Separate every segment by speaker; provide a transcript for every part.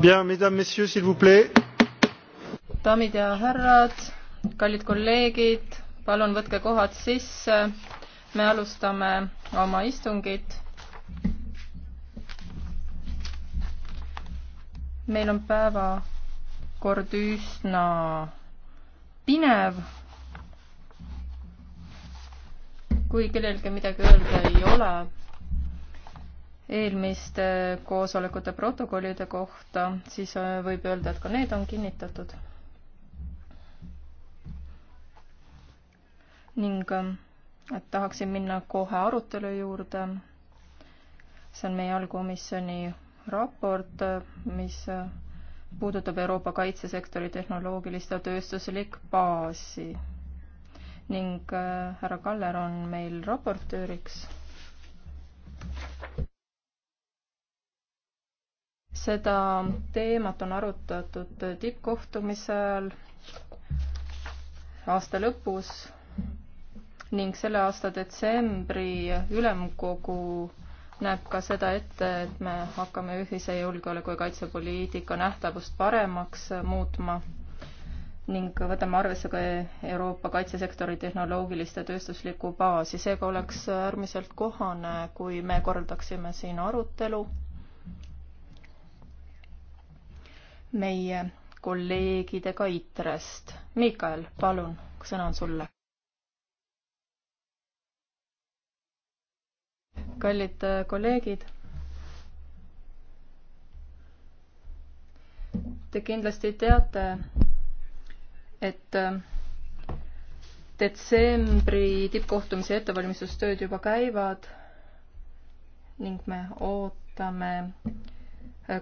Speaker 1: Bien, mesdames, messieurs, s'il vous plaît.
Speaker 2: daamid ja härrad, kallid kolleegid, palun võtke kohad sisse. me alustame oma istungit. meil on päevakord üsna pinev kui kellelgi midagi öelda ei ole, eelmiste koosolekute protokollide kohta, siis äh, võib öelda, et ka need on kinnitatud. ning äh, et tahaksin minna kohe arutelu juurde. see on meie allkomisjoni raport, äh, mis puudutab Euroopa kaitsesektori tehnoloogilist ja tööstuslik baasi. ning härra Kaller on meil raportööriks seda teemat on arutatud tippkohtumise ajal aasta lõpus ning selle aasta detsembri ülemkogu näeb ka seda ette, et me hakkame ühise julgeoleku ja kaitsepoliitika nähtavust paremaks muutma ning võtame arvesse ka Euroopa kaitsesektori tehnoloogilist ja tööstuslikku baasi. seega oleks äärmiselt kohane, kui me korraldaksime siin arutelu meie kolleegidega ITRE-st. Mikael, palun, sõna on sulle. kallid äh, kolleegid te kindlasti teate, et äh, detsembri tippkohtumise ettevalmistustööd juba käivad ning me ootame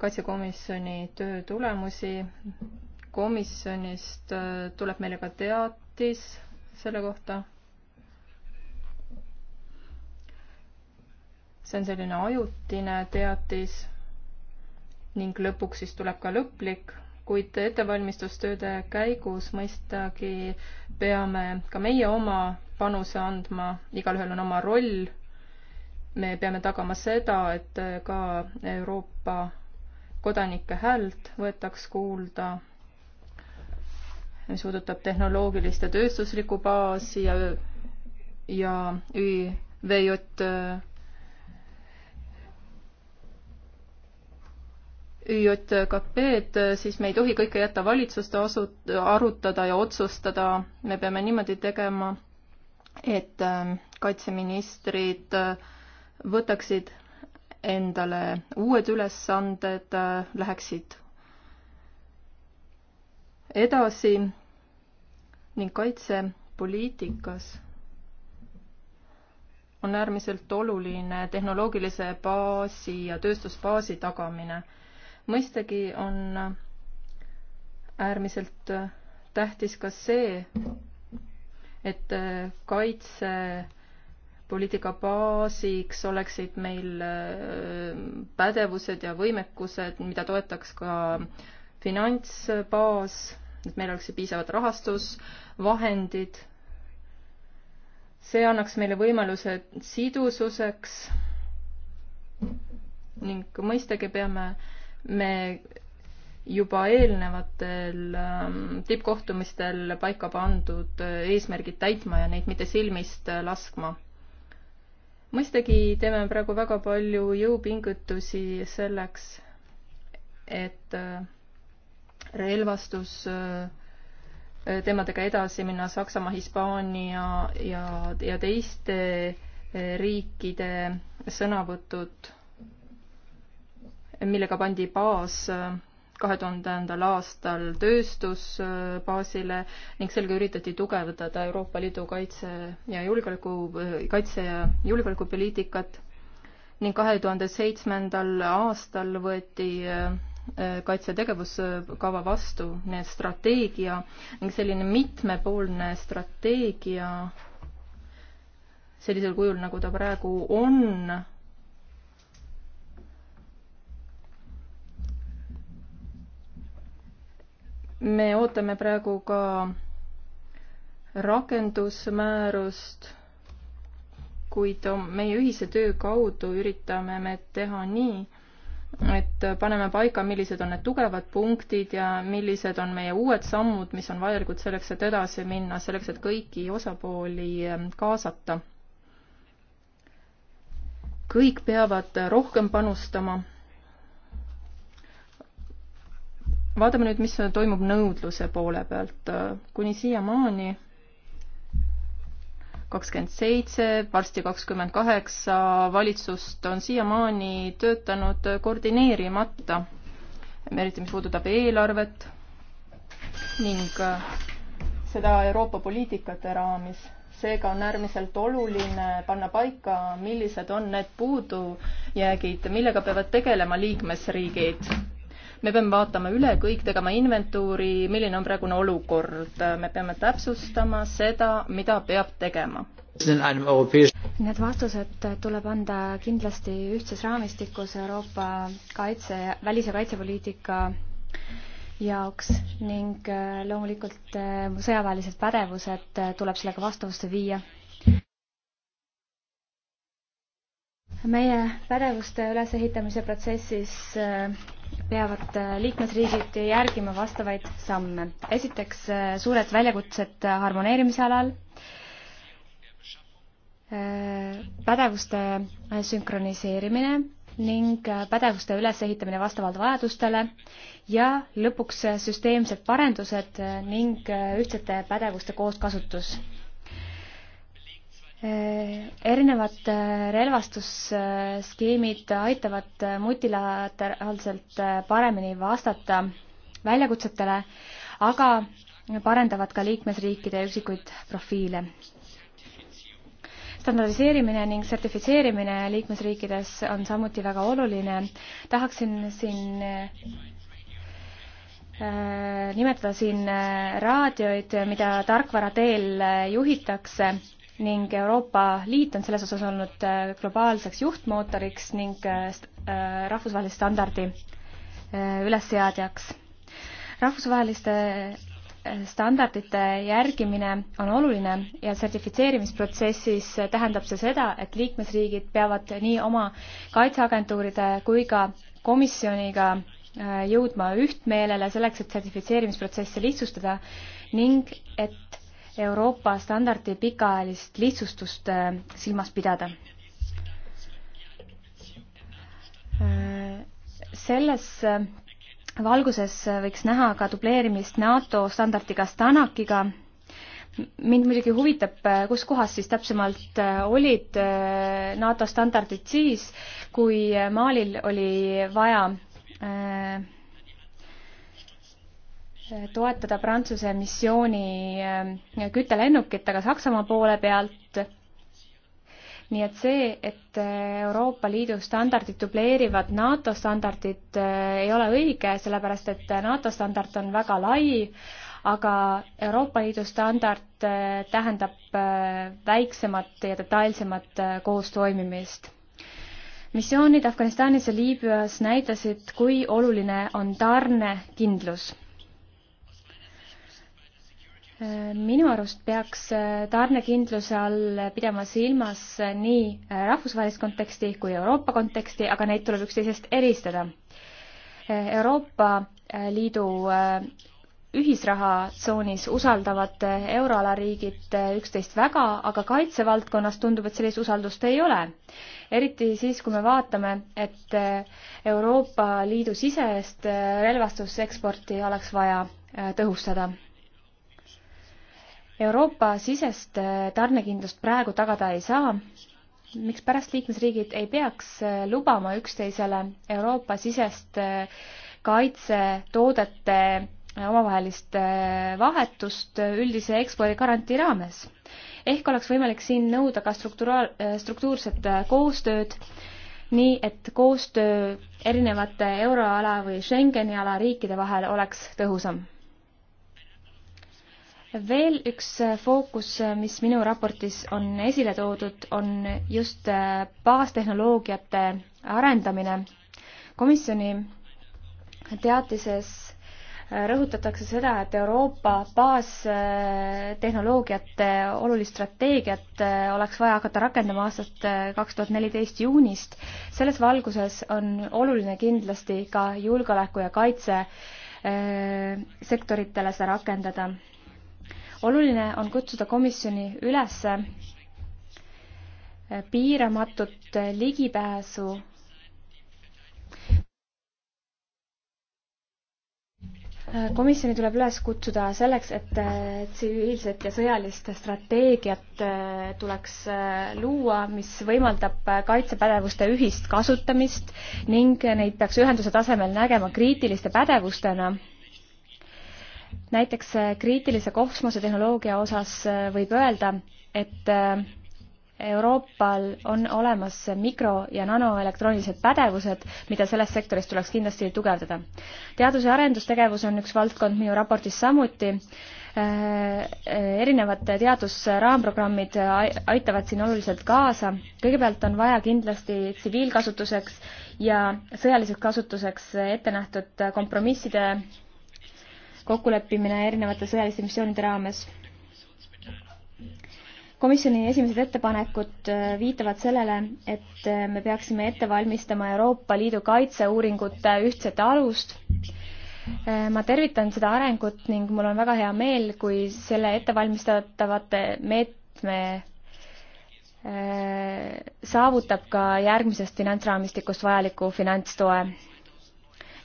Speaker 2: kaitsekomisjoni töö tulemusi. komisjonist äh, tuleb meile ka teatis selle kohta. see on selline ajutine teatis ning lõpuks siis tuleb ka lõplik, kuid ettevalmistustööde käigus mõistagi peame ka meie oma panuse andma, igalühel on oma roll. me peame tagama seda, et ka Euroopa kodanike häält võetaks kuulda, mis puudutab tehnoloogilist ja tööstuslikku baasi ja, ja ÜVJ ÜJKP-d, siis me ei tohi kõike jätta valitsuste asu-, arutada ja otsustada, me peame niimoodi tegema, et ähm, kaitseministrid äh, võtaksid endale uued ülesanded, äh, läheksid edasi ning kaitsepoliitikas on äärmiselt oluline tehnoloogilise baasi ja tööstusbaasi tagamine. mõistagi on äärmiselt tähtis ka see, et kaitse poliitika baasiks oleksid meil äh, pädevused ja võimekused, mida toetaks ka finantsbaas, et meil oleksid piisavad rahastusvahendid. see annaks meile võimaluse sidususeks ning mõistagi peame me juba eelnevatel ähm, tippkohtumistel paika pandud äh, eesmärgid täitma ja neid mitte silmist äh, laskma mõistagi teeme praegu väga palju jõupingutusi selleks, et äh, relvastus äh, teemadega edasi minna Saksamaa, Hispaania ja, ja teiste äh, riikide sõnavõtud, millega pandi baas kahe tuhandendal aastal tööstusbaasile ning sellega üritati tugevdada Euroopa Liidu kaitse ja julgeoleku, kaitse ja julgeolekupoliitikat ning kahe tuhande seitsmendal aastal võeti äh, kaitsetegevuskava vastu, strateegia ning selline mitmepoolne strateegia sellisel kujul, nagu ta praegu on, me ootame praegu ka rakendusmäärust, kuid meie ühise töö kaudu üritame me teha nii, et paneme paika, millised on need tugevad punktid ja millised on meie uued sammud, mis on vajalikud selleks, et edasi minna, selleks, et kõiki osapooli ehm, kaasata. kõik peavad rohkem panustama vaatame nüüd, mis toimub nõudluse poole pealt. kuni siiamaani kakskümmend seitse, varsti kakskümmend kaheksa valitsust on siiamaani töötanud koordineerimata, eriti mis puudutab eelarvet ning äh, seda Euroopa poliitikate raamis. seega on äärmiselt oluline panna paika, millised on need puudujäägid, millega peavad tegelema liikmesriigid me peame vaatama üle kõik, tegema inventuuri, milline on praegune olukord, me peame täpsustama seda, mida peab tegema.
Speaker 1: Need
Speaker 3: vastused tuleb anda kindlasti ühtses raamistikus Euroopa kaitse, välis- ja kaitsepoliitika jaoks ning äh, loomulikult äh, sõjaväelised pädevused äh, tuleb sellega vastavusse viia meie pädevuste ülesehitamise protsessis peavad äh, liikmesriigid järgima vastavaid samme. esiteks äh, suured väljakutsed äh, harmoneerimise alal, pädevuste sünkroniseerimine ning pädevuste ülesehitamine vastavalt vajadustele ja lõpuks süsteemsed parendused ning ühtsete pädevuste kooskasutus erinevad äh, relvastusskeemid aitavad multilateraalselt äh, paremini vastata väljakutsetele, aga parendavad ka liikmesriikide üksikuid profiile. standardiseerimine ning sertifitseerimine liikmesriikides on samuti väga oluline. tahaksin siin äh, nimetada siin raadioid, mida tarkvara teel juhitakse ning Euroopa Liit on selles osas olnud äh, globaalseks juhtmootoriks ning äh, äh, rahvusvahelise standardi ülesseadjaks. rahvusvaheliste standardite järgimine on oluline ja sertifitseerimisprotsessis tähendab see seda, et liikmesriigid peavad nii oma kaitseagentuuride kui ka komisjoniga jõudma ühtmeelele selleks, et sertifitseerimisprotsessi lihtsustada ning et Euroopa standardi pikaajalist lihtsustust äh, silmas pidada. Äh, selles äh, valguses võiks näha ka dubleerimist NATO standardiga Stanakiga. mind muidugi huvitab, kus kohas siis täpsemalt olid NATO standardid siis, kui Malil oli vaja toetada Prantsuse missiooni äh, küttelennukitega Saksamaa poole pealt. nii et see, et äh, Euroopa Liidu standardid dubleerivad NATO standardid, äh, ei ole õige, sellepärast et NATO standard on väga lai, aga Euroopa Liidu standard tähendab väiksemat ja detailsemat koostoimimist missioonid Afganistanis ja Liibüas näitasid, kui oluline on tarnekindlus minu arust peaks äh, tarnekindluse all pidama silmas äh, nii äh, rahvusvahelist konteksti kui Euroopa konteksti, aga neid tuleb üksteisest eristada. Euroopa Liidu ühisrahatsoonis usaldavad euroala riigid üksteist väga, aga kaitsevaldkonnas tundub, et sellist usaldust ei ole. eriti siis, kui me vaatame, et Euroopa Liidu sisest relvastuseksporti oleks vaja tõhustada Euroopa-sisest äh, tarnekindlust praegu tagada ei saa. mikspärast liikmesriigid ei peaks äh, lubama üksteisele Euroopa-sisest äh, kaitsetoodete omavahelist vahetust üldise ekspordigarantii raames? ehk oleks võimalik siin nõuda ka strukturaal, struktuurset koostööd, nii et koostöö erinevate euroala või Schengeni ala riikide vahel oleks tõhusam veel üks äh, fookus, äh, mis minu raportis on esile toodud, on just äh, baastehnoloogiate arendamine. komisjoni teatises rõhutatakse seda, et Euroopa baastehnoloogiate olulist strateegiat oleks vaja hakata rakendama aastast kaks tuhat neliteist juunist. selles valguses on oluline kindlasti ka julgeoleku ja kaitse sektoritele seda rakendada oluline on kutsuda komisjoni üles eh, piiramatut eh, ligipääsu eh, komisjoni tuleb üles kutsuda selleks, et tsiviilset ja sõjalist strateegiat tuleks luua, mis võimaldab kaitsepädevuste ühist kasutamist ning neid peaks ühenduse tasemel nägema kriitiliste pädevustena näiteks äh, kriitilise kosmosetehnoloogia osas äh, võib öelda, et äh, Euroopal on olemas mikro- ja nanoelektroonilised pädevused, mida selles sektoris tuleks kindlasti tugevdada. teadus- ja arendustegevus on üks valdkond minu raportis samuti. Erinevad teadusraamprogrammid aitavad siin oluliselt kaasa. kõigepealt on vaja kindlasti tsiviilkasutuseks ja sõjaliseks kasutuseks ette nähtud kompromisside kokkuleppimine erinevate sõjaliste missioonide raames. komisjoni esimesed ettepanekud äh, viitavad sellele, et äh, me peaksime ette valmistama Euroopa Liidu kaitseuuringute ühtset alust. Äh, ma tervitan seda arengut ning mul on väga hea meel, kui selle ettevalmistatavate meetme saavutab ka järgmisest finantsraamistikust vajaliku finantstoe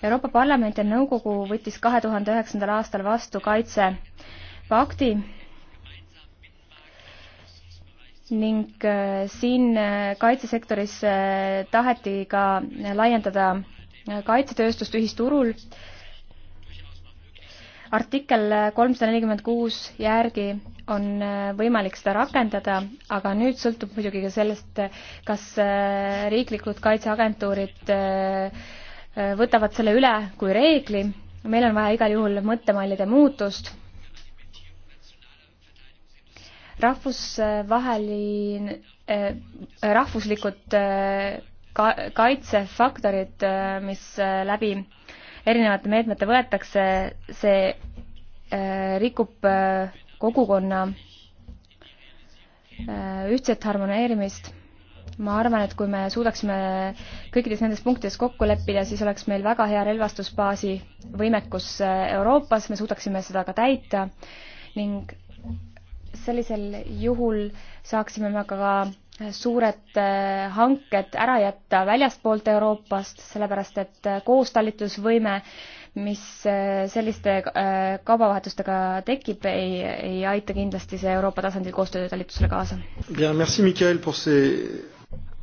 Speaker 3: Euroopa Parlament ja Nõukogu võttis kahe tuhande üheksandal aastal vastu kaitsepakti ning äh, siin äh, kaitsesektoris äh, taheti ka laiendada kaitsetööstust ühisturul artikkel kolmsada nelikümmend kuus järgi on võimalik seda rakendada, aga nüüd sõltub muidugi ka sellest, kas riiklikud kaitseagentuurid Äh, võtavad selle üle kui reegli. meil on vaja igal juhul mõttemallide muutust. rahvusvaheline, äh, rahvuslikud äh, ka-, kaitsefaktorid, mis läbi erinevate meetmete võetakse, see rikub kogukonna ühtset harmoneerimist ma arvan, et kui me suudaksime kõikides nendes punktides kokku leppida, siis oleks meil väga hea relvastusbaasi võimekus äh, Euroopas, me suudaksime seda ka täita ning sellisel juhul saaksime me ka äh, suured äh, hanked ära jätta väljastpoolt Euroopast, sellepärast et koostalitusvõime, mis selliste kaubavahetustega tekib, ei, ei aita kindlasti see Euroopa tasandil koostöötalitusele kaasa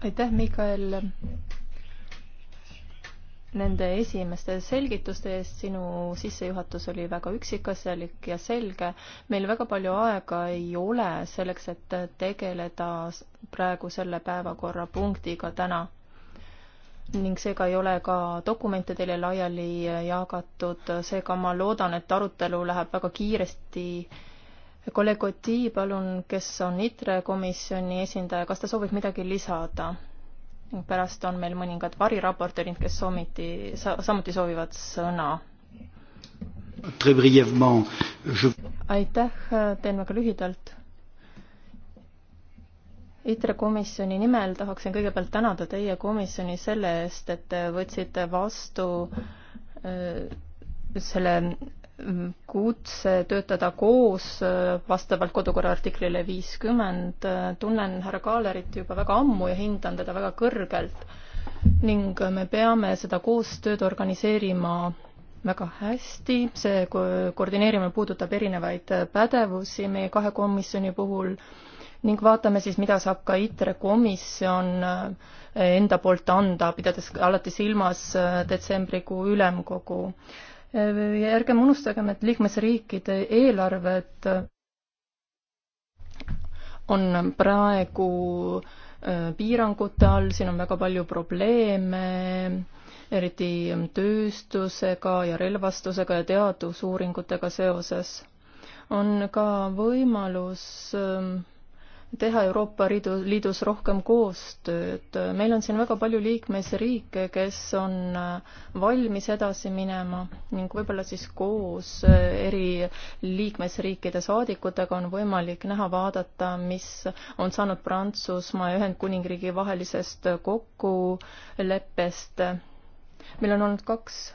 Speaker 2: aitäh, Mikael, nende esimeste selgituste eest. sinu sissejuhatus oli väga üksikasjalik ja selge. meil väga palju aega ei ole selleks, et tegeleda praegu selle päevakorrapunktiga täna ning seega ei ole ka dokumente teile laiali jagatud, seega ma loodan, et arutelu läheb väga kiiresti äh, kolleeg Oti, palun, kes on ITRE komisjoni esindaja, kas ta soovib midagi lisada? pärast on meil mõningad variraportöörid, kes soomiti, samuti soovivad sõna. aitäh, teen väga lühidalt. ITRE komisjoni nimel tahaksin kõigepealt tänada teie komisjoni selle eest, et te võtsite vastu äh, selle kutse töötada koos äh, vastavalt kodukorra artiklile viiskümmend. Äh, tunnen härra Kaalerit juba väga ammu ja hindan teda väga kõrgelt ning äh, me peame seda koostööd organiseerima väga hästi, see koordineerimine puudutab erinevaid pädevusi meie kahe komisjoni puhul ning vaatame siis, mida saab ka ITRE komisjon enda poolt anda, pidades alati silmas detsembrikuu ülemkogu ja ärgem unustagem, et liikmesriikide eelarved on praegu äh, piirangute all, siin on väga palju probleeme, eriti tööstusega ja relvastusega ja teadusuuringutega seoses. on ka võimalus äh, teha Euroopa Liidu, Liidus rohkem koostööd. meil on siin väga palju liikmesriike, kes on äh, valmis edasi minema ning võib-olla siis koos äh, eri liikmesriikide saadikutega on võimalik näha, vaadata, mis on saanud Prantsusmaa ja Ühendkuningriigi vahelisest kokkuleppest. meil on olnud kaks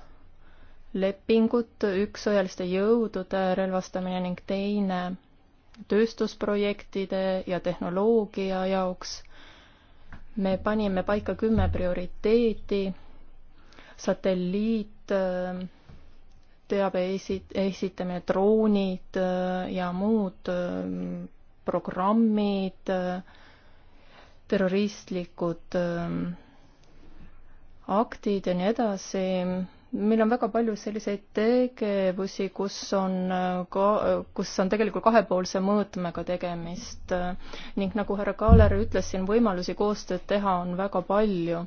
Speaker 2: lepingut, üks sõjaliste jõudude relvastamine ning teine tööstusprojektide ja tehnoloogia jaoks. me panime paika kümme prioriteeti, satelliit, äh, teabe esit-, esitamine, droonid äh, ja muud äh, programmid, terroristlikud aktid ja nii edasi meil on väga palju selliseid tegevusi, kus on ka, kus on tegelikult kahepoolse mõõtmega tegemist ning nagu härra Kaaler ütles, siin võimalusi koostööd teha on väga palju.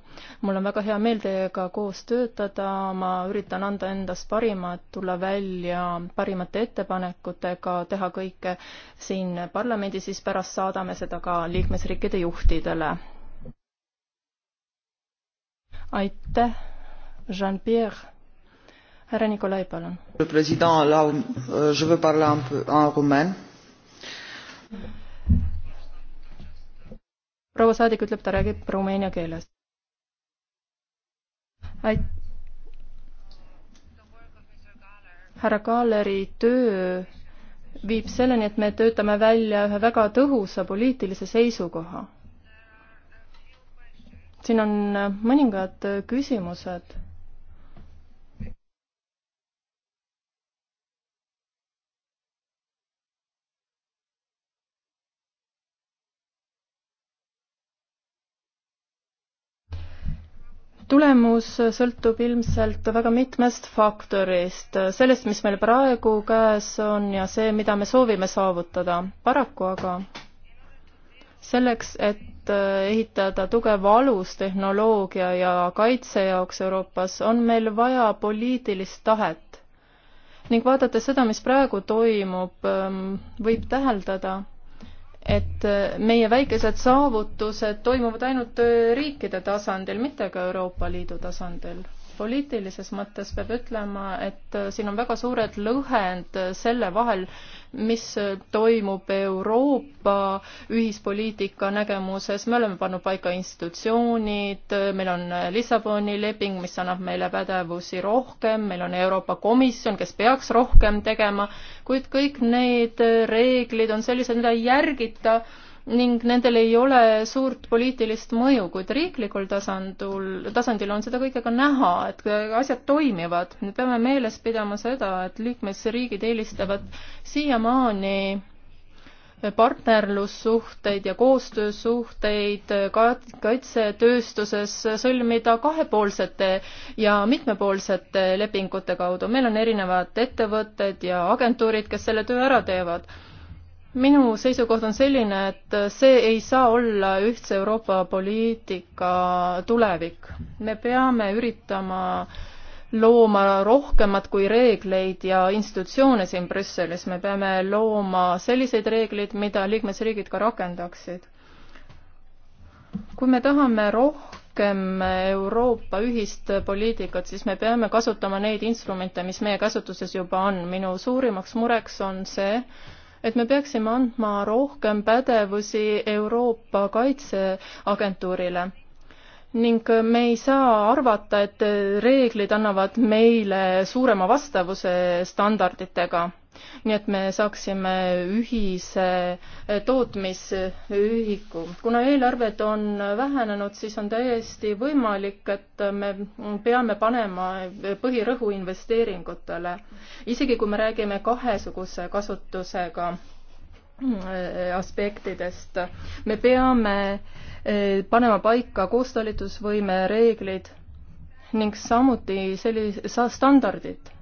Speaker 2: mul on väga hea meel teiega koos töötada, ma üritan anda endast parima, et tulla välja parimate ettepanekutega, teha kõike siin parlamendis, siis pärast saadame seda ka liikmesriikide juhtidele. aitäh! Jean-Pierre härra Nikolai, palun.
Speaker 1: Euh,
Speaker 2: proua saadik ütleb, ta räägib rumeenia keeles. härra Kaaleri töö viib selleni, et me töötame välja ühe väga tõhusa poliitilise seisukoha. siin on mõningad küsimused tulemus sõltub ilmselt väga mitmest faktorist, sellest, mis meil praegu käes on ja see, mida me soovime saavutada. paraku aga selleks, et äh, ehitada tugev alus tehnoloogia ja kaitse jaoks Euroopas, on meil vaja poliitilist tahet. ning vaadates seda, mis praegu toimub, ähm, võib täheldada, et äh, meie väikesed saavutused toimuvad ainult äh, riikide tasandil, mitte ka Euroopa Liidu tasandil poliitilises mõttes peab ütlema, et äh, siin on väga suured lõhed äh, selle vahel, mis äh, toimub Euroopa ühispoliitika nägemuses, me oleme pannud paika institutsioonid, meil on Lissaboni leping, mis annab meile pädevusi rohkem, meil on Euroopa Komisjon, kes peaks rohkem tegema, kuid kõik need reeglid on sellised, mida ei järgita ning nendel ei ole suurt poliitilist mõju, kuid riiklikul tasandul, tasandil on seda kõike ka näha, et asjad toimivad. me peame meeles pidama seda, et liikmesriigid eelistavad siiamaani partnerlussuhteid ja koostöösuhteid kaitsetööstuses sõlmida kahepoolsete ja mitmepoolsete lepingute kaudu. meil on erinevad ettevõtted ja agentuurid, kes selle töö ära teevad minu seisukoht on selline, et see ei saa olla ühtse Euroopa poliitika tulevik. me peame üritama looma rohkemat kui reegleid ja institutsioone siin Brüsselis, me peame looma selliseid reegleid, mida liikmesriigid ka rakendaksid. kui me tahame rohkem Euroopa ühist poliitikat, siis me peame kasutama neid instrumente, mis meie käsutuses juba on. minu suurimaks mureks on see, et me peaksime andma rohkem pädevusi Euroopa Kaitseagentuurile ning me ei saa arvata, et reeglid annavad meile suurema vastavuse standarditega nii et me saaksime ühise eh, tootmisühiku. kuna eelarved on vähenenud, siis on täiesti võimalik, et me peame panema põhirõhu investeeringutele, isegi kui me räägime kahesuguse kasutusega eh, aspektidest. me peame eh, panema paika koostalitusvõime reeglid ning samuti sellise standardid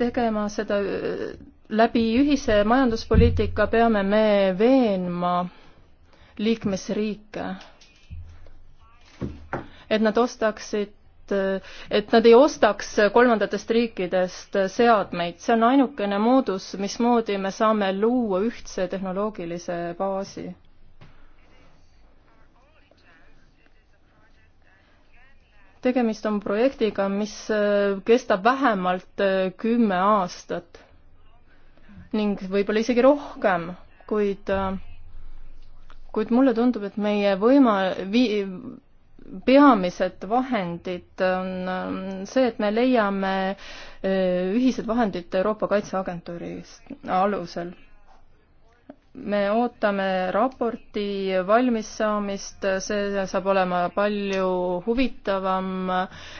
Speaker 2: tegema seda läbi ühise majanduspoliitika, peame me veenma liikmesriike, et nad ostaksid et nad ei ostaks kolmandatest riikidest seadmeid, see on ainukene moodus, mismoodi me saame luua ühtse tehnoloogilise baasi tegemist on projektiga, mis äh, kestab vähemalt äh, kümme aastat ning võib-olla isegi rohkem, kuid, äh, kuid mulle tundub, et meie võima-, vi-, peamised vahendid on see, et me leiame ühised vahendid Euroopa Kaitseagentuuri alusel me ootame raporti valmissaamist, see saab olema palju huvitavam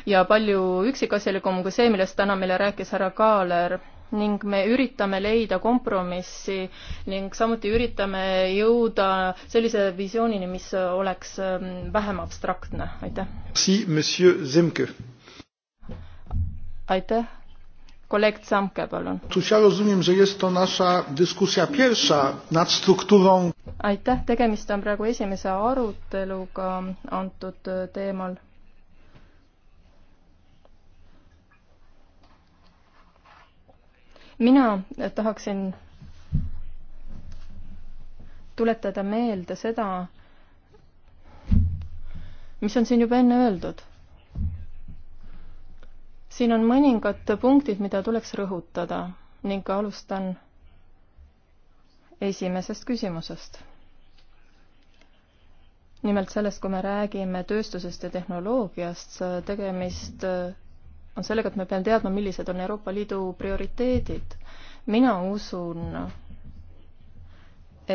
Speaker 2: ja palju üksikasjalikum kui see, millest täna meile rääkis härra Kaaler ning me üritame leida kompromissi ning samuti üritame jõuda sellise visioonini, mis oleks ähm, vähem abstraktne, aitäh. aitäh, kolleeg Tsamke, palun. aitäh, tegemist on praegu esimese aruteluga antud teemal. mina tahaksin tuletada meelde seda, mis on siin juba enne öeldud siin on mõningad punktid, mida tuleks rõhutada ning alustan esimesest küsimusest. nimelt sellest, kui me räägime tööstusest ja tehnoloogiast, tegemist on sellega, et me peame teadma, millised on Euroopa Liidu prioriteedid. mina usun,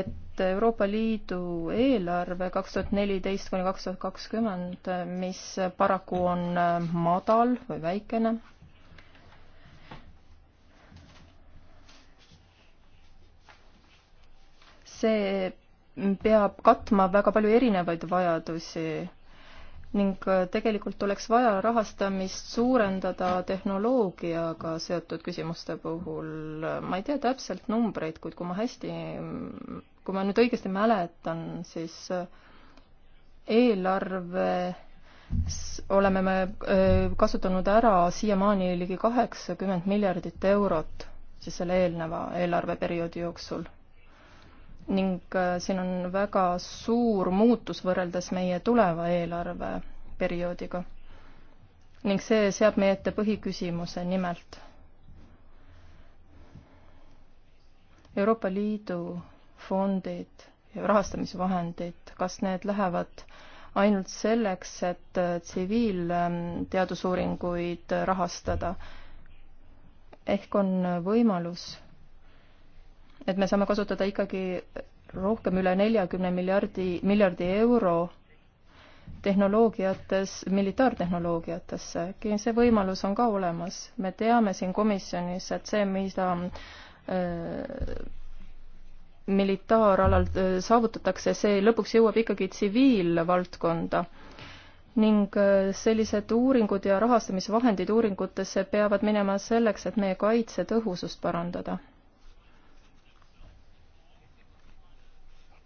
Speaker 2: et et Euroopa Liidu eelarve kaks tuhat neliteist kuni kaks tuhat kakskümmend, mis paraku on äh, madal või väikene, see peab katma väga palju erinevaid vajadusi ning äh, tegelikult oleks vaja rahastamist suurendada tehnoloogiaga seotud küsimuste puhul. ma ei tea täpselt numbreid, kuid kui ma hästi mm, kui ma nüüd õigesti mäletan, siis äh, eelarve oleme me äh, kasutanud ära siiamaani ligi kaheksakümmend miljardit eurot siis selle eelneva eelarveperioodi jooksul. ning äh, siin on väga suur muutus võrreldes meie tuleva eelarveperioodiga. ning see seab meie ette põhiküsimuse nimelt Euroopa Liidu fondid ja rahastamisvahendid, kas need lähevad ainult selleks, et äh, tsiviilteadusuuringuid äh, rahastada? ehk on äh, võimalus, et me saame kasutada ikkagi rohkem üle neljakümne miljardi, miljardi euro tehnoloogiates, militaartehnoloogiatesse, äkki see võimalus on ka olemas. me teame siin komisjonis, et see, mida öö, militaaralal saavutatakse, see lõpuks jõuab ikkagi tsiviilvaldkonda. ning sellised uuringud ja rahastamisvahendid uuringutesse peavad minema selleks, et meie kaitse tõhusust parandada.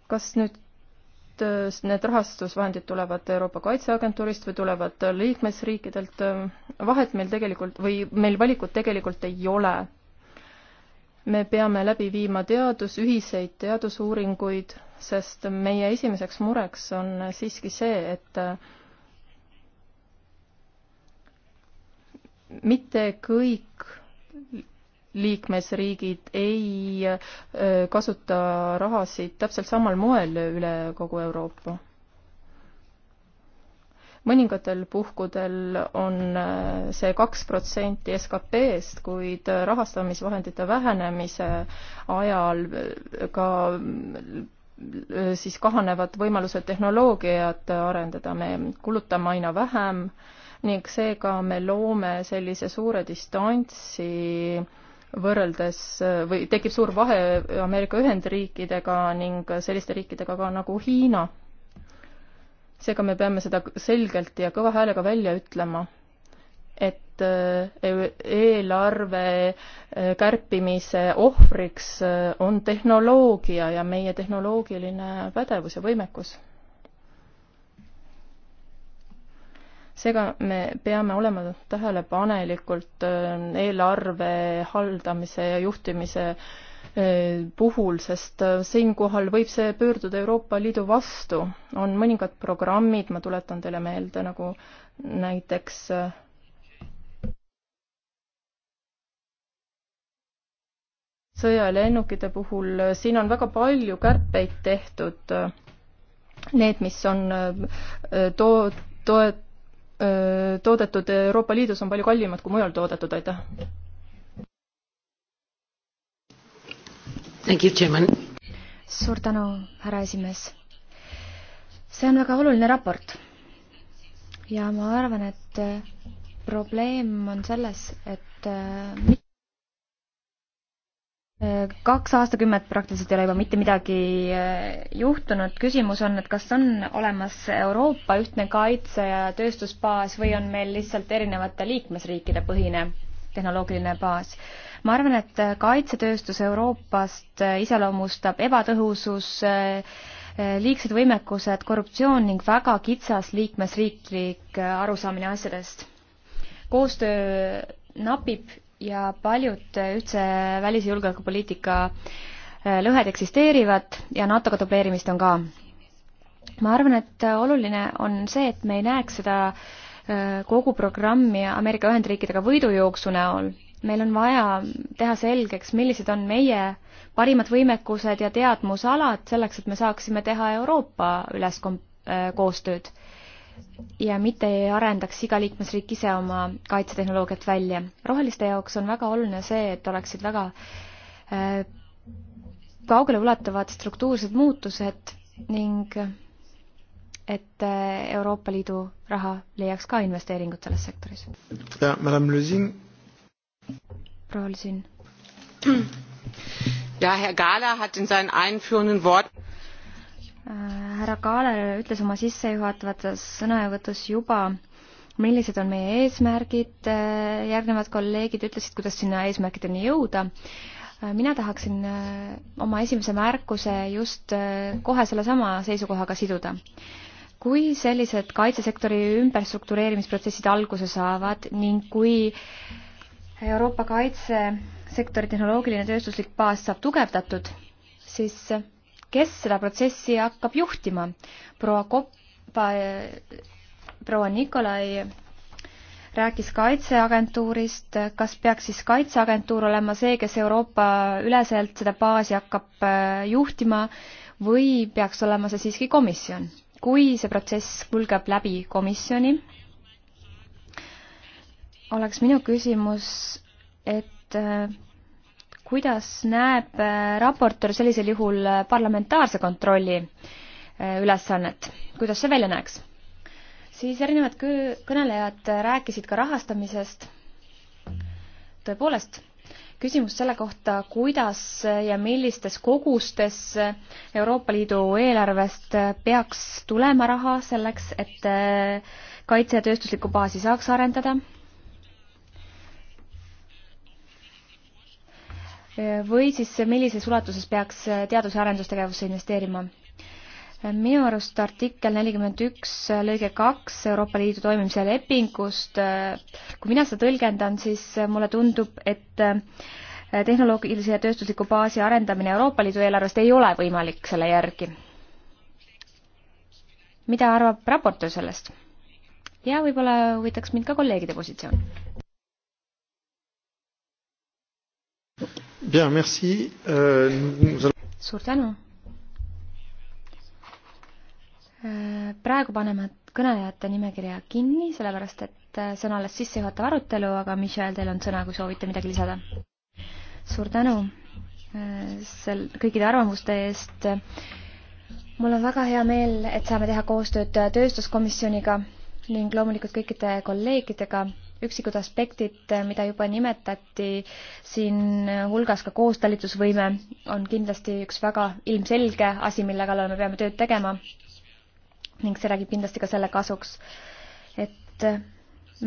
Speaker 2: kas nüüd need rahastusvahendid tulevad Euroopa Kaitseagentuurist või tulevad liikmesriikidelt, vahet meil tegelikult või meil valikut tegelikult ei ole me peame läbi viima teadus, ühiseid teadusuuringuid, sest meie esimeseks mureks on siiski see, et mitte kõik liikmesriigid ei äh, kasuta rahasid täpselt samal moel üle kogu Euroopa mõningatel puhkudel on äh, see kaks protsenti SKP-st, kuid äh, rahastamisvahendite vähenemise ajal äh, ka siis kahanevad võimalused tehnoloogiat arendada, me kulutame aina vähem ning seega me loome sellise suure distantsi võrreldes või tekib suur vahe Ameerika Ühendriikidega ning selliste riikidega ka nagu Hiina seega me peame seda selgelt ja kõva häälega välja ütlema, et äh, eelarve äh, kärpimise ohvriks äh, on tehnoloogia ja meie tehnoloogiline pädevus ja võimekus. seega me peame olema tähelepanelikult eelarve haldamise ja juhtimise äh, Äh, puhul, sest äh, siinkohal võib see pöörduda Euroopa Liidu vastu. on mõningad programmid, ma tuletan teile meelde, nagu näiteks äh, sõjalennukite puhul, siin on väga palju kärpeid tehtud. Need, mis on to-, to-, toodetud Euroopa Liidus, on palju kallimad kui mujal toodetud, aitäh!
Speaker 3: suur tänu, härra esimees. see on väga oluline raport. ja ma arvan, et äh, probleem on selles, et äh, äh, kaks aastakümmet praktiliselt ei ole juba mitte midagi juhtunud. küsimus on, et kas on olemas Euroopa ühtne kaitse ja tööstusbaas või on meil lihtsalt erinevate liikmesriikide põhine tehnoloogiline baas. ma arvan, et kaitsetööstus Euroopast iseloomustab ebatõhusus, liigsed võimekused, korruptsioon ning väga kitsas liikmesriiklik arusaamine asjadest. koostöö napib ja paljud ühtse välis- ja julgeolekupoliitika lõhed eksisteerivad ja NATO-ga dubleerimist on ka. ma arvan, et oluline on see, et me ei näeks seda äh, Äh, kogu programmi Ameerika Ühendriikidega võidujooksu näol. meil on vaja teha selgeks, millised on meie parimad võimekused ja teadmusalad selleks, et me saaksime teha Euroopa üles äh, koostööd ja mitte ei arendaks iga liikmesriik ise oma kaitsetehnoloogiat välja. roheliste jaoks on väga oluline see, et oleksid väga äh, kaugeleulatuvad struktuursed muutused ning et eh, Euroopa Liidu raha leiaks ka investeeringud selles sektoris.
Speaker 1: Madame Lösing. proua Lösing. Ja Herr Gala hat in seinen einführenden Wort äh, härra Kaaler ütles
Speaker 3: oma sissejuhatavates sõnavõtus juba, millised on meie eesmärgid, äh, järgnevad kolleegid ütlesid, kuidas sinna eesmärkideni jõuda äh, mina tahaksin oma esimese märkuse just kohe sellesama seisukohaga siduda kui sellised kaitsesektori ümberstruktureerimisprotsessid alguse saavad ning kui Euroopa kaitsesektori tehnoloogiline tööstuslik baas saab tugevdatud, siis kes seda protsessi hakkab juhtima? proua Koppa, proua Nikolai rääkis Kaitseagentuurist, kas peaks siis Kaitseagentuur olema see, kes Euroopa üleselt seda baasi hakkab äh, juhtima või peaks olema see siiski komisjon? kui see protsess kulgeb läbi komisjoni, oleks minu küsimus, et äh, kuidas näeb äh, raportöör sellisel juhul äh, parlamentaarse kontrolli ülesannet, kuidas see välja näeks? siis erinevad kõnelejad rääkisid ka rahastamisest. tõepoolest küsimus selle kohta, kuidas ja millistes kogustes Euroopa Liidu eelarvest peaks tulema raha selleks, et äh, kaitse- ja tööstuslikku baasi saaks arendada? või siis millises ulatuses peaks teadus- ja arendustegevusse investeerima? minu arust artikkel nelikümmend üks lõige kaks Euroopa Liidu toimimise lepingust, kui mina seda tõlgendan, siis mulle tundub, et eh, tehnoloogilise ja tööstusliku baasi arendamine Euroopa Liidu eelarvest ei ole võimalik selle järgi. mida arvab raportöö sellest? ja võib-olla huvitaks mind ka kolleegide positsioon. Euh, suur tänu praegu paneme kõnelejate nimekirja kinni, sellepärast et äh, see on alles sissejuhatav arutelu, aga Michel, teil on sõna, kui soovite midagi lisada. suur tänu äh, sel-, kõikide arvamuste eest. mul on väga hea meel, et saame teha koostööd tööstuskomisjoniga ning loomulikult kõikide kolleegidega. üksikud aspektid, mida juba nimetati, siin hulgas ka koostalitusvõime on kindlasti üks väga ilmselge asi, mille kallal me peame tööd tegema ning see räägib kindlasti ka selle kasuks, et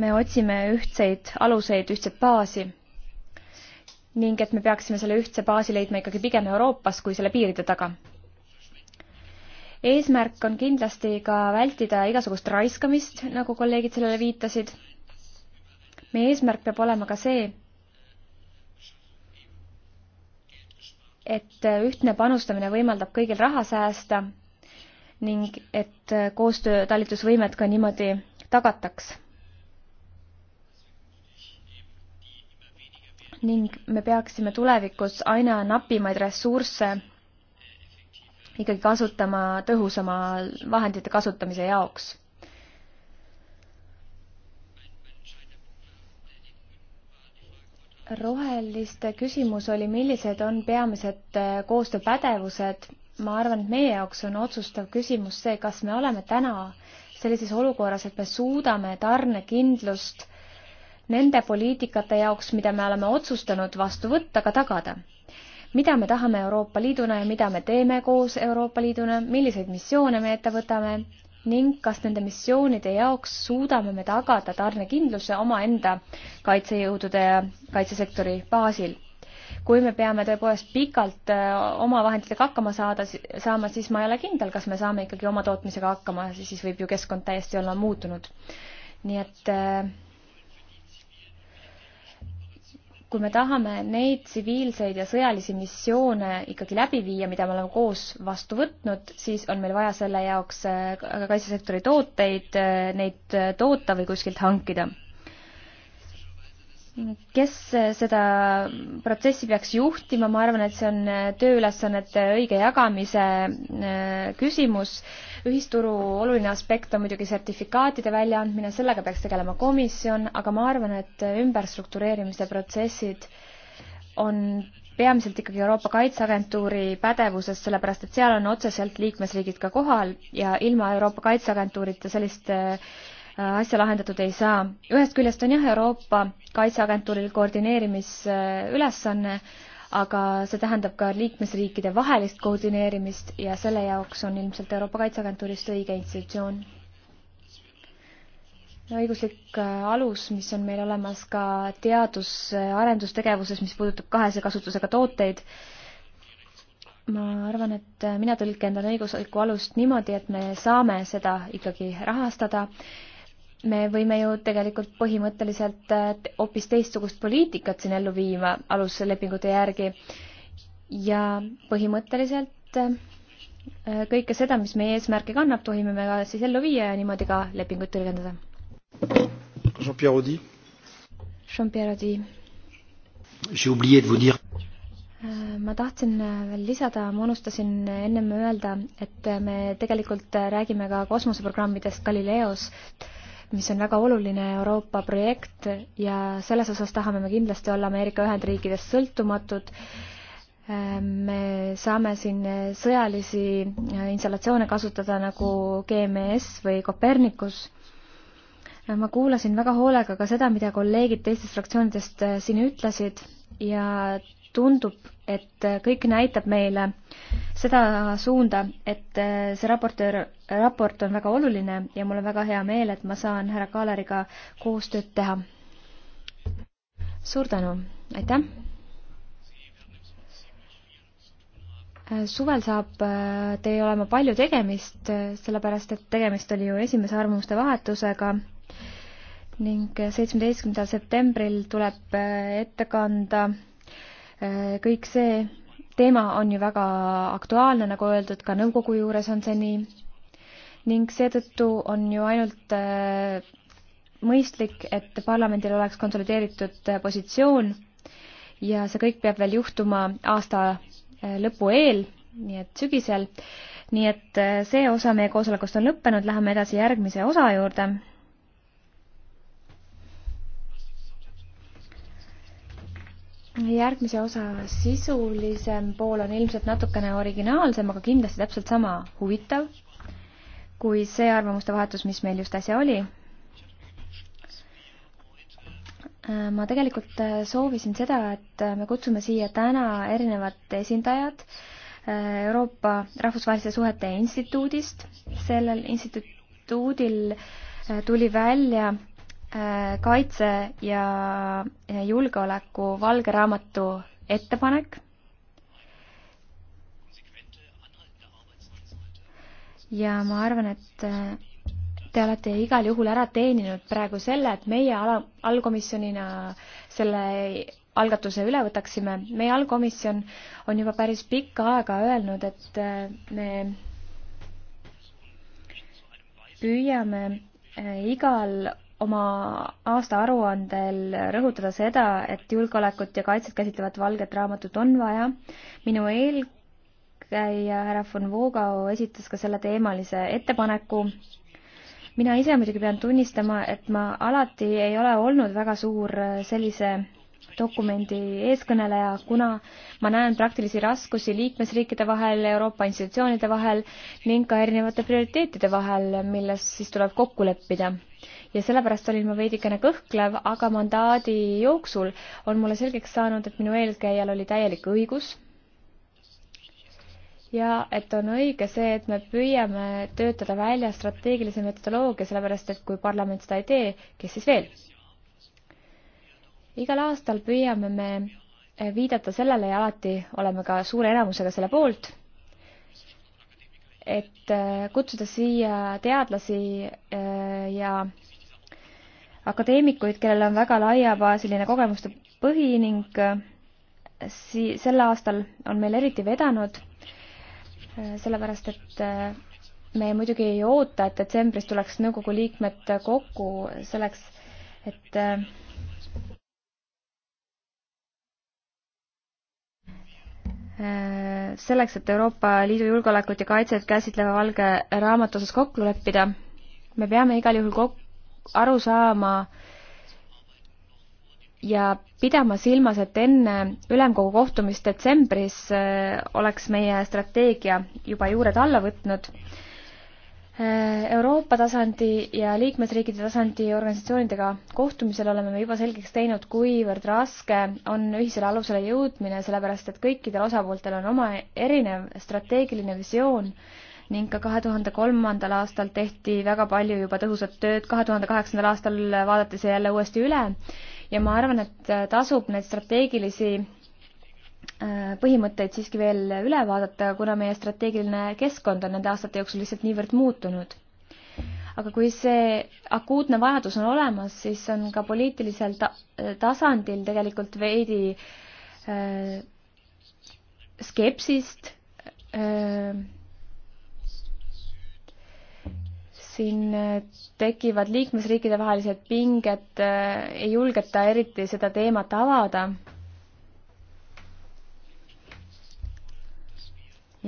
Speaker 3: me otsime ühtseid aluseid, ühtset baasi ning et me peaksime selle ühtse baasi leidma ikkagi pigem Euroopas kui selle piiride taga. eesmärk on kindlasti ka vältida igasugust raiskamist, nagu kolleegid sellele viitasid. meie eesmärk peab olema ka see, et ühtne panustamine võimaldab kõigil raha säästa ning et koostöö talitusvõimet ka niimoodi tagataks. ning me peaksime tulevikus aina napimaid ressursse ikkagi kasutama tõhusama vahendite kasutamise jaoks. roheliste küsimus oli, millised on peamised äh, koostööpädevused ma arvan, et meie jaoks on otsustav küsimus see, kas me oleme täna sellises olukorras, et me suudame tarnekindlust nende poliitikate jaoks, mida me oleme otsustanud vastu võtta, ka tagada. mida me tahame Euroopa Liiduna ja mida me teeme koos Euroopa Liiduna, milliseid missioone me ette võtame ning kas nende missioonide jaoks suudame me tagada tarnekindluse omaenda kaitsejõudude ja kaitsesektori baasil kui me peame tõepoolest pikalt äh, oma vahenditega hakkama saada, saama, siis ma ei ole kindel, kas me saame ikkagi oma tootmisega hakkama, siis võib ju keskkond täiesti olla muutunud. nii et äh, kui me tahame neid tsiviilseid ja sõjalisi missioone ikkagi läbi viia, mida me oleme koos vastu võtnud, siis on meil vaja selle jaoks äh, kaitsesektori tooteid, neid toota või kuskilt hankida kes seda protsessi peaks juhtima, ma arvan, et see on tööülesannete õige jagamise äh, küsimus. ühisturu oluline aspekt on muidugi sertifikaatide väljaandmine, sellega peaks tegelema komisjon, aga ma arvan, et ümberstruktureerimise protsessid on peamiselt ikkagi Euroopa Kaitseagentuuri pädevuses, sellepärast et seal on otseselt liikmesriigid ka kohal ja ilma Euroopa Kaitseagentuurita sellist äh, asja lahendatud ei saa. ühest küljest on jah, Euroopa Kaitseagentuuril koordineerimisülesanne, aga see tähendab ka liikmesriikide vahelist koordineerimist ja selle jaoks on ilmselt Euroopa Kaitseagentuurist õige institutsioon. õiguslik äh, alus, mis on meil olemas ka teadus-arendustegevuses, äh, mis puudutab kahese kasutusega tooteid, ma arvan, et äh, mina tõlgendan õiguslikku alust niimoodi, et me saame seda ikkagi rahastada me võime ju tegelikult põhimõtteliselt äh, hoopis teistsugust poliitikat siin ellu viima aluslepingute järgi ja põhimõtteliselt äh, kõike seda, mis meie eesmärki kannab, tohime me ka siis ellu viia ja niimoodi ka lepingut tõlgendada. Jean-Pierre Audi. Jean-Pierre Audi.
Speaker 2: J'ai oublié de vous dire
Speaker 3: äh, ma tahtsin veel lisada, ma unustasin ennem öelda, et me tegelikult räägime ka kosmoseprogrammidest Galileos mis on väga oluline Euroopa projekt ja selles osas tahame me kindlasti olla Ameerika Ühendriikidest sõltumatud. Ehm, me saame siin sõjalisi äh, installatsioone kasutada nagu GMS või Copernicus. Äh, ma kuulasin väga hoolega ka seda, mida kolleegid teistest fraktsioonidest äh, siin ütlesid ja tundub, et kõik näitab meile seda suunda, et äh, see raportöör, raport on väga oluline ja mul on väga hea meel, et ma saan härra Kaaleriga koostööd teha. suur tänu, aitäh! Äh, suvel saab äh, teil olema palju tegemist, sellepärast et tegemist oli ju esimese arvamuste vahetusega ning seitsmeteistkümnendal septembril tuleb ette kanda Äh, kõik see teema on ju väga aktuaalne, nagu öeldud, ka nõukogu juures on see nii. ning seetõttu on ju ainult äh, mõistlik, et parlamendil oleks konsolideeritud äh, positsioon ja see kõik peab veel juhtuma aasta lõpu eel, nii et sügisel. nii et see osa meie koosolekust on lõppenud, läheme edasi järgmise osa juurde järgmise osa sisulisem pool on ilmselt natukene originaalsem, aga kindlasti täpselt sama huvitav kui see arvamuste vahetus, mis meil just äsja oli. Äh, ma tegelikult äh, soovisin seda, et äh, me kutsume siia täna erinevad esindajad Euroopa Rahvusvaheliste Suhete Instituudist. sellel instituudil tuli välja Äh, kaitse ja julgeoleku valge raamatu ettepanek. ja ma arvan, et äh, te olete igal juhul ära teeninud praegu selle, et meie ala, allkomisjonina selle algatuse üle võtaksime. meie allkomisjon on juba päris pikka aega öelnud, et äh, me püüame igal oma aastaaruandel rõhutada seda, et julgeolekut ja kaitset käsitlevat valget raamatut on vaja. minu eelkäija härra von Voogau esitas ka selleteemalise ettepaneku. mina ise muidugi pean tunnistama, et ma alati ei ole olnud väga suur sellise dokumendi eeskõneleja, kuna ma näen praktilisi raskusi liikmesriikide vahel, Euroopa institutsioonide vahel ning ka erinevate prioriteetide vahel, milles siis tuleb kokku leppida ja sellepärast olin ma veidikene kõhklev, aga mandaadi jooksul on mulle selgeks saanud, et minu eelkäijal oli täielik õigus. ja et on õige see, et me püüame töötada välja strateegilise metodoloogia, sellepärast et kui parlament seda ei tee, kes siis veel? igal aastal püüame me viidata sellele ja alati oleme ka suure enamusega selle poolt et kutsuda siia teadlasi äh, ja akadeemikuid, kellel on väga laiabaasiline kogemuste põhi ning äh, si-, sel aastal on meil eriti vedanud, äh, sellepärast et äh, me muidugi ei oota, et detsembris tuleks nõukogu liikmed kokku selleks, et selleks, et Euroopa Liidu julgeolekut ja kaitset käsitleva valge raamatu osas kokku leppida, me peame igal juhul kok-, aru saama ja pidama silmas, et enne ülemkogu kohtumist detsembris äh, oleks meie strateegia juba juured alla võtnud. Äh, Euroopa tasandi ja liikmesriikide tasandi organisatsioonidega kohtumisel oleme me juba selgeks teinud, kuivõrd raske on ühisele alusele jõudmine, sellepärast et kõikidel osapooltel on oma erinev strateegiline visioon ning ka kahe tuhande kolmandal aastal tehti väga palju juba tõhusat tööd, kahe tuhande kaheksandal aastal vaadati see jälle uuesti üle ja ma arvan, et äh, tasub neid strateegilisi äh, põhimõtteid siiski veel üle vaadata, kuna meie strateegiline keskkond on nende aastate jooksul lihtsalt niivõrd muutunud. aga kui see akuutne vajadus on olemas, siis on ka poliitilisel ta tasandil tegelikult veidi äh, skepsist äh, siin äh, tekivad liikmesriikide vahelised pinged, äh, ei julgeta eriti seda teemat avada.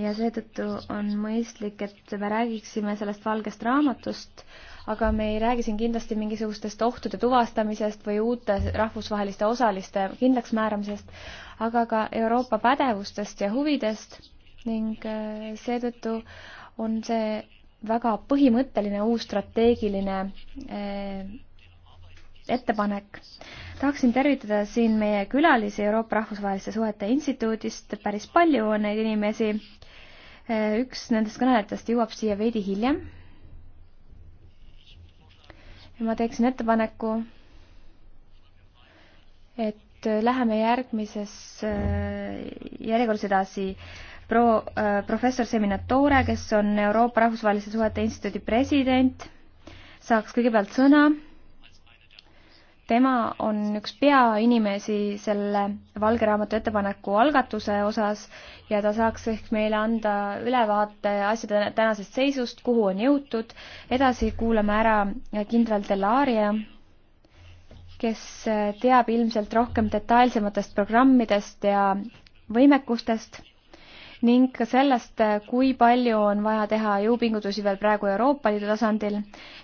Speaker 3: ja seetõttu on mõistlik, et me räägiksime sellest valgest raamatust, aga me ei räägi siin kindlasti mingisugustest ohtude tuvastamisest või uute rahvusvaheliste osaliste kindlaksmääramisest, aga ka Euroopa pädevustest ja huvidest ning äh, seetõttu on see väga põhimõtteline uus strateegiline eh, ettepanek. tahaksin tervitada siin meie külalisi Euroopa Rahvusvaheliste Suhete Instituudist, päris palju on neid inimesi. Eh, üks nendest kõnelejatest jõuab siia veidi hiljem. ja ma teeksin ettepaneku, et läheme järgmises eh, järjekorras edasi pro-, äh, professor Seminatore, kes on Euroopa Rahvusvaheliste Suhete Instituudi president, saaks kõigepealt sõna. tema on üks peainimesi selle valge raamatu ettepaneku algatuse osas ja ta saaks ehk meile anda ülevaate asjade tänasest seisust, kuhu on jõutud. edasi kuulame ära kindral Delaria kes teab ilmselt rohkem detailsematest programmidest ja võimekustest ning ka sellest, kui palju on vaja teha jõupingutusi veel praegu Euroopa Liidu tasandil.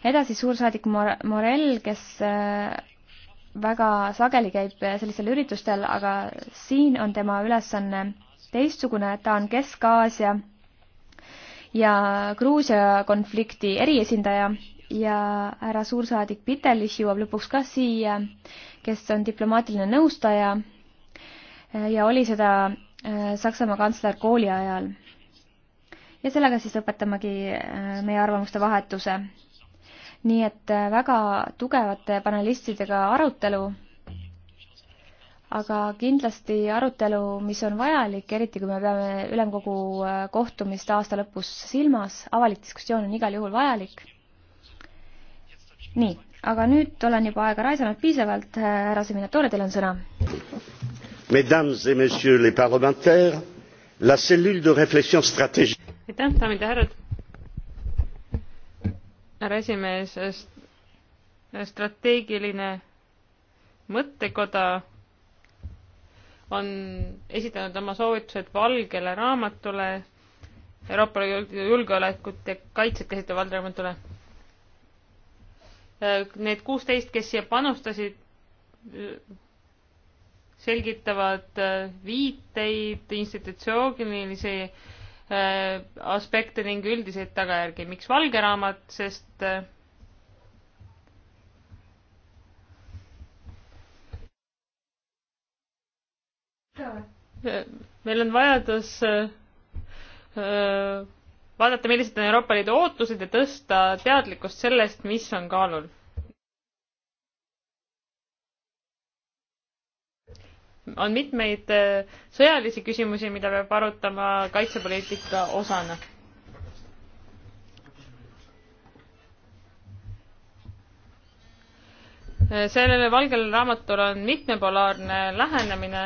Speaker 3: edasi suursaadik Morell, kes äh, väga sageli käib äh, sellistel üritustel, aga siin on tema ülesanne teistsugune, ta on Kesk-Aasia ja Gruusia konflikti eriesindaja ja härra suursaadik Pitelis jõuab lõpuks ka siia, kes on diplomaatiline nõustaja äh, ja oli seda Äh, Saksamaa kantsler kooli ajal. ja sellega siis lõpetamegi äh, meie arvamuste vahetuse. nii et äh, väga tugevate panelistidega arutelu, aga kindlasti arutelu, mis on vajalik, eriti kui me peame ülemkogu kohtumist aasta lõpus silmas, avalik diskussioon on igal juhul vajalik. nii, aga nüüd olen juba aega raisanud piisavalt, härra Seminatoor, teil on sõna mesdames et messieurs les parlementaires la cellule
Speaker 2: de réflexion stratégique
Speaker 1: härra esimees strateegiline mõttekoda on esitanud oma soovitused valgele raamatule Euroopa julgeolekut ja kaitset käsitlevale raamatule. Need kuusteist, kes siia panustasid, selgitavad äh, viiteid, institutsioonilisi äh, aspekte ning üldiseid tagajärgi. miks valge raamat, sest äh, meil on vajadus vaadata, millised on Euroopa Liidu ootused ja tõsta teadlikkust sellest, mis on kaalul on mitmeid äh, sõjalisi küsimusi, mida peab arutama kaitsepoliitika osana. Äh, sellele valgel raamatul on mitmepolaarne lähenemine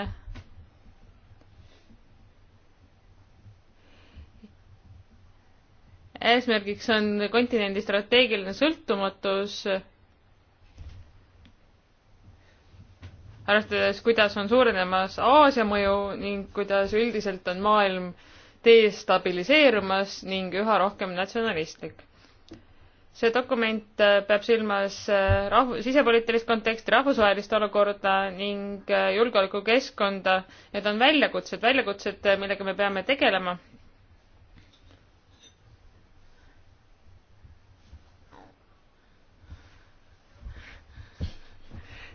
Speaker 1: eesmärgiks on kontinendi strateegiline sõltumatus arvestades, kuidas on suurenemas Aasia mõju ning kuidas üldiselt on maailm destabiliseerumas ning üha rohkem natsionalistlik. see dokument äh, peab silmas äh, rahv-, sisepoliitilist konteksti, rahvusvahelist olukorda ning äh, julgeolekukeskkonda. Need on väljakutsed, väljakutsed, millega me peame tegelema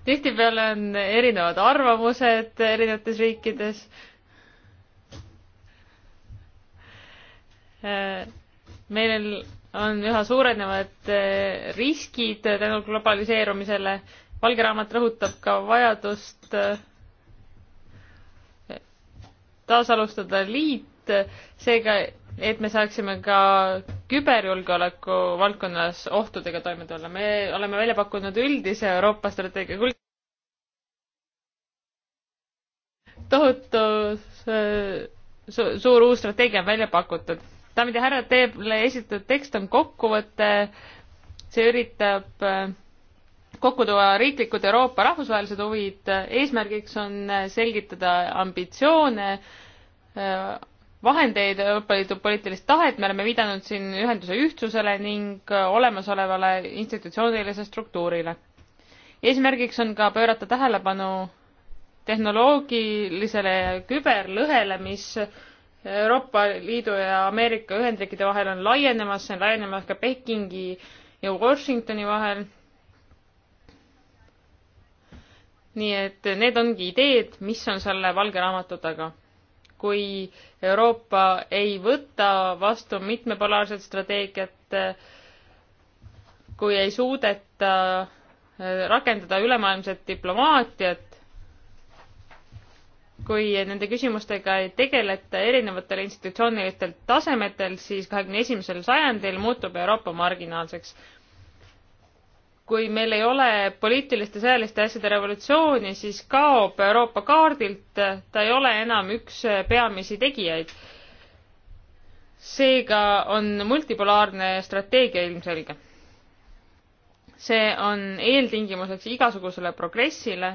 Speaker 1: tihtipeale on erinevad arvamused erinevates riikides. Äh, meil on üha suurenevad äh, riskid tänu globaliseerumisele. valge raamat rõhutab ka vajadust äh, taasalustada liit, seega et me saaksime ka küberjulgeoleku valdkonnas ohtudega toime tulla. me oleme välja pakkunud üldise Euroopa strateegia kul-. tohutu äh, su, suur uus strateegia on välja pakutud. daamid ja härrad, teile esitatud tekst on kokkuvõte, see üritab äh, kokku tuua riiklikud Euroopa rahvusvahelised huvid, eesmärgiks on selgitada ambitsioone, äh, vahendeid, Euroopa Liidu poliitilist tahet, me oleme viidanud siin ühenduse ühtsusele ning äh, olemasolevale institutsioonilisele struktuurile. eesmärgiks on ka pöörata tähelepanu tehnoloogilisele küberlõhele, mis Euroopa Liidu ja Ameerika Ühendriikide vahel on laienemas, see on laienemas ka Pekingi ja Washingtoni vahel. nii et need ongi ideed, mis on selle valge raamatu taga kui Euroopa ei võta vastu mitmepolaarset strateegiat, kui ei suudeta äh, rakendada ülemaailmset diplomaatiat, kui nende küsimustega ei tegeleta erinevatel institutsioonilistel tasemetel, siis kahekümne esimesel sajandil muutub Euroopa marginaalseks kui meil ei ole poliitiliste sõjaliste asjade revolutsiooni, siis kaob Euroopa kaardilt, ta ei ole enam üks peamisi tegijaid. seega on multipolaarne strateegia ilmselge. see on eeltingimuseks igasugusele progressile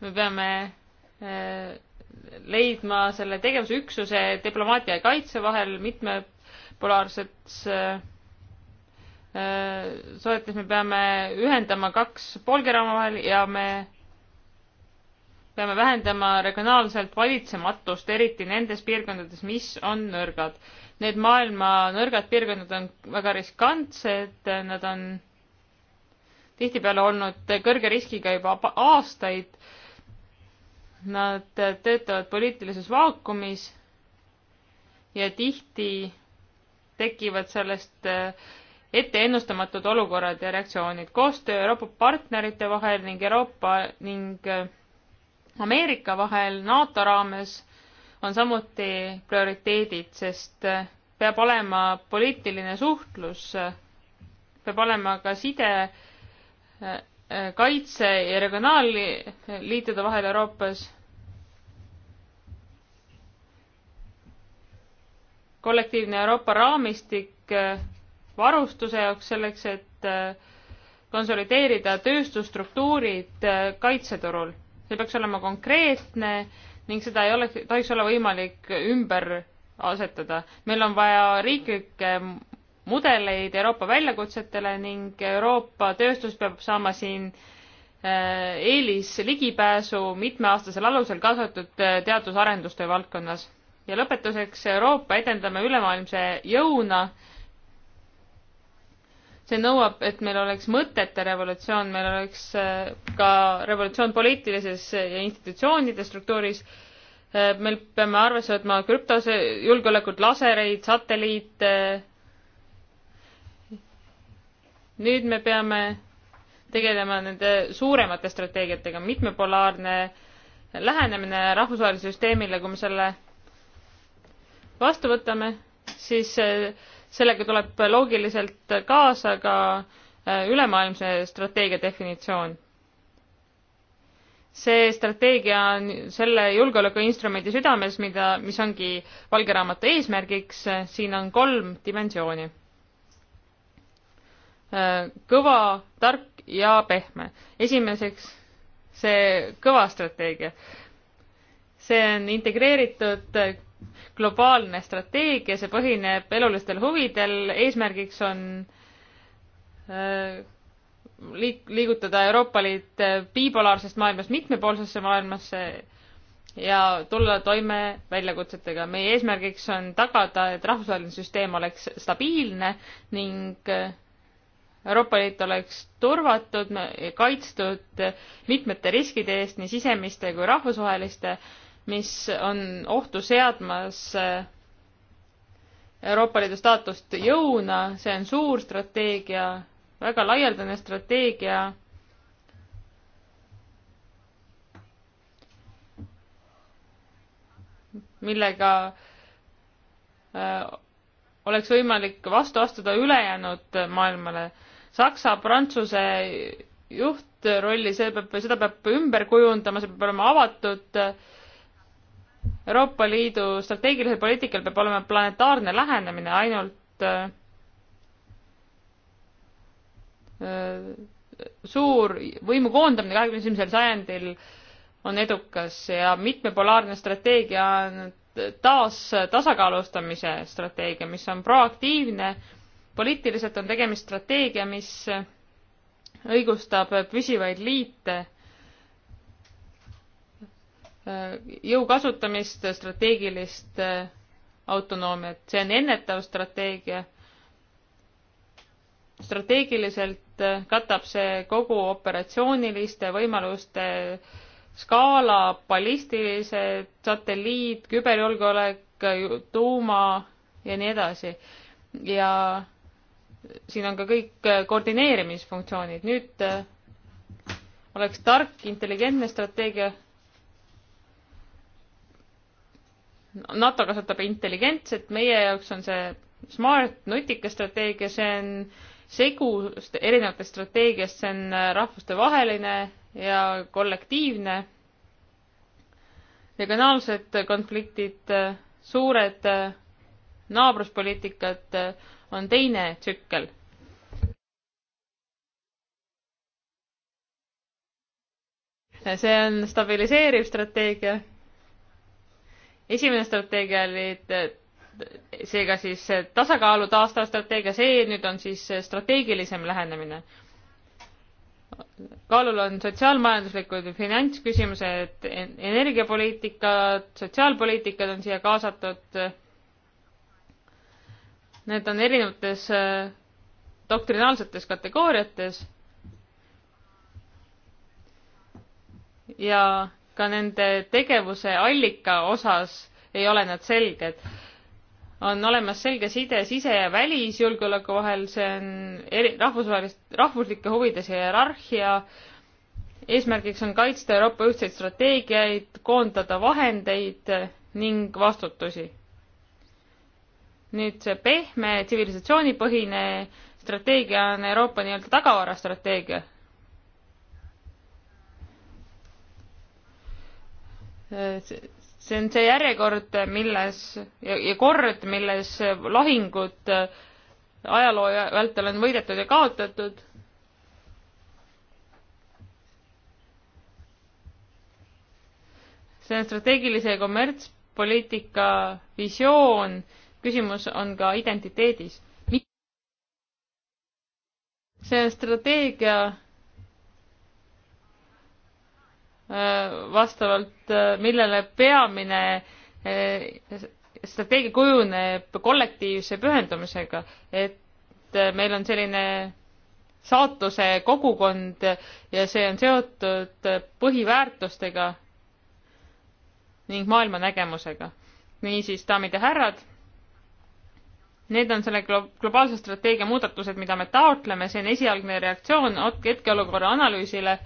Speaker 1: me peame eh, leidma selle tegevusüksuse diplomaatia ja kaitse vahel mitmepolaarset äh, äh, soetes me peame ühendama kaks poolkera vahel ja me peame vähendama regionaalselt valitsematust, eriti nendes piirkondades, mis on nõrgad. Need maailma nõrgad piirkonnad on väga riskantsed, nad on tihtipeale olnud kõrge riskiga juba aastaid Nad töötavad poliitilises vaakumis ja tihti tekivad sellest äh, etteennustamatud olukorrad ja reaktsioonid. koostöö Euroopa partnerite vahel ning Euroopa ning äh, Ameerika vahel NATO raames on samuti prioriteedid, sest äh, peab olema poliitiline suhtlus, peab olema ka side kaitse- ja regionaalliitude vahel Euroopas. kollektiivne Euroopa raamistik äh, varustuse jaoks selleks, et äh, konsolideerida tööstusstruktuurid äh, kaitseturul. see peaks olema konkreetne ning seda ei ole, tohiks olla võimalik ümber asetada. meil on vaja riiklikke mudeleid Euroopa väljakutsetele ning Euroopa tööstus peab saama siin äh, eelis ligipääsu mitmeaastasel alusel kaasatud äh, teadus-arendustöö valdkonnas. ja lõpetuseks Euroopa edendame ülemaailmse jõuna. see nõuab, et meil oleks mõtete revolutsioon, meil oleks äh, ka revolutsioon poliitilises ja institutsioonide struktuuris meil peame arvesse võtma krüptose, julgeolekut, lasereid, satelliite, nüüd me peame tegelema nende suuremate strateegiatega, mitmepolaarne lähenemine rahvusvahelisele süsteemile, kui me selle vastu võtame, siis eh, sellega tuleb loogiliselt kaasa ka eh, ülemaailmse strateegia definitsioon. see strateegia on selle julgeolekuinstrumendi südames, mida, mis ongi valge raamatu eesmärgiks, siin on kolm dimensiooni kõva, tark ja pehme. esimeseks see kõva strateegia. see on integreeritud globaalne strateegia, see põhineb elulistel huvidel, eesmärgiks on äh, liik-, liigutada Euroopa Liit äh, bipolaarsest maailmast mitmepoolsesse maailmasse ja tulla toime väljakutsetega. meie eesmärgiks on tagada, et rahvusvaheline süsteem oleks stabiilne ning äh, Euroopa Liit oleks turvatud, kaitstud mitmete riskide eest, nii sisemiste kui rahvusvaheliste, mis on ohtu seadmas eh, Euroopa Liidu staatust jõuna, see on suur strateegia, väga laialdane strateegia. millega öö, eh, oleks võimalik vastu astuda ülejäänud maailmale Saksa-Prantsuse juhtrolli, see peab, seda peab ümber kujundama, see peab olema avatud. Euroopa Liidu strateegilisel poliitikal peab olema planetaarne lähenemine, ainult äh, suur võimu koondamine kahekümne esimesel sajandil on edukas ja mitmepolaarne strateegia on taas tasakaalustamise strateegia, mis on proaktiivne poliitiliselt on tegemist strateegia, mis õigustab püsivaid liite, jõu kasutamist, strateegilist autonoomiat, see on ennetav strateegia. strateegiliselt katab see kogu operatsiooniliste võimaluste skaala, ballistilised, satelliit, küberjulgeolek, tuuma ja nii edasi. ja siin on ka kõik äh, koordineerimisfunktsioonid. nüüd äh, oleks tark, intelligentne strateegia. NATO kasutab intelligentset, meie jaoks on see smart, nutikas strateegia, see on segu erinevatest strateegiast, see on äh, rahvustevaheline ja kollektiivne. regionaalsed konfliktid, suured naabruspoliitikad on teine tsükkel. see on stabiliseeriv strateegia. esimene strateegia oli seega siis tasakaalu taastav strateegia, see nüüd on siis strateegilisem lähenemine kaalul on sotsiaalmajanduslikud ja finantsküsimused, energiapoliitikad, sotsiaalpoliitikad on siia kaasatud need on erinevates äh, doktrinaalsetes kategooriates ja ka nende tegevuse allika osas ei ole nad selged. on olemas selge side sise- ja välisjulgeoleku vahel, see on eri, rahvusvahelist, rahvuslike huvide hierarhia, eesmärgiks on kaitsta Euroopa ühtseid strateegiaid, koondada vahendeid ning vastutusi nüüd see pehme tsivilisatsioonipõhine strateegia on Euroopa nii-öelda tagavarastrateegia. see on see järjekord, milles ja, ja kord, milles lahingud ajaloo vältel on võidetud ja kaotatud see on strateegilise kommertspoliitika visioon küsimus on ka identiteedis. see strateegia äh, vastavalt, äh, millele peamine äh, strateegia kujuneb kollektiivse pühendumisega, et meil on selline saatuse kogukond ja see on seotud põhiväärtustega ning maailmanägemusega. niisiis, daamid ja härrad Need on selle glo-, globaalse strateegia muudatused, mida me taotleme, see on esialgne reaktsioon hetkeolukorra analüüsile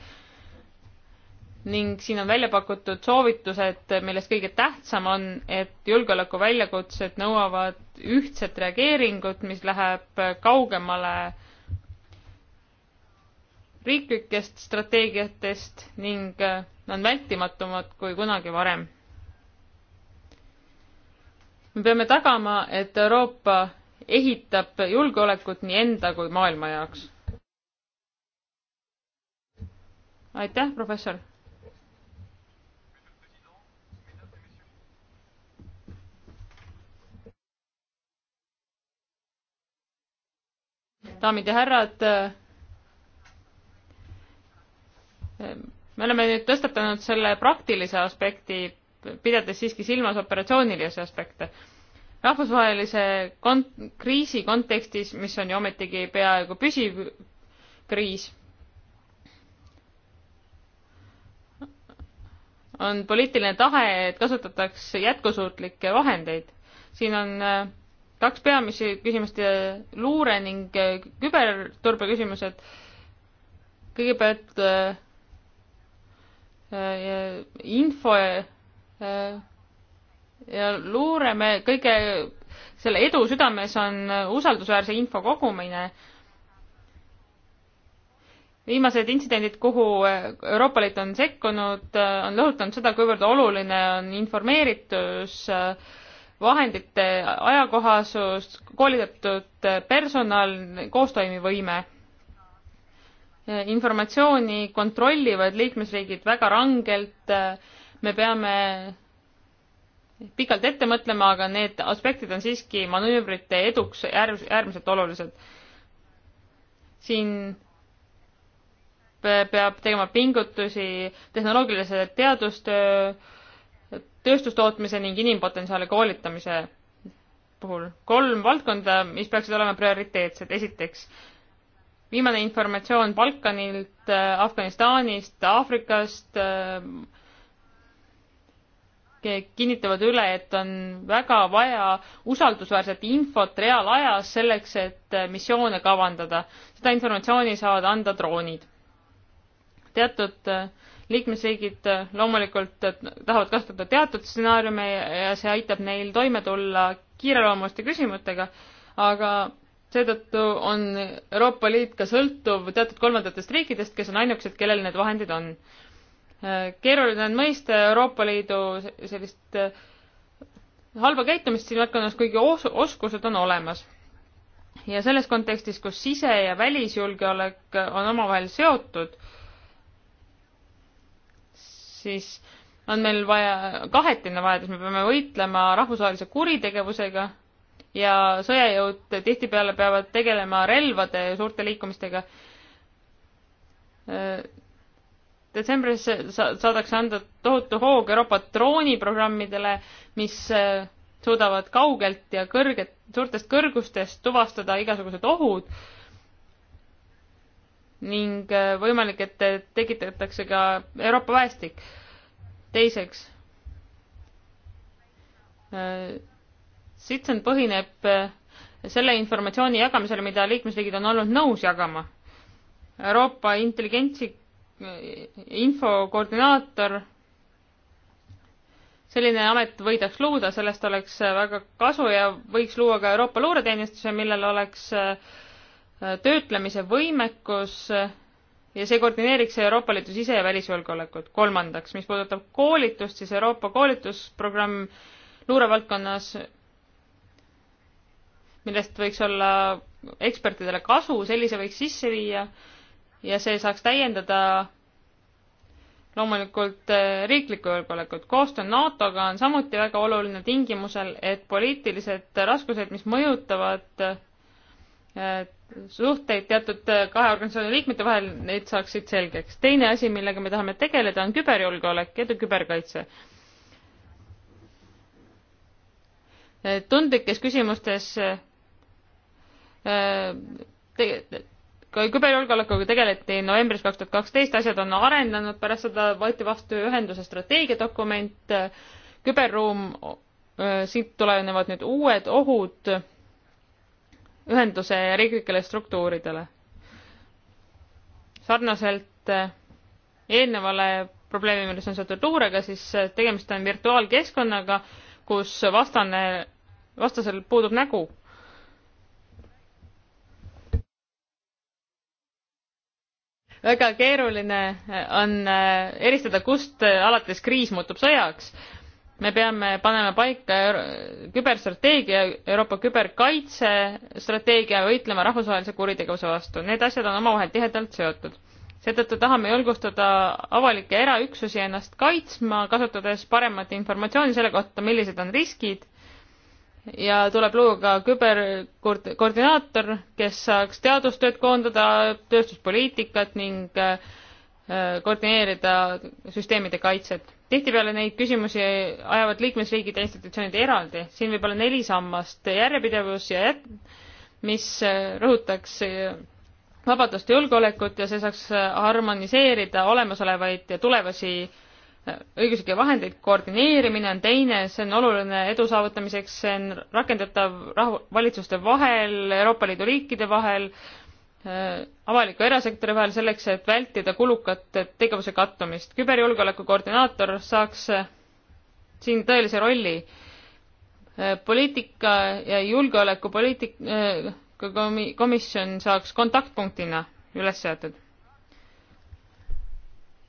Speaker 1: ning siin on välja pakutud soovitused, millest kõige tähtsam on, et julgeoleku väljakutsed nõuavad ühtset reageeringut, mis läheb kaugemale riiklikest strateegiatest ning äh, on vältimatumad kui kunagi varem me peame tagama, et Euroopa ehitab julgeolekut nii enda kui maailma jaoks. aitäh, professor. daamid ja härrad. me oleme nüüd tõstatanud selle praktilise aspekti pidades siiski silmas operatsioonilisi aspekte. rahvusvahelise kon-, kriisi kontekstis, mis on ju ometigi peaaegu püsiv kriis, on poliitiline tahe, et kasutatakse jätkusuutlikke vahendeid. siin on äh, kaks peamisi küsimust, äh, luure ning äh, küberturbe küsimused. kõigepealt info Äh, ja luure, me kõige selle edu südames on äh, usaldusväärse info kogumine. viimased intsidendid, kuhu äh, Euroopa Liit on sekkunud, on lõhutanud seda, kuivõrd oluline on informeeritus, vahendite ajakohasus, koolitatud personal, koostoimivõime. informatsiooni kontrollivad liikmesriigid väga rangelt me peame pikalt ette mõtlema, aga need aspektid on siiski manöövrite eduks äär, äärmiselt olulised. siin peab tegema pingutusi tehnoloogilise teadustöö, tööstustootmise ning inimpotentsiaali koolitamise puhul. kolm valdkonda, mis peaksid olema prioriteetsed. esiteks, viimane informatsioon Balkanilt, Afganistanist, Aafrikast äh,, kinnitavad üle, et on väga vaja usaldusväärset infot reaalajas selleks, et äh, missioone kavandada. seda informatsiooni saavad anda droonid. teatud äh, liikmesriigid äh, loomulikult tahavad kasutada teatud stsenaariume ja see aitab neil toime tulla kiireloomuliste küsimustega, aga seetõttu on Euroopa Liit ka sõltuv teatud kolmandatest riikidest, kes on ainukesed, kellel need vahendid on keeruline on mõista Euroopa Liidu sellist äh, halba käitumist siin valdkonnas, kuigi os oskused on olemas. ja selles kontekstis, kus sise- ja välisjulgeolek on omavahel seotud, siis on meil vaja, kahetine vajadus, me peame võitlema rahvusvahelise kuritegevusega ja sõjajõud tihtipeale peavad tegelema relvade ja suurte liikumistega äh, detsembris saadakse anda tohutu hoog Euroopa drooniprogrammidele, mis äh, suudavad kaugelt ja kõrget, suurtest kõrgustest tuvastada igasugused ohud ning äh, võimalik, et tekitatakse ka Euroopa väestik. teiseks, äh, Sitsen põhineb selle informatsiooni jagamisele, mida liikmesriigid on olnud nõus jagama. Euroopa intelligentsi infokoordinaator, selline amet võidaks luuda, sellest oleks väga kasu ja võiks luua ka Euroopa luureteenistuse, millel oleks äh, töötlemise võimekus ja see koordineeriks Euroopa Liidu sise- ja välisjulgeolekut. kolmandaks, mis puudutab koolitust, siis Euroopa koolitusprogramm luurevaldkonnas, millest võiks olla ekspertidele kasu, sellise võiks sisse viia ja see saaks täiendada loomulikult äh, riiklikku julgeolekut. koostöö NATO-ga on samuti väga oluline tingimusel, et poliitilised raskused, mis mõjutavad äh, suhteid teatud äh, kahe organisatsiooni liikmete vahel, need saaksid selgeks. teine asi, millega me tahame tegeleda, on küberjulgeolek ja küberkaitse. tundlikes küsimustes te, küberjulgeolekuga tegeleti novembris kaks tuhat kaksteist, asjad on arenenud, pärast seda võeti vastu ühenduse strateegiadokument, küberruum, siit tulenevad nüüd uued ohud ühenduse ja riiklikele struktuuridele. sarnaselt eelnevale probleemile, mis on seotud luurega, siis tegemist on virtuaalkeskkonnaga, kus vastane, vastasel puudub nägu väga keeruline on äh, eristada, kust äh, alates kriis muutub sõjaks. me peame panema paika küberstrateegia, Euroopa küberkaitsestrateegia, võitlema rahvusvahelise kuritegevuse vastu, need asjad on omavahel tihedalt seotud. seetõttu tahame julgustada avalikke eraüksusi ennast kaitsma, kasutades paremat informatsiooni selle kohta, millised on riskid ja tuleb luua ka küberkoordinaator, kes saaks teadustööd koondada, tööstuspoliitikat ning äh, koordineerida süsteemide kaitset. tihtipeale neid küsimusi ajavad liikmesriigid ja institutsioonid eraldi, siin võib olla neli sammast, järjepidevus ja jät-, mis äh, rõhutaks äh, vabadust ja julgeolekut ja see saaks harmoniseerida olemasolevaid ja tulevasi õiguslikke vahendeid, koordineerimine on teine, see on oluline edu saavutamiseks, see on rakendatav rahu-, valitsuste vahel, Euroopa Liidu riikide vahel, äh, avaliku erasektori vahel selleks, et vältida kulukat tegevuse kattumist. küberjulgeoleku koordinaator saaks äh, siin tõelise rolli. Äh, poliitika ja julgeolekupoliitik-, komisjon saaks kontaktpunktina üles seatud.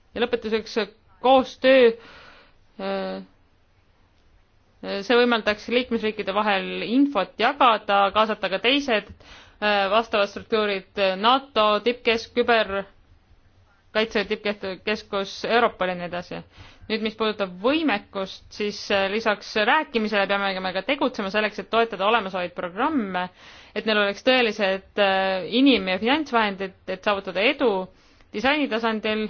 Speaker 1: ja lõpetuseks koostöö, see võimaldaks liikmesriikide vahel infot jagada, kaasata ka teised vastavad struktuurid, NATO tippkesk, küber, kaitse tippkeskus, Europol ja nii edasi. nüüd, mis puudutab võimekust, siis lisaks rääkimisele peame me ka tegutsema selleks, et toetada olemasolevaid programme, et neil oleks tõelised äh, inim- ja finantsvahendid, et saavutada edu disaini tasandil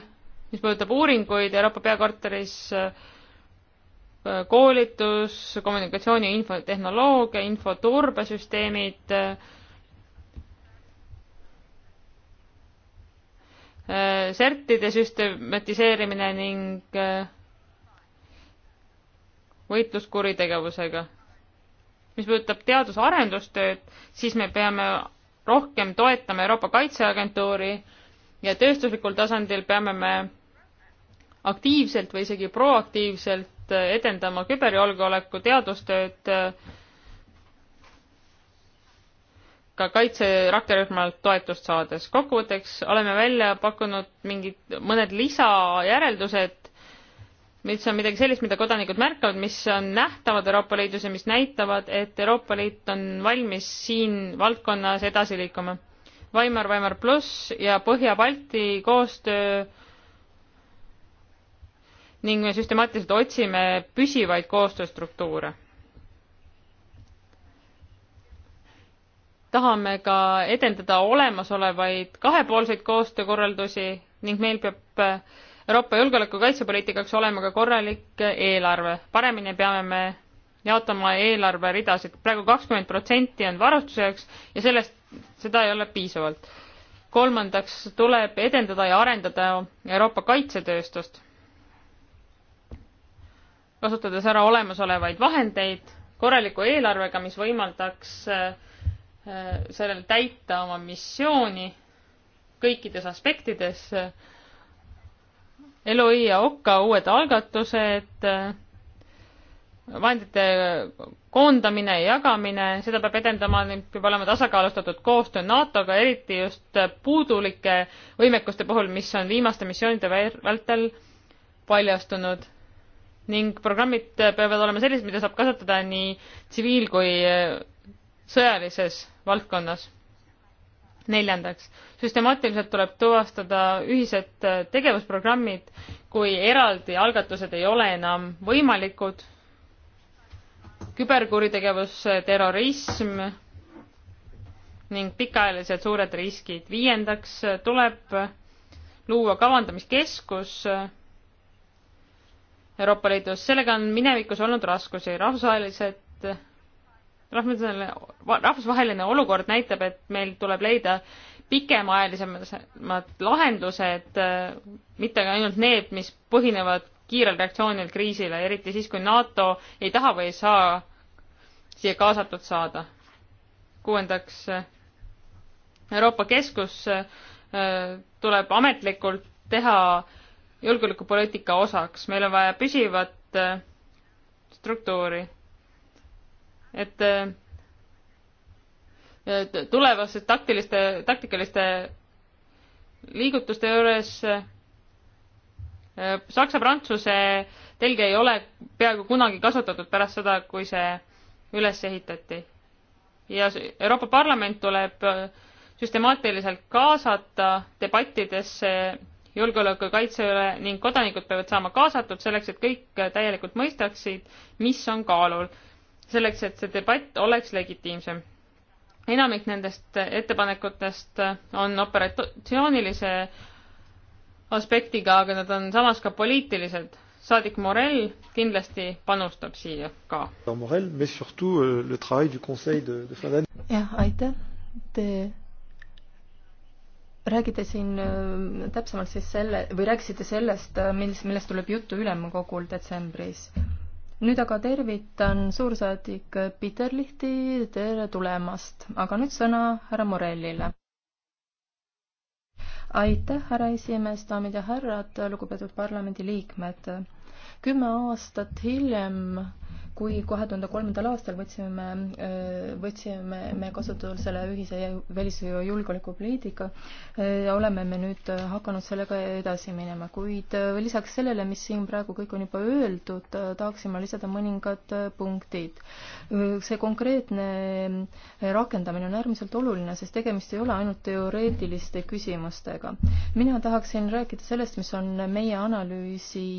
Speaker 1: mis puudutab uuringuid Euroopa peakorteris, äh, koolitus, kommunikatsiooni ja infotehnoloogia, infoturbesüsteemid, äh, sertide süstematiseerimine ning äh, võitlus kuritegevusega. mis puudutab teadus-arendustööd, siis me peame rohkem toetama Euroopa Kaitseagentuuri ja tööstuslikul tasandil peame me aktiivselt või isegi proaktiivselt edendama küberjulgeoleku teadustööd äh, ka kaitserakkerühmalt toetust saades. kokkuvõtteks oleme välja pakkunud mingid, mõned lisajäreldused, mis on midagi sellist, mida kodanikud märkavad, mis on nähtavad Euroopa Liidus ja mis näitavad, et Euroopa Liit on valmis siin valdkonnas edasi liikuma. Vaimar, Vaimar pluss ja Põhja-Balti koostöö ning me süstemaatiliselt otsime püsivaid koostööstruktuure. tahame ka edendada olemasolevaid kahepoolseid koostöökorraldusi ning meil peab Euroopa julgeoleku kaitsepoliitikaks olema ka korralik eelarve. paremini peame me jaotama eelarveridasid. praegu kakskümmend protsenti on varustuseks ja sellest, seda ei ole piisavalt. kolmandaks tuleb edendada ja arendada Euroopa kaitsetööstust kasutades ära olemasolevaid vahendeid korraliku eelarvega, mis võimaldaks äh, äh, sellel täita oma missiooni kõikides aspektides. Eloi ja Oka uued algatused, äh, vahendite koondamine ja jagamine, seda peab edendama, peab olema tasakaalustatud koostöö NATO-ga, eriti just puudulike võimekuste puhul, mis on viimaste missioonide vältel paljastunud ning programmid peavad olema sellised, mida saab kasutada nii tsiviil kui äh, sõjalises valdkonnas. neljandaks, süstemaatiliselt tuleb tuvastada ühised äh, tegevusprogrammid, kui eraldi algatused ei ole enam võimalikud. küberkuritegevus, äh, terrorism ning pikaajalised suured riskid. viiendaks tuleb luua kavandamiskeskus Euroopa Liidus, sellega on minevikus olnud raskusi, rahvusvahelised rahvusvaheline, rahvusvaheline olukord näitab, et meil tuleb leida pikemaajalisemad lahendused, mitte ainult need, mis põhinevad kiirel reaktsioonil kriisile, eriti siis, kui NATO ei taha või ei saa siia kaasatud saada. kuuendaks, Euroopa Keskus äh, tuleb ametlikult teha julgeolekupoliitika osaks, meil on vaja püsivat äh, struktuuri. et äh, tulevaste taktiliste, taktikaliste liigutuste juures äh, Saksa-Prantsuse telge ei ole peaaegu kunagi kasutatud pärast seda, kui see üles ehitati. ja Euroopa Parlament tuleb süstemaatiliselt kaasata debattidesse julgeoleku ja kaitse üle ning kodanikud peavad saama kaasatud selleks, et kõik äh, täielikult mõistaksid, mis on kaalul. selleks, et see debatt oleks legitiimsem. enamik nendest ettepanekutest äh, on operatsioonilise aspektiga, aga nad on samas ka poliitilised. saadik Morel kindlasti panustab siia ka. Euh,
Speaker 2: jah, aitäh. Te räägite siin äh, täpsemalt siis selle või rääkisite sellest, äh, mis, millest tuleb juttu ülemkogul detsembris. nüüd aga tervitan suursaadik Peter Lihti, tere tulemast, aga nüüd sõna härra Morellile. aitäh, härra esimees, daamid ja härrad, lugupeetud parlamendiliikmed. kümme aastat hiljem kui kahe tuhande kolmandal aastal võtsime, äh, võtsime me kasutusele ühise välis- ja julgeolekupoliitika, äh, oleme me nüüd hakanud sellega edasi minema, kuid äh, lisaks sellele, mis siin praegu kõik on juba öeldud, tahaksin ma lisada mõningad punktid. see konkreetne rakendamine on äärmiselt oluline, sest tegemist ei ole ainult teoreetiliste küsimustega. mina tahaksin rääkida sellest, mis on meie analüüsi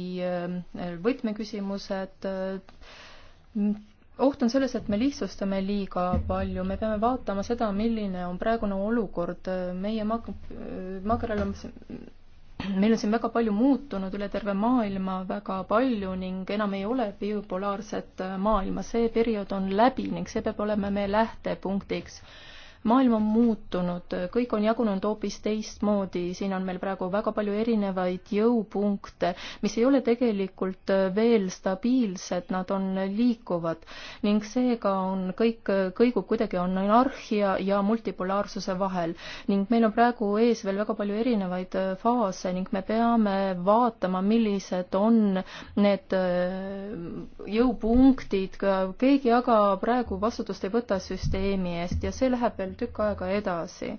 Speaker 2: võtmeküsimused, oht on selles, et me lihtsustame liiga palju, me peame vaatama seda, milline on praegune olukord, meie mag-, mageral on meil on siin väga palju muutunud üle terve maailma, väga palju ning enam ei ole biopolaarset maailma, see periood on läbi ning see peab olema meie lähtepunktiks maailm on muutunud, kõik on jagunenud hoopis teistmoodi, siin on meil praegu väga palju erinevaid jõupunkte, mis ei ole tegelikult veel stabiilsed, nad on liikuvad ning seega on kõik, kõigub kuidagi on anarhia ja multipolaarsuse vahel ning meil on praegu ees veel väga palju erinevaid faase ning me peame vaatama, millised on need äh, jõupunktid, keegi aga praegu vastutust ei võta süsteemi eest ja see läheb veel veel tükk aega edasi.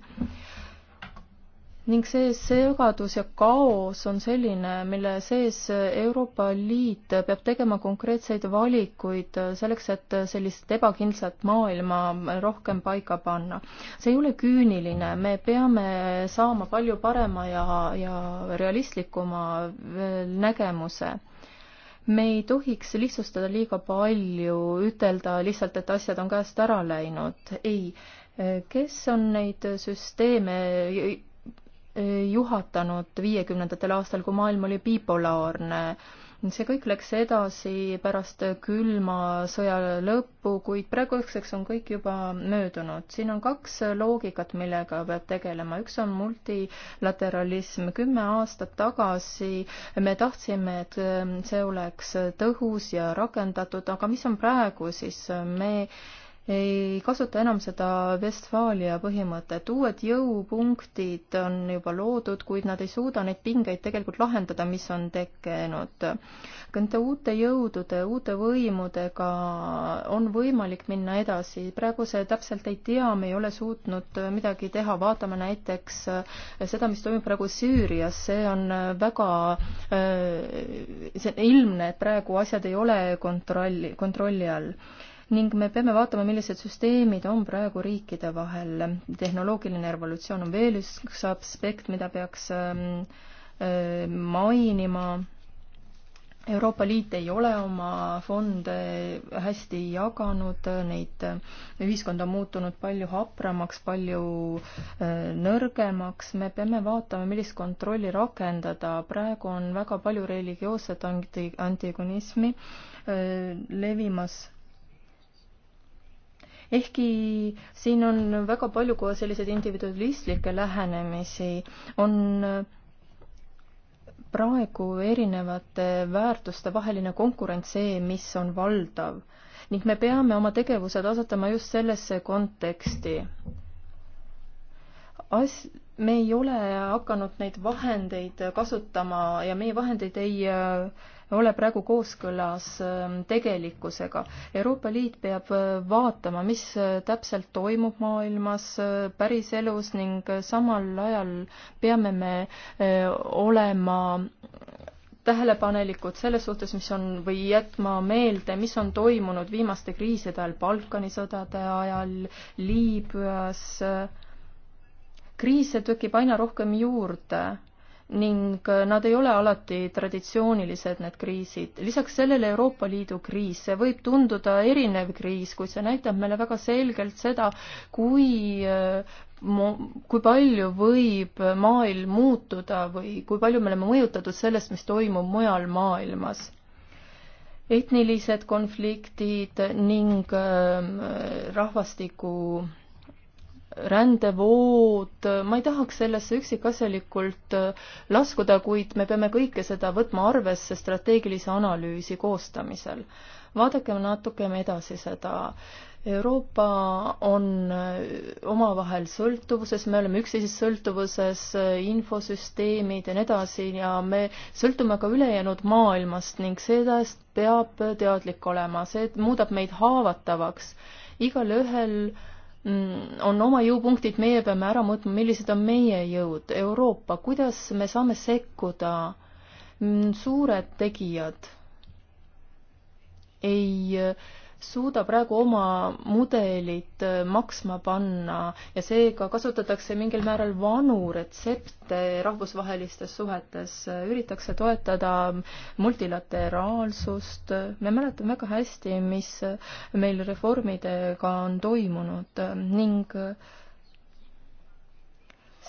Speaker 2: ning see segadus ja kaos on selline, mille sees Euroopa Liit peab tegema konkreetseid valikuid selleks, et sellist ebakindlat maailma rohkem paika panna. see ei ole küüniline, me peame saama palju parema ja, ja realistlikuma nägemuse me ei tohiks lihtsustada liiga palju, ütelda lihtsalt, et asjad on käest ära läinud. ei, kes on neid süsteeme juhatanud viiekümnendatel aastal, kui maailm oli bipolaarne? see kõik läks edasi pärast külma sõja lõppu, kuid praeguseks on kõik juba möödunud. siin on kaks loogikat, millega peab tegelema. üks on multilateralism. kümme aastat tagasi me tahtsime, et see oleks tõhus ja rakendatud, aga mis on praegu siis? me ei kasuta enam seda Westfaalia põhimõtet. uued jõupunktid on juba loodud, kuid nad ei suuda neid pingeid tegelikult lahendada, mis on tekkinud. Nende uute jõudude, uute võimudega on võimalik minna edasi. praegu see täpselt ei tea, me ei ole suutnud midagi teha. vaatame näiteks seda, mis toimub praegu Süürias, see on väga äh, see on ilmne, et praegu asjad ei ole kontrolli, kontrolli all ning me peame vaatama, millised süsteemid on praegu riikide vahel. tehnoloogiline revolutsioon on veel üks aspekt, mida peaks ähm, ähm, mainima. Euroopa Liit ei ole oma fonde hästi jaganud, neid, äh, ühiskond on muutunud palju hapramaks, palju äh, nõrgemaks, me peame vaatama, millist kontrolli rakendada, praegu on väga palju religioosset anti-, antigonismi äh, levimas ehkki siin on väga palju ka selliseid individualistlikke lähenemisi, on praegu erinevate väärtuste vaheline konkurents see, mis on valdav ning me peame oma tegevused asetama just sellesse konteksti. As-, me ei ole hakanud neid vahendeid kasutama ja meie vahendeid ei äh, ole praegu kooskõlas ähm, tegelikkusega. Euroopa Liit peab äh, vaatama, mis äh, täpselt toimub maailmas äh, päriselus ning samal ajal peame me olema tähelepanelikud selles suhtes, mis on või jätma meelde, mis on toimunud viimaste kriiside ajal, Balkani sõdade ajal, Liibüas. kriise tekib aina rohkem juurde ning äh, nad ei ole alati traditsioonilised, need kriisid. lisaks sellele Euroopa Liidu kriis, see võib tunduda erinev kriis, kuid see näitab meile väga selgelt seda, kui äh, kui palju võib maailm muutuda või kui palju me oleme mõjutatud sellest, mis toimub mujal maailmas. etnilised konfliktid ning ähm, rahvastiku rändevood, ma ei tahaks sellesse üksikasjalikult äh, laskuda, kuid me peame kõike seda võtma arvesse strateegilise analüüsi koostamisel. vaadakem natukem edasi seda. Euroopa on äh, omavahel sõltuvuses, me oleme üksteisest sõltuvuses, äh, infosüsteemid ja nii edasi ja me sõltume ka ülejäänud maailmast ning sellest peab teadlik olema, see muudab meid haavatavaks. igalühel äh, Mm, on oma jõupunktid, meie peame ära mõõtma, millised on meie jõud. Euroopa, kuidas me saame sekkuda? Mm, suured tegijad ei äh, suuda praegu oma mudelid äh, maksma panna ja seega kasutatakse mingil määral vanu retsepte rahvusvahelistes suhetes, üritatakse toetada multilateraalsust, me mäletame väga hästi, mis meil reformidega on toimunud ning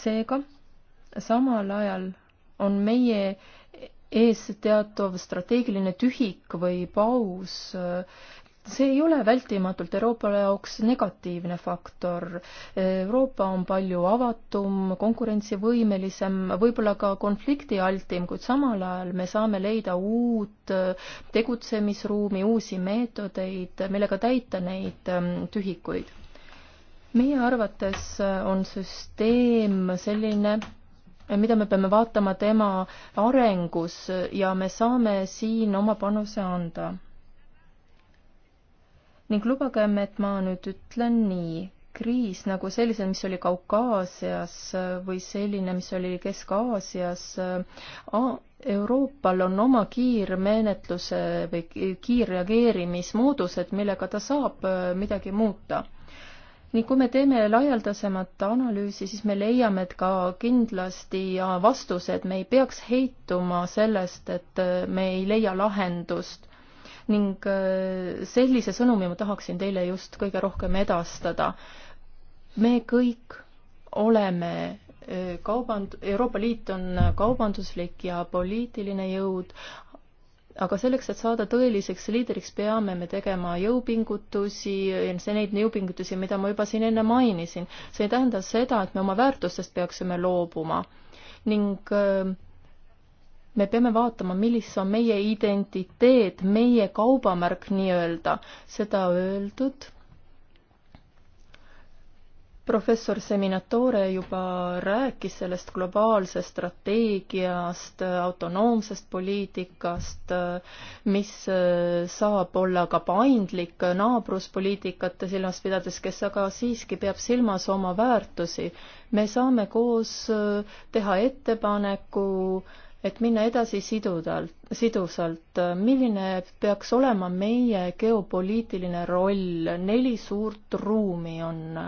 Speaker 2: seega samal ajal on meie ees teatav strateegiline tühik või paus see ei ole vältimatult Euroopale jaoks negatiivne faktor. Euroopa on palju avatum, konkurentsivõimelisem, võib-olla ka konfliktialtim, kuid samal ajal me saame leida uut tegutsemisruumi, uusi meetodeid, millega täita neid ähm, tühikuid. meie arvates on süsteem selline, mida me peame vaatama tema arengus ja me saame siin oma panuse anda ning lubagem, et ma nüüd ütlen nii, kriis nagu sellised, mis oli Kaukaasias äh, või selline, mis oli Kesk-Aasias, äh, Euroopal on oma kiirmenetluse või kiirreageerimismoodused, millega ta saab äh, midagi muuta ning kui me teeme laialdasemat analüüsi, siis me leiame, et ka kindlasti vastused, me ei peaks heituma sellest, et me ei leia lahendust ning äh, sellise sõnumi ma tahaksin teile just kõige rohkem edastada. me kõik oleme äh, kauband-, Euroopa Liit on kaubanduslik ja poliitiline jõud, aga selleks, et saada tõeliseks liidriks, peame me tegema jõupingutusi, see neid jõupingutusi, mida ma juba siin enne mainisin. see ei tähenda seda, et me oma väärtustest peaksime loobuma ning äh, me peame vaatama, millis on meie identiteet, meie kaubamärk nii-öelda. seda öeldud, professor Seminatore juba rääkis sellest globaalsest strateegiast, autonoomsest poliitikast, mis saab olla ka paindlik naabruspoliitikate silmas pidades, kes aga siiski peab silmas oma väärtusi. me saame koos teha ettepaneku äh, et minna edasi sidudalt, sidusalt. milline peaks olema meie geopoliitiline roll? neli suurt ruumi on.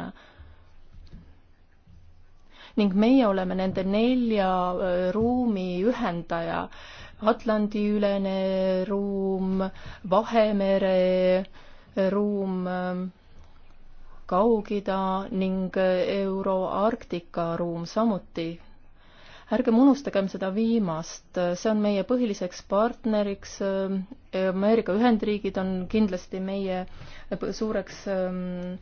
Speaker 2: ning meie oleme nende nelja äh, ruumi ühendaja. Atlandi-ülene ruum, Vahemere äh, ruum, äh, Kaug-Ida ning Euro-Arktika ruum samuti ärgem unustagem seda viimast, see on meie põhiliseks partneriks, Ameerika Ühendriigid on kindlasti meie suureks ähm,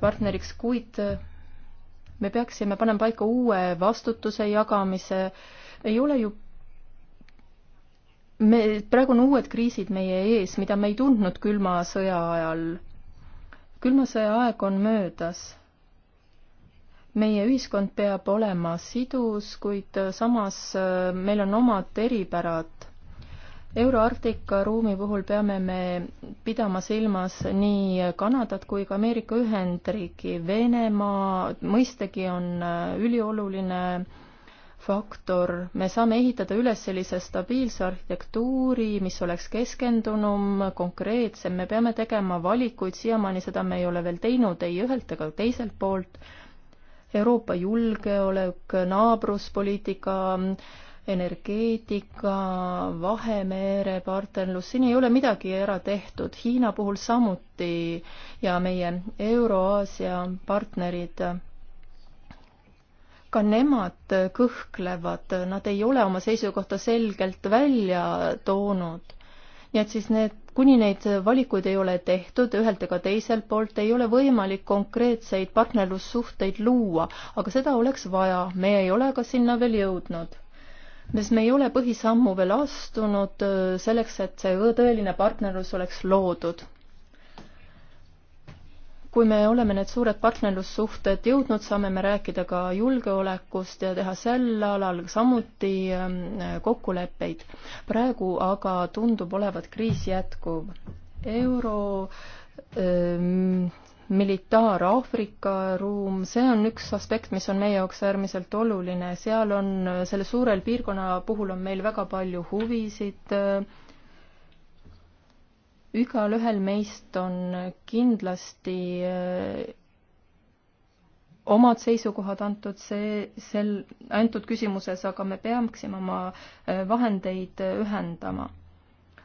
Speaker 2: partneriks, kuid me peaksime panema paika uue vastutuse jagamise, ei ole ju me, praegu on uued kriisid meie ees, mida me ei tundnud külma sõja ajal. külma sõja aeg on möödas meie ühiskond peab olema sidus, kuid samas äh, meil on omad eripärad. Euro-Arktika ruumi puhul peame me pidama silmas nii Kanadat kui ka Ameerika Ühendriiki. Venemaa mõistagi on äh, ülioluline faktor, me saame ehitada üles sellise stabiilse arhitektuuri, mis oleks keskendunum, konkreetsem, me peame tegema valikuid, siiamaani seda me ei ole veel teinud ei ühelt ega teiselt poolt Euroopa julgeolek, naabruspoliitika, energeetika, Vahemere partnerlus, siin ei ole midagi ära tehtud, Hiina puhul samuti ja meie Euro-Aasia partnerid, ka nemad kõhklevad, nad ei ole oma seisukohta selgelt välja toonud. nii et siis need kuni neid valikuid ei ole tehtud ühelt ega teiselt poolt, ei ole võimalik konkreetseid partnerlussuhteid luua, aga seda oleks vaja, me ei ole ka sinna veel jõudnud. sest me ei ole põhisammu veel astunud äh, selleks, et see tõeline partnerlus oleks loodud kui me oleme need suured partnerlussuhted jõudnud, saame me rääkida ka julgeolekust ja teha sel alal samuti ähm, kokkuleppeid. praegu aga tundub olevat kriis jätkuv. euro ähm, militaar-Aafrika ruum, see on üks aspekt, mis on meie jaoks äärmiselt oluline, seal on, äh, selle suurel piirkonna puhul on meil väga palju huvisid äh, igalühel meist on kindlasti äh, omad seisukohad antud see, sel, antud küsimuses, aga me peaksime oma äh, vahendeid äh, ühendama.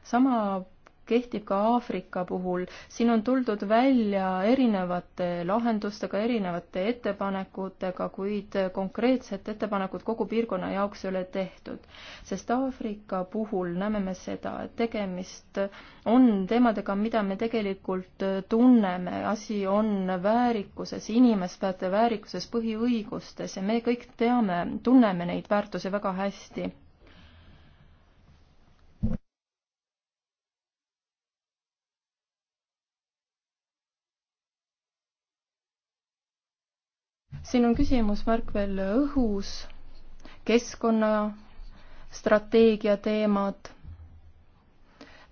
Speaker 2: sama kehtib ka Aafrika puhul. siin on tuldud välja erinevate lahendustega, erinevate ettepanekutega, kuid konkreetset ettepanekut kogu piirkonna jaoks ei ole tehtud. sest Aafrika puhul näeme me seda, et tegemist on teemadega, mida me tegelikult tunneme, asi on väärikuses, inimeste väärikuses, põhiõigustes ja me kõik teame, tunneme neid väärtusi väga hästi siin on küsimusmärk veel õhus, keskkonnastrateegia teemad,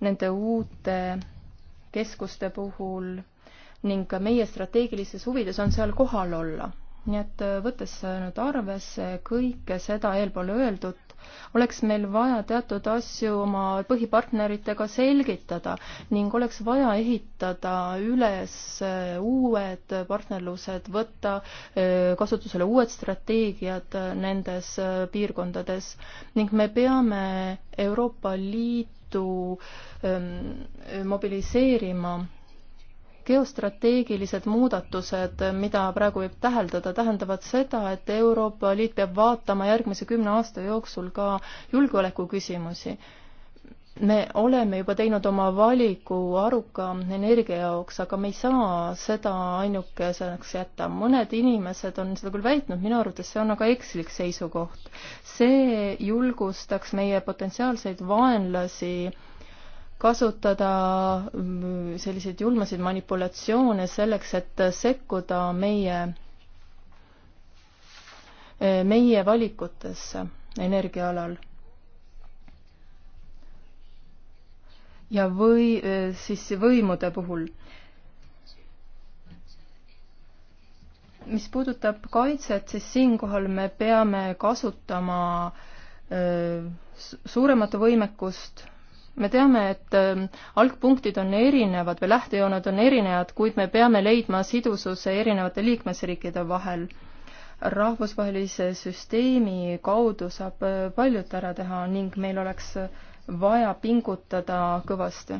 Speaker 2: nende uute keskuste puhul ning ka meie strateegilises huvides on seal kohal olla. nii et võttes nüüd arvesse kõike seda eelpool öeldut, oleks meil vaja teatud asju oma põhipartneritega selgitada ning oleks vaja ehitada üles äh, uued partnerlused, võtta äh, kasutusele uued strateegiad äh, nendes piirkondades ning me peame Euroopa Liitu ähm, mobiliseerima geostrateegilised muudatused, mida praegu võib täheldada, tähendavad seda, et Euroopa Liit peab vaatama järgmise kümne aasta jooksul ka julgeoleku küsimusi. me oleme juba teinud oma valiku aruka energia jaoks, aga me ei saa seda ainukeseks jätta. mõned inimesed on seda küll väitnud, minu arvates see on aga ekslik seisukoht. see julgustaks meie potentsiaalseid vaenlasi kasutada mm, selliseid julmasid manipulatsioone selleks, et sekkuda meie, meie valikutesse energiaalal. ja või siis võimude puhul mis puudutab kaitset, siis siinkohal me peame kasutama äh, suuremat võimekust me teame, et ähm, algpunktid on erinevad või lähtejooned on erinevad, kuid me peame leidma sidususe erinevate liikmesriikide vahel. rahvusvahelise süsteemi kaudu saab äh, paljut ära teha ning meil oleks äh, vaja pingutada kõvasti.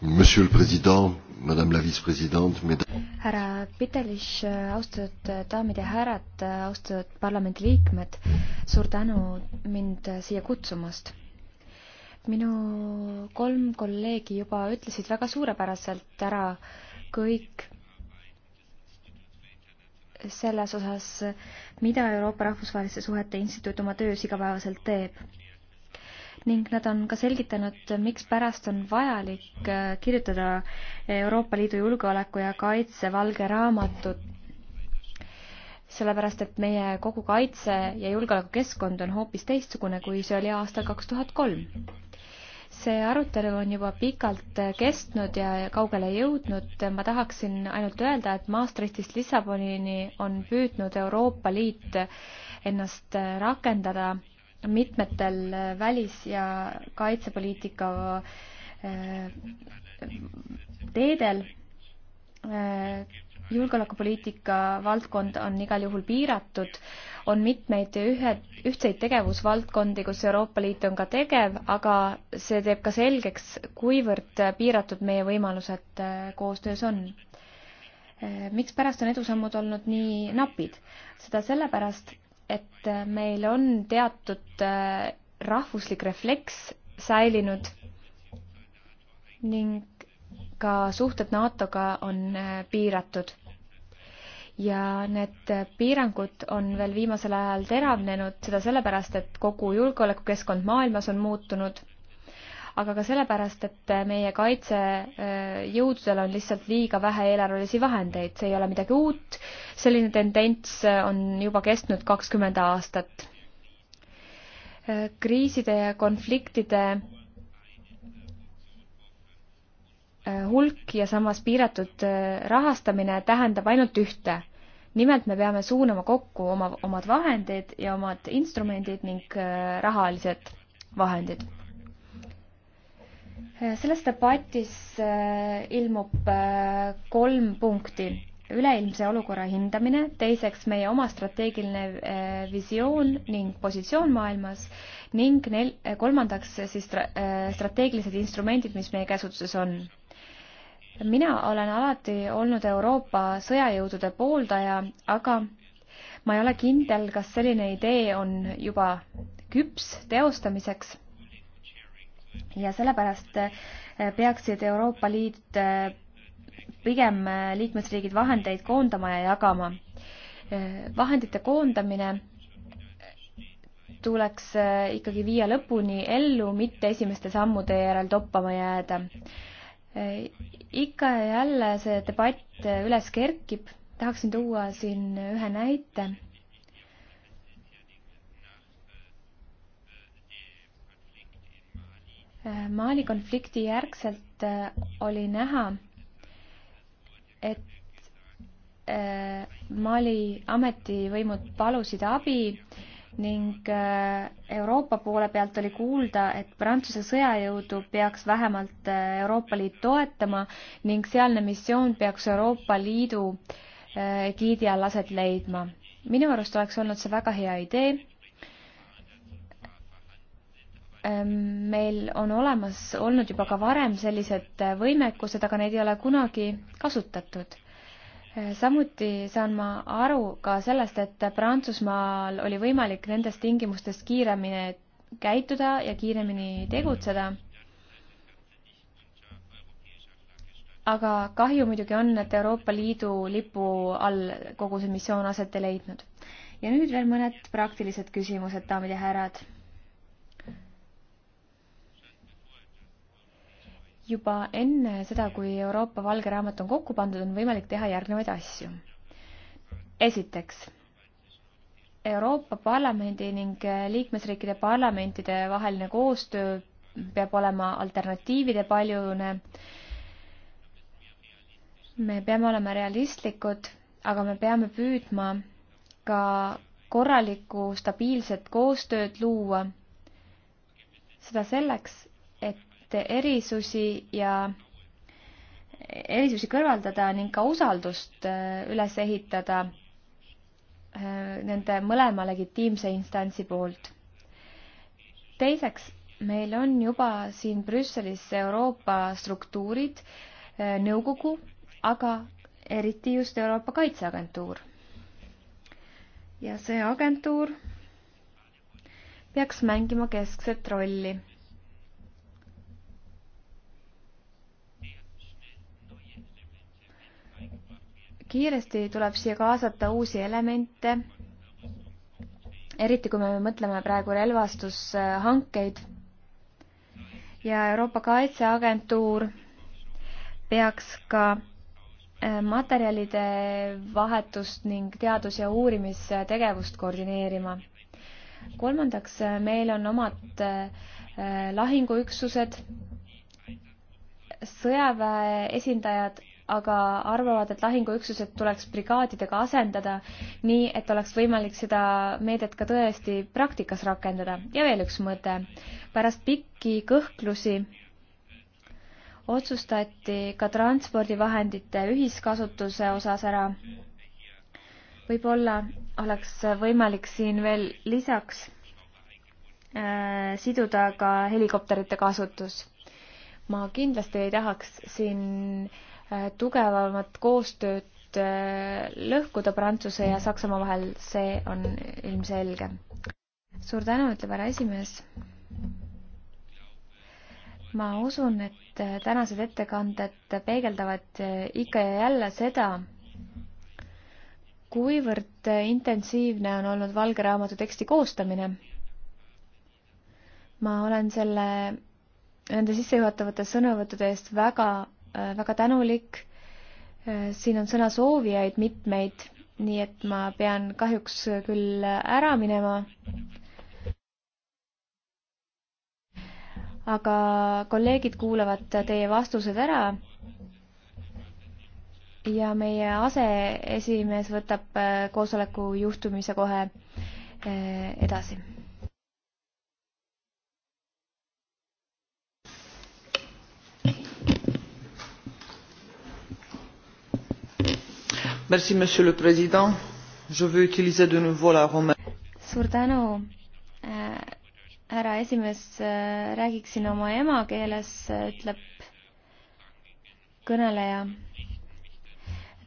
Speaker 1: Monsieur le Président, Madame la vice-présidente, mesdames.
Speaker 2: härra Pitelis,
Speaker 3: austatud daamid ja härrad, austatud parlamendiliikmed, suur tänu mind siia kutsumast minu kolm kolleegi juba ütlesid väga suurepäraselt ära kõik selles osas, mida Euroopa Rahvusvaheliste Suhete Instituut oma töös igapäevaselt teeb ning nad on ka selgitanud, mikspärast on vajalik äh, kirjutada Euroopa Liidu julgeoleku ja kaitse valge raamatut, sellepärast et meie kogu kaitse ja julgeolekukeskkond on hoopis teistsugune, kui see oli aastal kaks tuhat kolm see arutelu on juba pikalt äh, kestnud ja kaugele jõudnud. ma tahaksin ainult öelda, et Maastrichtist Lissabonini on püüdnud Euroopa Liit äh, ennast rakendada mitmetel äh, välis- ja kaitsepoliitika äh, teedel. Äh, julgeolekupoliitika valdkond on igal juhul piiratud, on mitmeid ühe, ühtseid tegevusvaldkondi, kus Euroopa Liit on ka tegev, aga see teeb ka selgeks, kuivõrd piiratud meie võimalused koostöös on mikspärast on edusammud olnud nii napid? seda sellepärast, et meil on teatud äh, rahvuslik refleks säilinud ning ka suhted NATO-ga on äh, piiratud. ja need äh, piirangud on veel viimasel ajal teravnenud, seda sellepärast, et kogu julgeolekukeskkond maailmas on muutunud aga ka sellepärast, et meie kaitsejõududel on lihtsalt liiga vähe eelarvelisi vahendeid, see ei ole midagi uut, selline tendents on juba kestnud kakskümmend aastat. kriiside ja konfliktide hulk ja samas piiratud rahastamine tähendab ainult ühte. nimelt me peame suunama kokku oma, omad vahendid ja omad instrumendid ning rahalised vahendid selles debatis äh, ilmub äh, kolm punkti. üleilmse olukorra hindamine, teiseks meie oma strateegiline äh, visioon ning positsioon maailmas ning nel-, kolmandaks siis strateegilised instrumendid, mis meie käsutuses on mina olen alati olnud Euroopa sõjajõudude pooldaja, aga ma ei ole kindel, kas selline idee on juba küps teostamiseks ja sellepärast äh, peaksid Euroopa Liit äh, pigem äh, liikmesriigid vahendeid koondama ja jagama. vahendite koondamine tuleks ikkagi viia lõpuni ellu, mitte esimeste sammude järel toppama jääda. ikka ja jälle see debatt üles kerkib, tahaksin tuua siin ühe näite Mali konflikti järgselt äh, oli näha, et äh, Mali ametivõimud palusid abi ning äh, Euroopa poole pealt oli kuulda, et Prantsuse sõjajõudu peaks vähemalt Euroopa Liit toetama ning sealne missioon peaks Euroopa Liidu egiidi all aset leidma. minu arust oleks olnud see väga hea idee Ehm, meil on olemas olnud juba ka varem sellised äh, võimekused, aga neid ei ole kunagi kasutatud. Ehm, samuti saan ma aru ka sellest, et Prantsusmaal oli võimalik nendest tingimustest kiiremini käituda ja kiiremini tegutseda. aga kahju muidugi on, et Euroopa Liidu lipu all kogu see missioon aset ei leidnud. ja nüüd veel mõned praktilised küsimused, daamid ja härrad juba enne seda, kui Euroopa valge raamat on kokku pandud, on võimalik teha järgnevaid asju. esiteks, Euroopa Parlamendi ning liikmesriikide parlamentide vaheline koostöö peab olema alternatiivide paljune. me peame olema realistlikud, aga me peame püüdma ka korralikku stabiilset koostööd luua. seda selleks, et erisusi ja erisusi kõrvaldada ning ka usaldust äh, üles ehitada äh, nende mõlema legitiimse instantsi poolt. teiseks, meil on juba siin Brüsselis Euroopa struktuurid, äh, nõukogu, aga eriti just Euroopa Kaitseagentuur. ja see agentuur peaks mängima keskset rolli kiiresti tuleb siia kaasata uusi elemente, eriti kui me mõtleme praegu relvastushankeid. ja Euroopa Kaitseagentuur peaks ka äh, materjalide vahetust ning teadus- ja uurimistegevust koordineerima. kolmandaks, äh, meil on omad äh, lahinguüksused, sõjaväe esindajad aga arvavad, et lahinguüksused tuleks brigaadidega asendada, nii et oleks võimalik seda meedet ka tõesti praktikas rakendada. ja veel üks mõte. pärast pikki kõhklusi otsustati ka transpordivahendite ühiskasutuse osas ära. võib-olla oleks võimalik siin veel lisaks äh, siduda ka helikopterite kasutus ma kindlasti ei tahaks siin Äh, tugevamat koostööd äh, lõhkuda Prantsuse ja Saksamaa vahel, see on ilmselge. suur tänu, ütleb härra esimees. ma usun, et äh, tänased ettekanded peegeldavad ikka ja jälle seda, kuivõrd intensiivne on olnud Valge Raamatu teksti koostamine. ma olen selle, nende sissejuhatavate sõnavõttude eest väga Äh, väga tänulik. Äh, siin on sõna soovijaid mitmeid, nii et ma pean kahjuks küll ära minema. aga kolleegid kuulavad teie vastused ära ja meie aseesimees võtab äh, koosoleku juhtumise kohe edasi
Speaker 1: Merci, monsieur le president. Je veux utiliser de nouveau la romaine.
Speaker 3: suur tänu äh,, härra esimees äh,, räägiksin oma emakeeles äh,, ütleb kõneleja.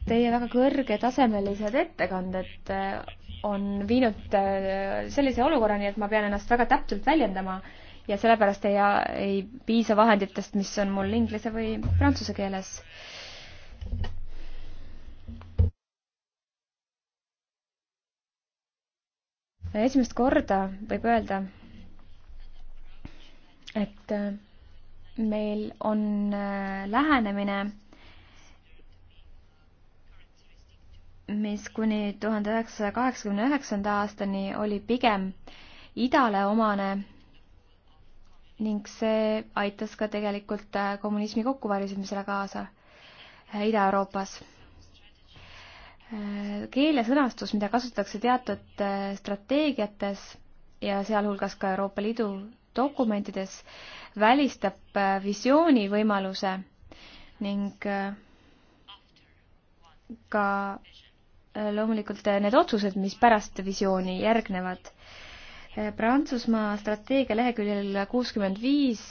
Speaker 3: Teie väga kõrgetasemelised ettekanded äh, on viinud äh, sellise olukorrani, et ma pean ennast väga täpselt väljendama ja sellepärast ei, ei piisa vahenditest, mis on mul inglise või prantsuse keeles äh, esimest korda võib öelda, et äh, meil on äh, lähenemine, mis kuni tuhande üheksasaja kaheksakümne üheksanda aastani oli pigem idale omane ning see aitas ka tegelikult äh, kommunismi kokkuvarisemisele kaasa Ida-Euroopas keelesõnastus, mida kasutatakse teatud äh, strateegiates ja sealhulgas ka Euroopa Liidu dokumentides, välistab äh, visiooni võimaluse ning äh, ka loomulikult need otsused, mis pärast visiooni järgnevad. Prantsusmaa strateegia leheküljel kuuskümmend viis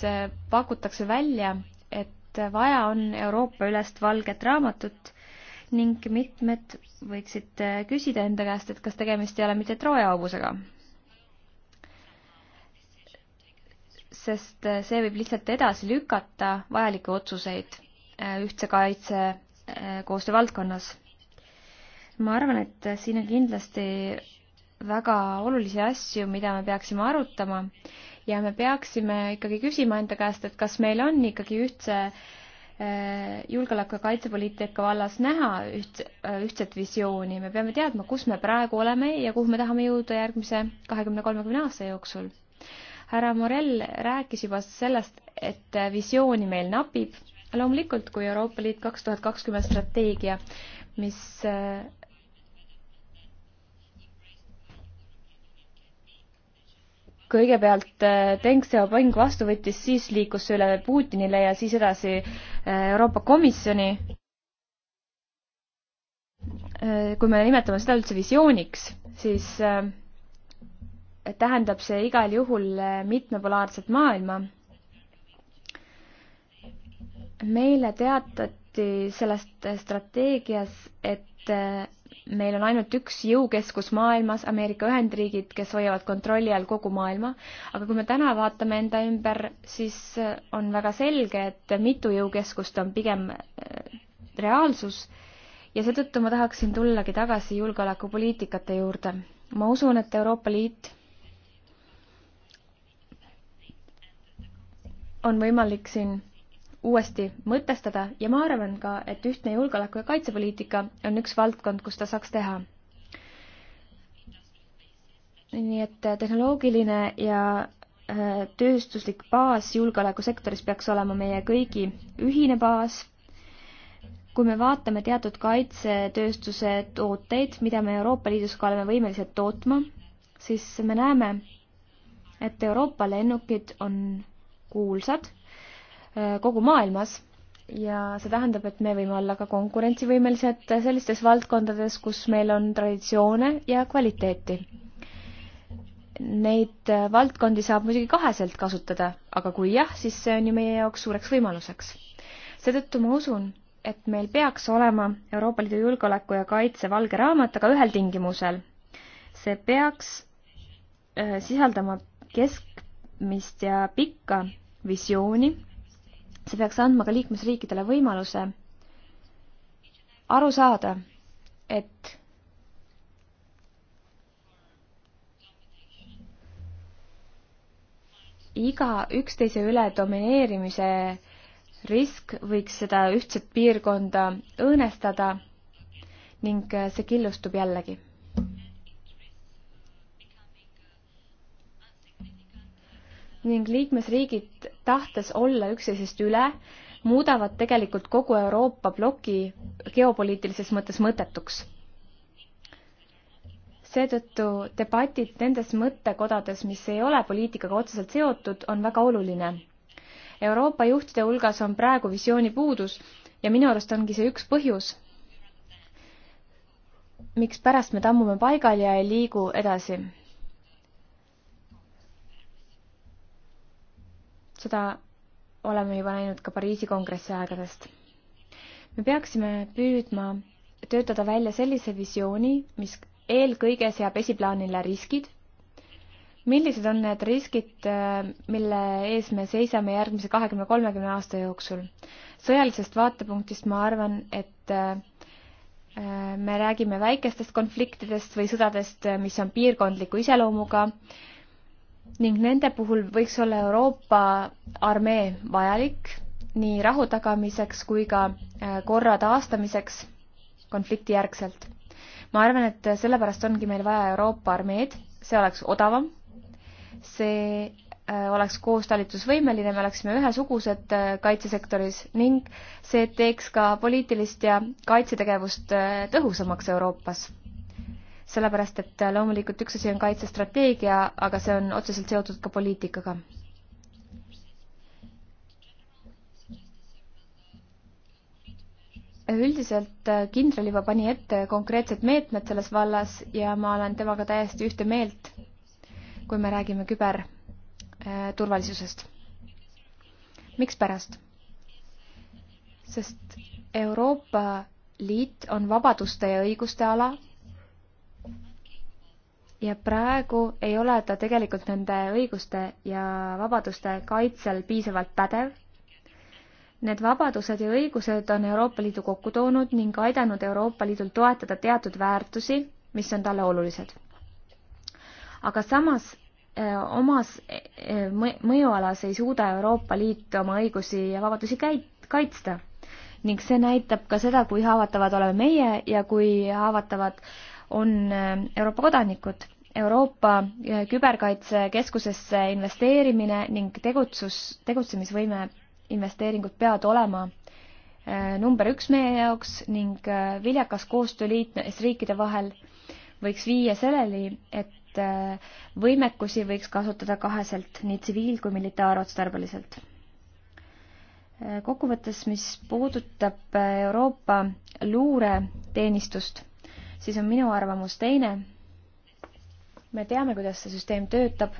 Speaker 3: pakutakse välja, et vaja on Euroopa-ülest valget raamatut ning mitmed võiksid äh, küsida enda käest, et kas tegemist ei ole mitte Trooja hobusega. sest äh, see võib lihtsalt edasi lükata vajalikke otsuseid äh, ühtse kaitse koostöö valdkonnas. ma arvan, et siin on kindlasti väga olulisi asju, mida me peaksime arutama ja me peaksime ikkagi küsima enda käest, et kas meil on ikkagi ühtse äh, Äh, julgeoleku- ja kaitsepoliitika vallas näha üht, äh, ühtset visiooni, me peame teadma, kus me praegu oleme ja kuhu me tahame jõuda järgmise kahekümne, kolmekümne aasta jooksul. härra Morell rääkis juba sellest, et äh, visiooni meil napib. loomulikult, kui Euroopa Liit kaks tuhat kakskümmend strateegia, mis kõigepealt äh, Deng Xiaoping vastu võttis, siis liikus see üle Putinile ja siis edasi äh, Euroopa Komisjoni. Äh, kui me nimetame seda üldse visiooniks, siis tähendab see igal juhul mitmepolaarset maailma. meile teatati sellest strateegias, et meil on ainult üks jõukeskus maailmas, Ameerika Ühendriigid, kes hoiavad kontrolli all kogu maailma, aga kui me täna vaatame enda ümber, siis äh, on väga selge, et mitu jõukeskust on pigem äh, reaalsus ja seetõttu ma tahaksin tullagi tagasi julgeolekupoliitikate juurde. ma usun, et Euroopa Liit on võimalik siin uuesti mõtestada ja ma arvan ka, et ühtne julgeoleku- ja kaitsepoliitika on üks valdkond, kus ta saaks teha. nii et äh, tehnoloogiline ja äh, tööstuslik baas julgeolekusektoris peaks olema meie kõigi ühine baas. kui me vaatame teatud kaitsetööstuse tooteid, mida me Euroopa Liidus ka oleme võimelised tootma, siis me näeme, et Euroopa lennukid on kuulsad Äh, kogu maailmas ja see tähendab, et me võime olla ka konkurentsivõimelised sellistes valdkondades, kus meil on traditsioone ja kvaliteeti. Neid äh, valdkondi saab muidugi kaheselt kasutada, aga kui jah, siis see on ju meie jaoks suureks võimaluseks. seetõttu ma usun, et meil peaks olema Euroopa Liidu julgeoleku ja kaitse valge raamat, aga ühel tingimusel. see peaks äh, sisaldama keskmist ja pikka visiooni see peaks andma ka liikmesriikidele võimaluse aru saada, et iga üksteise üle domineerimise risk võiks seda ühtset piirkonda õõnestada ning see killustub jällegi. ning liikmesriigid tahtes olla üksteisest üle, muudavad tegelikult kogu Euroopa ploki geopoliitilises mõttes mõttetuks. seetõttu debatid nendes mõttekodades, mis ei ole poliitikaga otseselt seotud, on väga oluline. Euroopa juhtide hulgas on praegu visiooni puudus ja minu arust ongi see üks põhjus, mikspärast me tammume paigal ja ei liigu edasi seda oleme juba näinud ka Pariisi kongressi aegadest. me peaksime püüdma töötada välja sellise visiooni, mis eelkõige seab esiplaanile riskid. millised on need riskid, mille ees me seisame järgmise kahekümne, kolmekümne aasta jooksul? sõjalisest vaatepunktist ma arvan, et äh, me räägime väikestest konfliktidest või sõdadest, mis on piirkondliku iseloomuga ning nende puhul võiks olla Euroopa armee vajalik nii rahu tagamiseks kui ka äh, korra taastamiseks konfliktijärgselt. ma arvan, et sellepärast ongi meil vaja Euroopa armeed, see oleks odavam, see äh, oleks koostalitusvõimeline, me oleksime ühesugused äh, kaitsesektoris ning see teeks ka poliitilist ja kaitsetegevust tõhusamaks Euroopas sellepärast et loomulikult üks asi on kaitsestrateegia, aga see on otseselt seotud ka poliitikaga. üldiselt kindral juba pani ette konkreetsed meetmed selles vallas ja ma olen temaga täiesti ühte meelt, kui me räägime küberturvalisusest. mikspärast? sest Euroopa Liit on vabaduste ja õiguste ala ja praegu ei ole ta tegelikult nende õiguste ja vabaduste kaitsel piisavalt pädev. Need vabadused ja õigused on Euroopa Liidu kokku toonud ning aidanud Euroopa Liidul toetada teatud väärtusi, mis on talle olulised. aga samas eh, omas eh, mõjualas ei suuda Euroopa Liit oma õigusi ja vabadusi kaitsta ning see näitab ka seda, kui haavatavad oleme meie ja kui haavatavad äh, on äh, Euroopa kodanikud. Euroopa äh, Küberkaitsekeskusesse investeerimine ning tegutsus, tegutsemisvõime investeeringud peavad olema äh, number üks meie jaoks ning viljakas koostöö liitlasriikide vahel võiks viia selleni, et võimekusi võiks kasutada kaheselt, nii tsiviil- kui militaarotstarbeliselt kokkuvõttes, mis puudutab Euroopa luureteenistust, siis on minu arvamus teine. me teame, kuidas see süsteem töötab.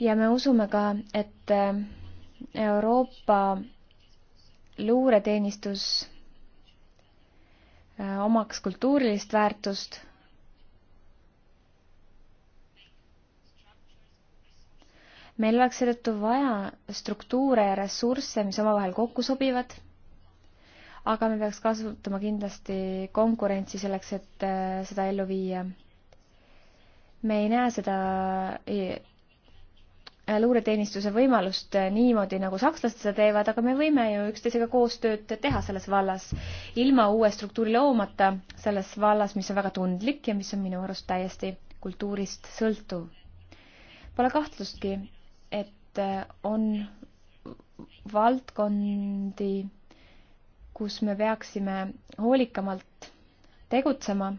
Speaker 3: ja me usume ka, et äh, Euroopa luureteenistus äh, omaks kultuurilist väärtust meil oleks seetõttu vaja struktuure ja ressursse, mis omavahel kokku sobivad aga me peaks kasutama kindlasti konkurentsi selleks, et äh, seda ellu viia. me ei näe seda äh, luureteenistuse võimalust äh, niimoodi, nagu sakslased seda teevad, aga me võime ju üksteisega koostööd teha selles vallas, ilma uue struktuuri loomata selles vallas, mis on väga tundlik ja mis on minu arust täiesti kultuurist sõltuv. Pole kahtlustki, et on valdkondi kus me peaksime hoolikamalt tegutsema.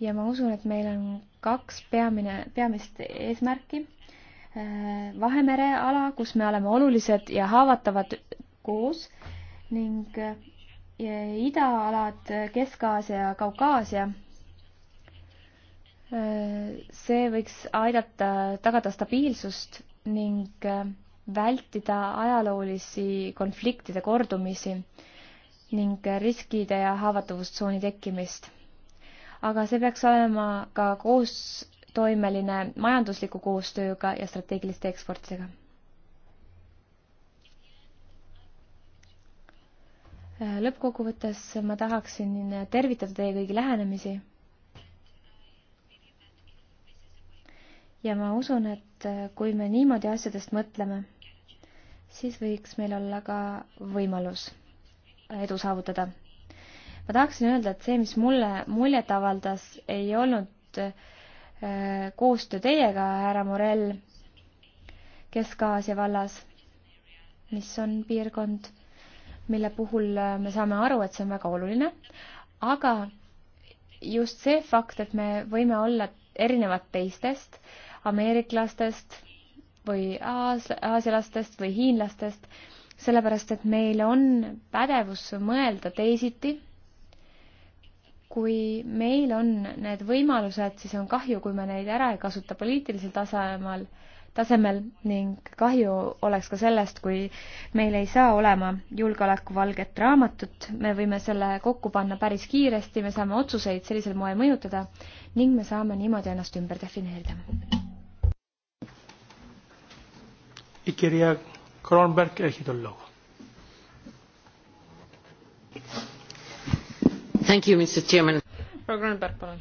Speaker 3: ja ma usun, et meil on kaks peamine, peamist eesmärki. Äh, Vahemere ala, kus me oleme olulised ja haavatavad koos ning äh, idaalad Kesk-Aasia ja Kaukaasia äh, see võiks aidata tagada stabiilsust ning vältida ajaloolisi konfliktide kordumisi ning riskide ja haavatavustsooni tekkimist. aga see peaks olema ka koostoimeline majandusliku koostööga ja strateegiliste eksportidega. lõppkokkuvõttes ma tahaksin tervitada teie kõigi lähenemisi ja ma usun, et kui me niimoodi asjadest mõtleme, siis võiks meil olla ka võimalus edu saavutada. ma tahaksin öelda, et see, mis mulle muljet avaldas, ei olnud äh, koostöö teiega, härra Morell, Kesk-Aasia vallas, mis on piirkond, mille puhul äh, me saame aru, et see on väga oluline, aga just see fakt, et me võime olla erinevad teistest ameeriklastest, või aas-, aasialastest või hiinlastest, sellepärast et meil on pädevus mõelda teisiti. kui meil on need võimalused, siis on kahju, kui me neid ära ei kasuta poliitilisel tasemel, tasemel ning kahju oleks ka sellest, kui meil ei saa olema julgeoleku valget raamatut, me võime selle kokku panna päris kiiresti, me saame otsuseid sellisel moel mõjutada ning me saame niimoodi ennast ümber defineerida Η κυρία Κρόνμπερκ έχει τον
Speaker 1: λόγο. Thank you, Mr. Chairman. proua Grünberg, palun.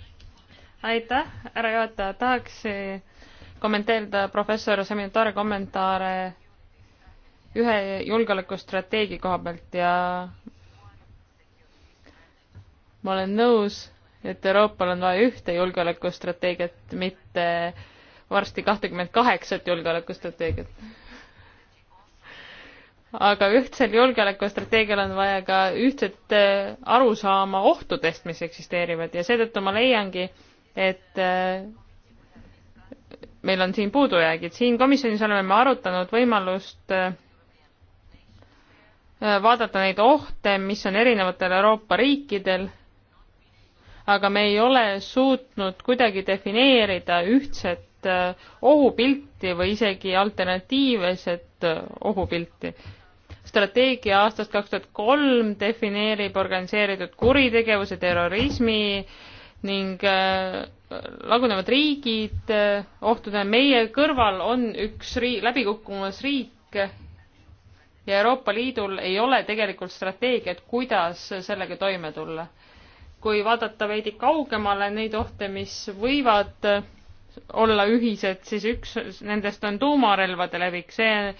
Speaker 1: aitäh, härra juhataja, tahaks eh, kommenteerida professor Seminari kommentaare ühe julgeolekustrateegia koha pealt ja ma olen nõus, et Euroopal on vaja ühte julgeolekustrateegiat, mitte varsti kahtekümmet kaheksat julgeolekustrateegiat aga ühtsel julgeolekustrateegial on vaja ka ühtset äh, arusaama ohtudest, mis eksisteerivad ja seetõttu ma leiangi, et äh, meil on siin puudujäägid. siin komisjonis oleme me arutanud võimalust äh, vaadata neid ohte, mis on erinevatel Euroopa riikidel, aga me ei ole suutnud kuidagi defineerida ühtset ohupilti või isegi alternatiivset ohupilti strateegia aastast kaks tuhat kolm defineerib organiseeritud kuritegevuse, terrorismi ning äh, lagunevad riigid äh, ohtudena. meie kõrval on üks rii-, läbi kukkumas riik ja Euroopa Liidul ei ole tegelikult strateegiat, kuidas sellega toime tulla. kui vaadata veidi kaugemale neid ohte, mis võivad olla ühised, siis üks nendest on tuumarelvade levik, see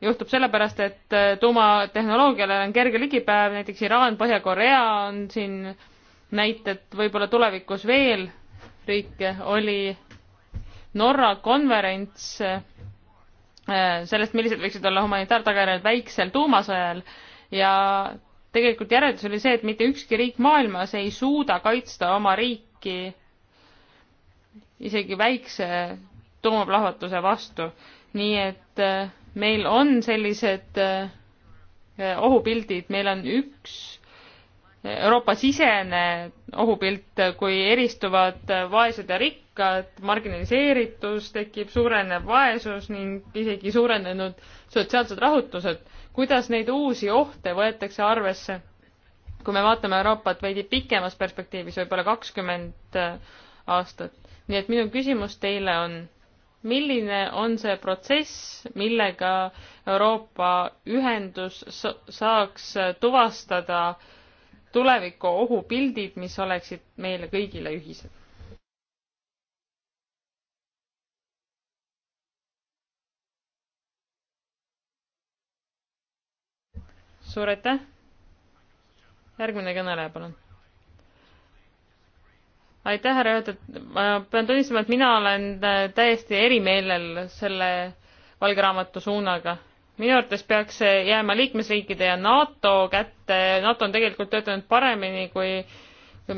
Speaker 1: juhtub sellepärast, et äh, tuumatehnoloogiale on kerge ligipääv, näiteks Iraan, Põhja-Korea on siin näited, võib-olla tulevikus veel riike, oli Norra konverents äh, sellest, millised võiksid olla humanitaartagajärjed väiksel tuumasõjal ja tegelikult järeldus oli see, et mitte ükski riik maailmas ei suuda kaitsta oma riiki isegi väikse tuumaplahvatuse vastu. nii et äh, meil on sellised äh, ohupildid, meil on üks Euroopa-sisene ohupilt, kui eristuvad vaesed ja rikkad, marginaliseeritus tekib, suureneb vaesus ning isegi suurenenud sotsiaalsed rahutused. kuidas neid uusi ohte võetakse arvesse? kui me vaatame Euroopat veidi pikemas perspektiivis, võib-olla kakskümmend äh, aastat. nii et minu küsimus teile on milline on see protsess, millega Euroopa ühendus saaks tuvastada tuleviku ohupildid, mis oleksid meile kõigile ühised? suur aitäh! järgmine kõneleja, palun aitäh, härra Jõhvet, ma pean tunnistama, et mina olen äh, täiesti erimeelel selle valge raamatu suunaga. minu arvates peaks see jääma liikmesriikide ja NATO kätte, NATO on tegelikult töötanud paremini kui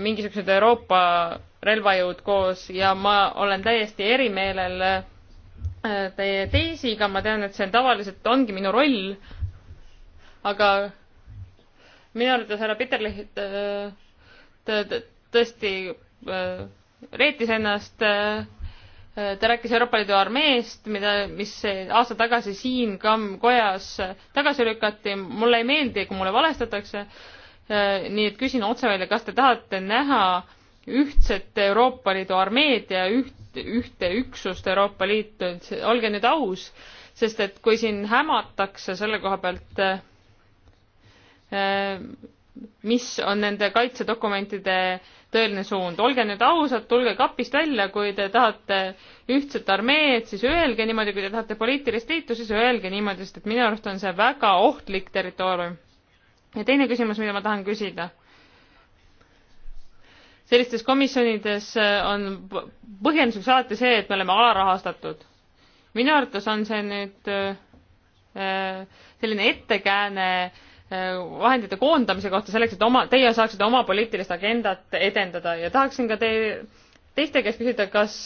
Speaker 1: mingisugused Euroopa relvajõud koos ja ma olen täiesti erimeelel äh, teie teisiga, ma tean, et see on tavaliselt ongi minu roll, aga minu arvates härra Peterli äh, tõesti Äh, reetis ennast. Äh, äh, ta rääkis Euroopa Liidu armeest, mida, mis aasta tagasi siin ka kojas tagasi lükati. mulle ei meeldi, kui mulle valestatakse. nii et küsin otse välja, kas te tahate näha ühtset Euroopa Liidu armeed ja üht, ühte üksust Euroopa Liitu, olge nüüd aus, sest et kui siin hämatakse selle koha pealt mis on nende kaitsedokumentide äh, tõeline suund. olge nüüd ausad, tulge kapist välja, kui te tahate ühtset armeed, siis öelge niimoodi, kui te tahate poliitilist liitu, siis öelge niimoodi, sest et minu arust on see väga ohtlik territoorium. ja teine küsimus, mida ma tahan küsida. sellistes komisjonides äh, on põhjenduseks alati see, et me oleme alarahastatud. minu arvates on see nüüd äh, äh, selline ettekääne äh, vahendite koondamise kohta selleks, et oma, teie saaksite oma poliitilist agendat edendada ja tahaksin ka teie teiste käest küsida, kas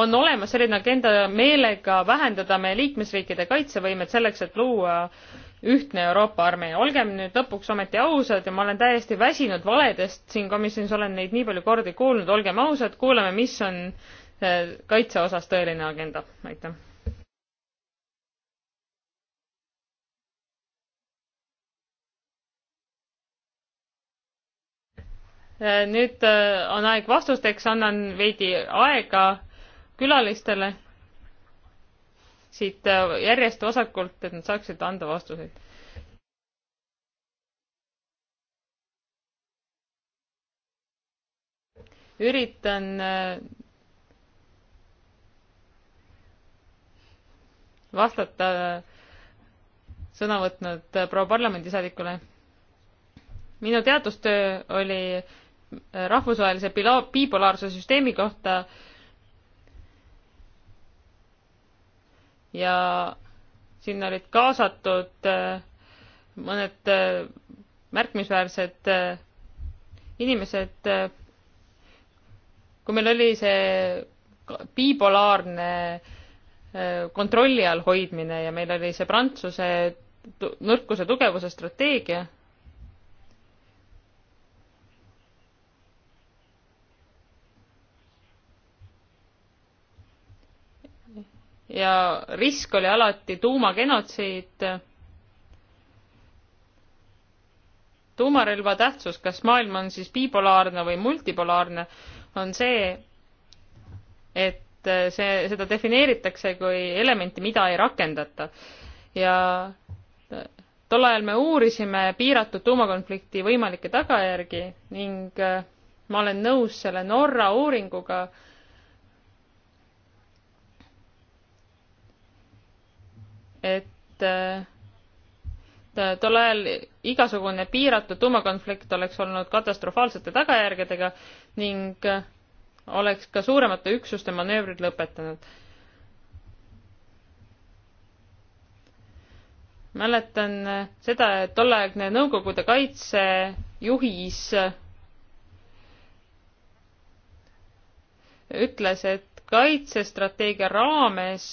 Speaker 1: on olemas selline agenda meelega vähendada meie liikmesriikide kaitsevõimet selleks, et luua ühtne Euroopa armee. olgem nüüd lõpuks ometi ausad ja ma olen täiesti väsinud valedest siin komisjonis, olen neid nii palju kordi kuulnud, olgem ausad, kuulame, mis on eh, kaitse osas tõeline agenda. aitäh Eh, nüüd eh, on aeg vastusteks, annan veidi aega külalistele siit eh, järjest vasakult, et nad saaksid anda vastuseid. üritan vastata sõna võtnud proua parlamendisaadikule. minu teadustöö oli rahvusvahelise bila-, bipolaarse süsteemi kohta ja sinna olid kaasatud äh, mõned äh, märkimisväärsed äh, inimesed. kui meil oli see bipolaarne kontrolli all hoidmine ja meil oli see Prantsuse nõrkuse tugevuse strateegia ja risk oli alati tuumagenotsiid. tuumarelva tähtsus, kas maailm on siis bipolaarne või multipolaarne, on see, et see, seda defineeritakse kui elementi, mida ei rakendata. ja tol ajal me uurisime piiratud tuumakonflikti võimalikke tagajärgi ning ma olen nõus selle Norra uuringuga, et äh, tol ajal igasugune piiratud tuumakonflikt oleks olnud katastrofaalsete tagajärgedega ning äh, oleks ka suuremate üksuste manöövrid lõpetanud. mäletan äh, seda, et tolleaegne Nõukogude kaitsejuhis ütles, et kaitsestrateegia raames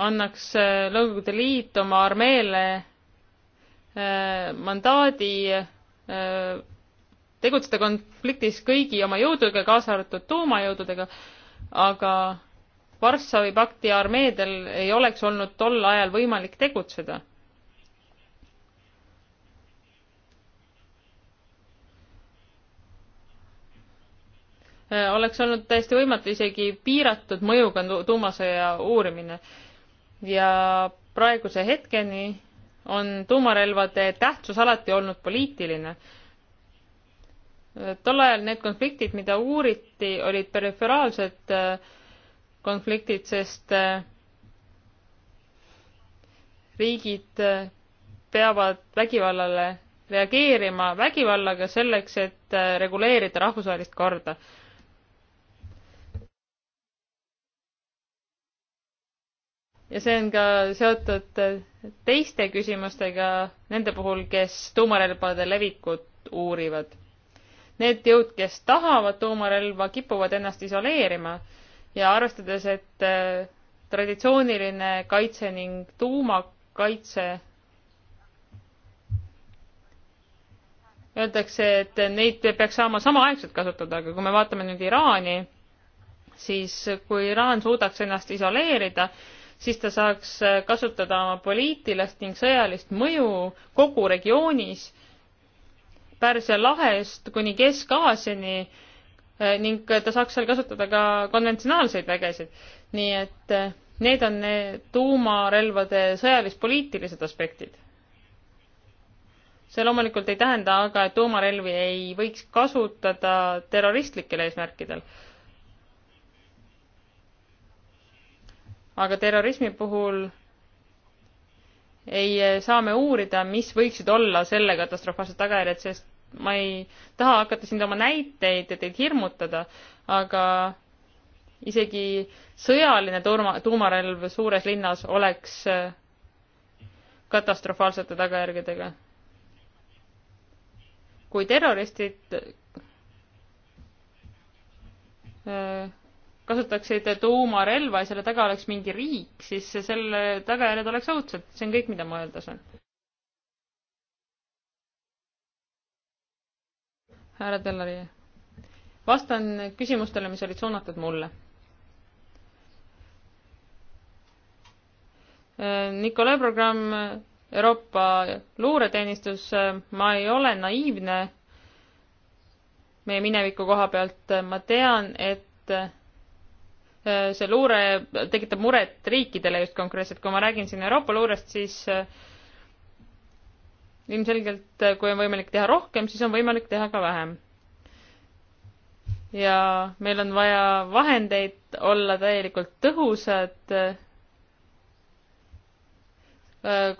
Speaker 1: annaks äh, Nõukogude Liit oma armeele äh, mandaadi äh, tegutseda konfliktis kõigi oma jõududega, kaasa arvatud tuumajõududega, aga Varssavi pakti armeedel ei oleks olnud tol ajal võimalik tegutseda. oleks olnud täiesti võimatu isegi piiratud mõjuga tuumasõja uurimine ja praeguse hetkeni on tuumarelvade tähtsus alati olnud poliitiline. tol ajal need konfliktid, mida uuriti, olid periferaalsed äh, konfliktid, sest äh, riigid äh, peavad vägivallale reageerima vägivallaga selleks, et reguleerida rahvusvahelist korda ja see on ka seotud teiste küsimustega nende puhul, kes tuumarelvade levikut uurivad. Need jõud, kes tahavad tuumarelva, kipuvad ennast isoleerima ja arvestades, et äh, traditsiooniline kaitse ning tuumakaitse öeldakse, et neid peaks saama samaaegselt kasutada, aga kui me vaatame nüüd Iraani, siis kui Iraan suudaks ennast isoleerida, siis ta saaks äh, kasutada oma poliitilist ning sõjalist mõju kogu regioonis, Pärsia lahest kuni Kesk-Aasiani äh, ning ta saaks seal kasutada ka konventsionaalseid vägesid. nii et äh, need on need tuumarelvade sõjalis-poliitilised aspektid. see loomulikult ei tähenda aga, et tuumarelvi ei võiks kasutada terroristlikel eesmärkidel aga terrorismi puhul ei eh, saa me uurida, mis võiksid olla selle katastrofaalsed tagajärjed, sest ma ei taha hakata siin tooma näiteid ja teid hirmutada, aga isegi sõjaline tuuma, tuumarelv suures linnas oleks eh, katastrofaalsete tagajärgedega. kui terroristid öö, eh, kasutaksid tuumarelva ja selle taga oleks mingi riik, siis selle tagajärjed oleks õudsed, see on kõik, mida ma öelda saan. härra Tellari, vastan küsimustele, mis olid suunatud mulle. Nikolai programm, Euroopa luureteenistus, ma ei ole naiivne meie mineviku koha pealt, ma tean, et Äh, see luure tekitab muret riikidele just konkreetselt, kui ma räägin siin Euroopa luurest, siis äh, ilmselgelt äh, kui on võimalik teha rohkem, siis on võimalik teha ka vähem. ja meil on vaja vahendeid olla täielikult tõhusad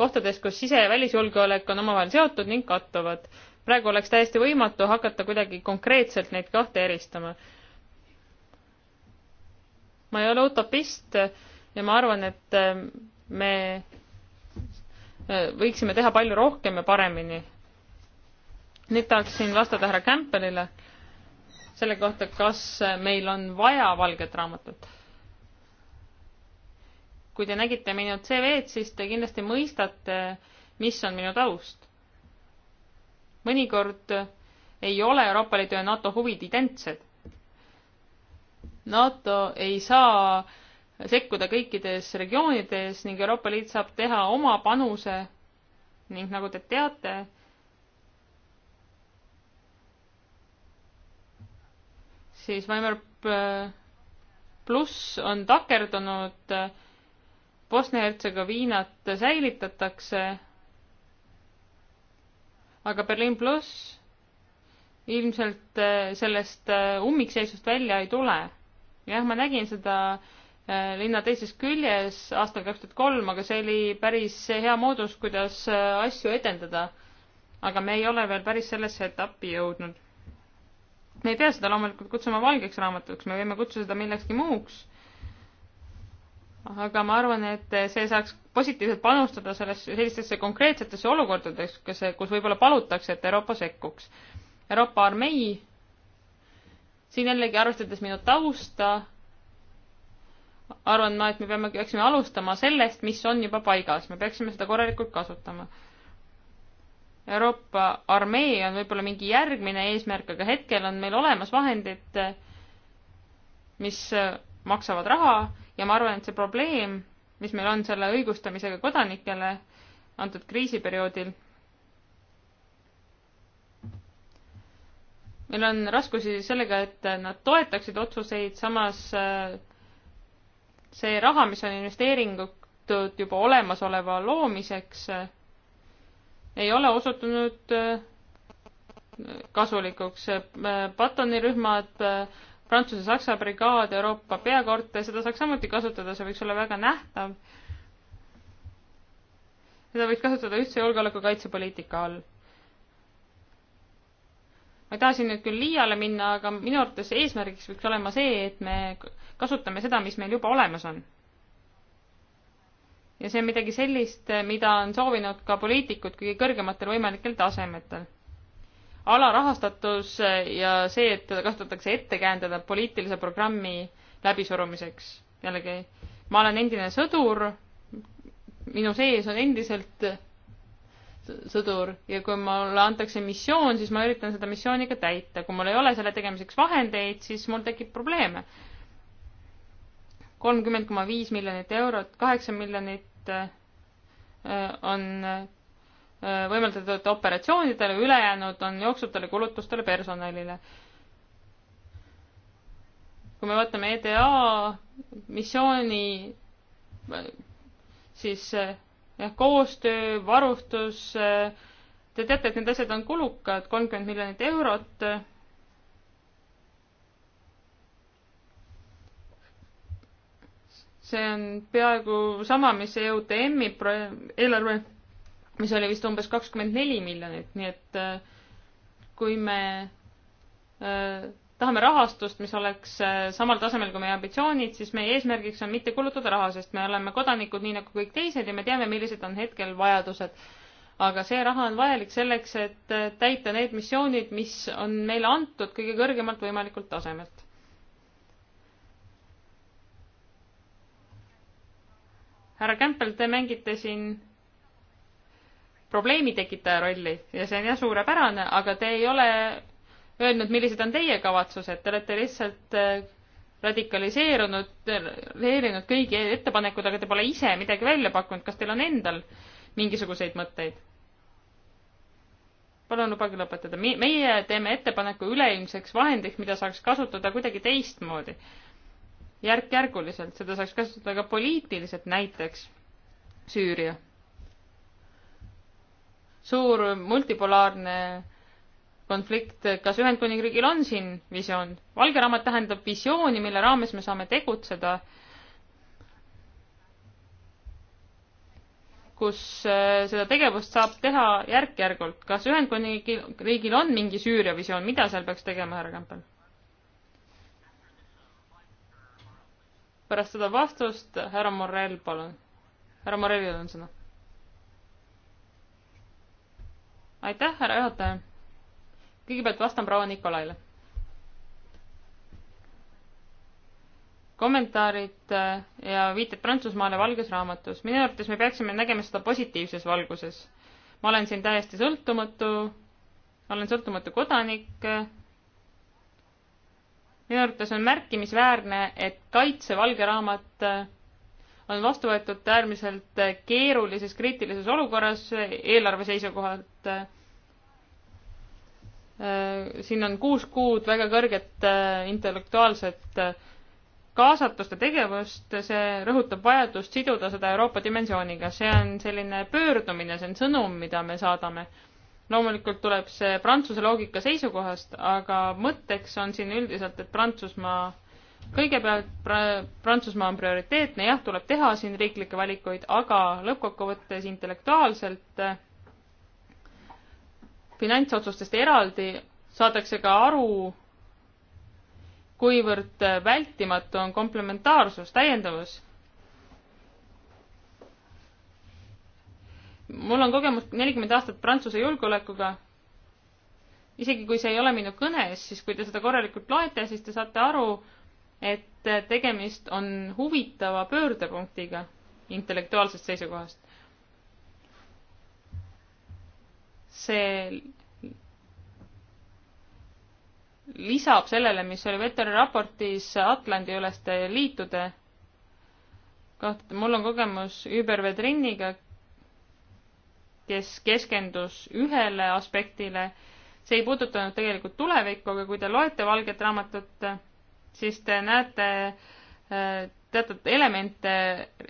Speaker 1: kohtades, kus sise- ja välisjulgeolek on omavahel seotud ning kattuvad. praegu oleks täiesti võimatu hakata kuidagi konkreetselt neid kahte eristama ma ei ole utopist ja ma arvan, et ähm, me äh, võiksime teha palju rohkem ja paremini. nüüd tahaksin vastata härra Campbellile selle kohta, kas äh, meil on vaja valget raamatut. kui te nägite minu CV-d, siis te kindlasti mõistate, mis on minu taust. mõnikord ei ole Euroopa Liidu ja NATO huvid identsed NATO ei saa sekkuda kõikides regioonides ning Euroopa Liit saab teha oma panuse ning nagu te teate, siis Weimar pluss on takerdunud, Bosnia-Hertsegoviinat säilitatakse, aga Berliin pluss ilmselt eh, sellest eh, ummikseisust välja ei tule jah, ma nägin seda äh, linna teises küljes aastal kaks tuhat kolm, aga see oli päris hea moodus, kuidas äh, asju edendada. aga me ei ole veel päris sellesse etappi jõudnud. me ei pea seda loomulikult kutsuma valgeks raamatuks, me võime kutsuda seda millekski muuks. aga ma arvan, et äh, see saaks positiivselt panustada sellesse, sellistesse konkreetsetesse olukordadesse, kus võib-olla palutakse, et Euroopa sekkuks. Euroopa armee siin jällegi arvestades minu tausta, arvan ma, et me peame, peaksime alustama sellest, mis on juba paigas, me peaksime seda korralikult kasutama. Euroopa armee on võib-olla mingi järgmine eesmärk, aga hetkel on meil olemas vahendid, mis maksavad raha ja ma arvan, et see probleem, mis meil on selle õigustamisega kodanikele antud kriisiperioodil, meil on raskusi sellega, et nad toetaksid otsuseid, samas äh, see raha, mis on investeeringutud juba olemasoleva loomiseks, äh, ei ole osutunud äh, kasulikuks. batonirühmad, Prantsuse-Saksa brigaad, Euroopa peakorter, seda saaks samuti kasutada, see võiks olla väga nähtav. seda võiks kasutada ühtse julgeoleku kaitsepoliitika all ma ei taha siin nüüd küll liiale minna, aga minu arvates eesmärgiks võiks olema see, et me kasutame seda, mis meil juba olemas on. ja see on midagi sellist, mida on soovinud ka poliitikud kõige kõrgematel võimalikel tasemetel. alarahastatus ja see, et teda kasutatakse ettekäändena poliitilise programmi läbisurumiseks. jällegi, ma olen endine sõdur, minu sees on endiselt sõdur ja kui mulle antakse missioon, siis ma üritan seda missiooni ka täita. kui mul ei ole selle tegemiseks vahendeid, siis mul tekib probleeme. kolmkümmend koma viis miljonit eurot, kaheksa miljonit äh, on äh, võimaldatud operatsioonidele, ülejäänud on jooksvatele kulutustele personalile. kui me vaatame EDA missiooni, siis äh, koostöö, varustus, te teate, et need asjad on kulukad, kolmkümmend miljonit eurot. see on peaaegu sama, mis see EUTM-i eelarve, mis oli vist umbes kakskümmend neli miljonit, nii et kui me äh, tahame rahastust, mis oleks äh, samal tasemel kui meie ambitsioonid, siis meie eesmärgiks on mitte kulutada raha, sest me oleme kodanikud nii nagu kõik teised ja me teame, millised on hetkel vajadused. aga see raha on vajalik selleks, et äh, täita need missioonid, mis on meile antud kõige kõrgemalt võimalikult tasemelt. härra Kämpel, te mängite siin probleemi tekitaja rolli ja see on jah suurepärane, aga te ei ole öelnud, millised on teie kavatsused, te olete lihtsalt äh, radikaliseerunud, veerinud kõigi ettepanekud, aga te pole ise midagi välja pakkunud, kas teil on endal mingisuguseid mõtteid? palun lubage lõpetada, meie teeme ettepaneku üleilmseks vahendiks, mida saaks kasutada kuidagi teistmoodi, järk-järguliselt, seda saaks kasutada ka poliitiliselt, näiteks Süüria. suur multipolaarne konflikt, kas Ühendkuningriigil on siin visioon? valge raamat tähendab visiooni, mille raames me saame tegutseda, kus äh, seda tegevust saab teha järk-järgult. kas Ühendkuningriigil on mingi Süüria visioon, mida seal peaks tegema, härra Kämpel? pärast seda vastust, härra Morell, palun. härra Morellil on sõna. aitäh, härra juhataja kõigepealt vastan proua Nikolaile. kommentaarid äh, ja viited Prantsusmaale valges raamatus. minu arvates me peaksime nägema seda positiivses valguses. ma olen siin täiesti sõltumatu, olen sõltumatu kodanik. minu arvates on märkimisväärne, et kaitse valge raamat äh, on vastu võetud äärmiselt äh, keerulises kriitilises olukorras eelarve seisukohalt Äh, siin on kuus kuud väga kõrget äh, intellektuaalset äh, kaasatust ja tegevust, see rõhutab vajadust siduda seda Euroopa dimensiooniga, see on selline pöördumine, see on sõnum, mida me saadame. loomulikult tuleb see Prantsuse loogika seisukohast, aga mõtteks on siin üldiselt, et Prantsusmaa kõigepealt pra-, Prantsusmaa on prioriteetne, jah, tuleb teha siin riiklikke valikuid, aga lõppkokkuvõttes intellektuaalselt äh, finantsotsustest eraldi, saadakse ka aru, kuivõrd vältimatu on komplementaarsus, täiendavus. mul on kogemus nelikümmend aastat Prantsuse julgeolekuga. isegi kui see ei ole minu kõnes, siis kui te seda korralikult loete, siis te saate aru, et tegemist on huvitava pöördepunktiga intellektuaalsest seisukohast. see lisab sellele, mis oli veterani raportis Atlandi-üleste liitude kohta. mul on kogemus Überveteriniga, kes keskendus ühele aspektile. see ei puudutanud tegelikult tulevikku, aga kui te loete Valget raamatut, siis te näete äh, teatud elemente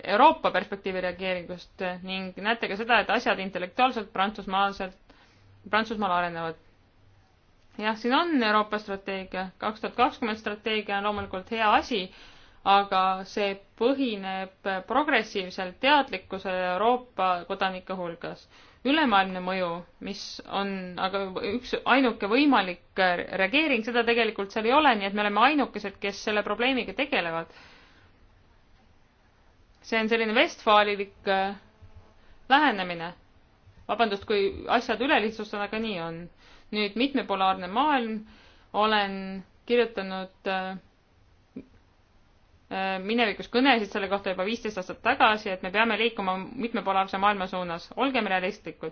Speaker 1: Euroopa perspektiivi reageeringust ning näete ka seda, et asjad intellektuaalselt, prantsusmaaselt Prantsusmaal arenevad. jah, siin on Euroopa strateegia, kaks tuhat kakskümmend strateegia on loomulikult hea asi, aga see põhineb progressiivsel teadlikkusel Euroopa kodanike hulgas. ülemaailmne mõju, mis on aga üks ainuke võimalik reageering, seda tegelikult seal ei ole, nii et me oleme ainukesed, kes selle probleemiga tegelevad. see on selline vestfaalilik lähenemine vabandust, kui asjad üle lihtsustan, aga nii on. nüüd mitmepolaarne maailm, olen kirjutanud äh, äh, minevikus kõnesid selle kohta juba viisteist aastat tagasi, et me peame liikuma mitmepolaarse maailma suunas, olgem realistlikud.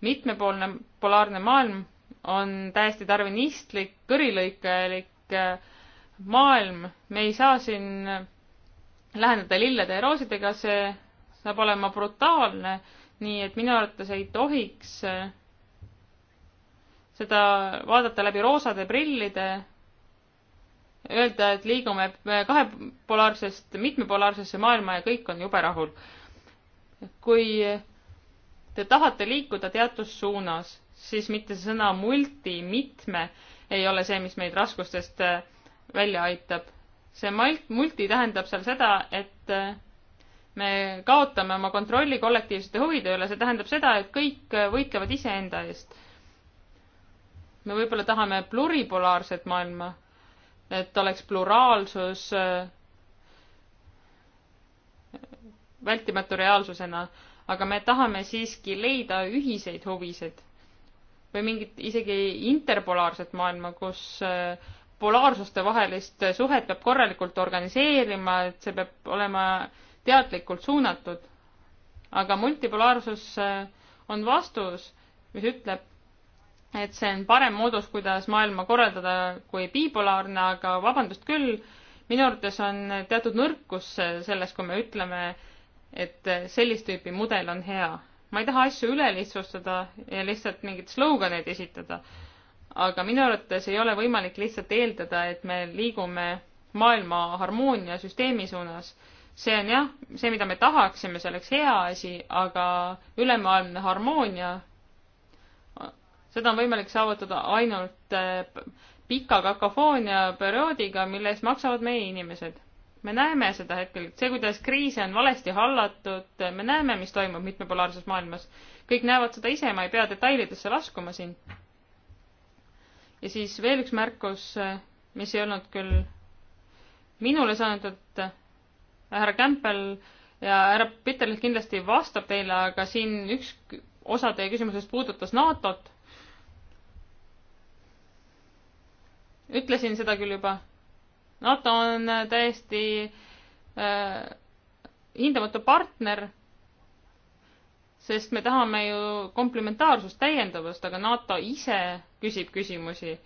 Speaker 1: mitmepoolne polaarne maailm on täiesti tarvinistlik, kõrilõikalik äh, maailm, me ei saa siin läheneda lillede ja roosidega, see saab olema brutaalne äh, nii et minu arvates ei tohiks äh, seda vaadata läbi roosade prillide, öelda, et liigume äh, kahepolaarsest mitmepolaarsesse maailma ja kõik on jube rahul. kui te tahate liikuda teatud suunas, siis mitte see sõna multi, mitme ei ole see, mis meid raskustest äh, välja aitab. see multi tähendab seal seda, et me kaotame oma kontrolli kollektiivsete huvide üle, see tähendab seda, et kõik võitlevad iseenda eest. me võib-olla tahame pluripolaarset maailma, et oleks pluraalsus vältimatu reaalsusena, aga me tahame siiski leida ühiseid huvisid või mingit isegi interpolaarset maailma, kus äh, polaarsuste vahelist suhet peab korralikult organiseerima, et see peab olema teadlikult suunatud. aga multipolaarsus äh, on vastus, mis ütleb, et see on parem moodus, kuidas maailma korraldada kui bipolaarne, aga vabandust küll, minu arvates on teatud nõrkus selles, kui me ütleme, et sellist tüüpi mudel on hea. ma ei taha asju üle lihtsustada ja lihtsalt mingeid sloganeid esitada, aga minu arvates ei ole võimalik lihtsalt eeldada, et me liigume maailma harmooniasüsteemi suunas see on jah, see, mida me tahaksime, see oleks hea asi, aga ülemaailmne harmoonia, seda on võimalik saavutada ainult eh, pika kakofoonia perioodiga, mille eest maksavad meie inimesed. me näeme seda hetkel, see, kuidas kriise on valesti hallatud, me näeme, mis toimub mitmepolaarses maailmas. kõik näevad seda ise, ma ei pea detailidesse laskuma siin. ja siis veel üks märkus, eh, mis ei olnud küll minule saanud, et härra Campbell ja härra Peterl kindlasti vastab teile, aga siin üks osa teie küsimusest puudutas NATO-t. ütlesin seda küll juba. NATO on täiesti äh, hindamatu partner, sest me tahame ju komplementaarsust, täiendavust, aga NATO ise küsib küsimusi.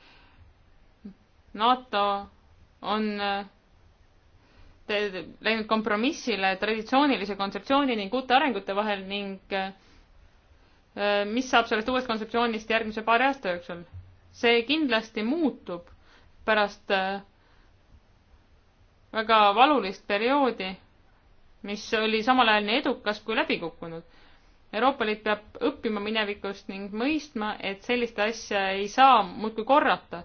Speaker 1: NATO on äh, läinud kompromissile traditsioonilise kontseptsiooni ning uute arengute vahel ning äh, mis saab sellest uuest kontseptsioonist järgmise paari aasta jooksul? see kindlasti muutub pärast äh, väga valulist perioodi, mis oli samal ajal nii edukas kui läbikukkunud. Euroopa Liit peab õppima minevikust ning mõistma, et sellist asja ei saa muudkui korrata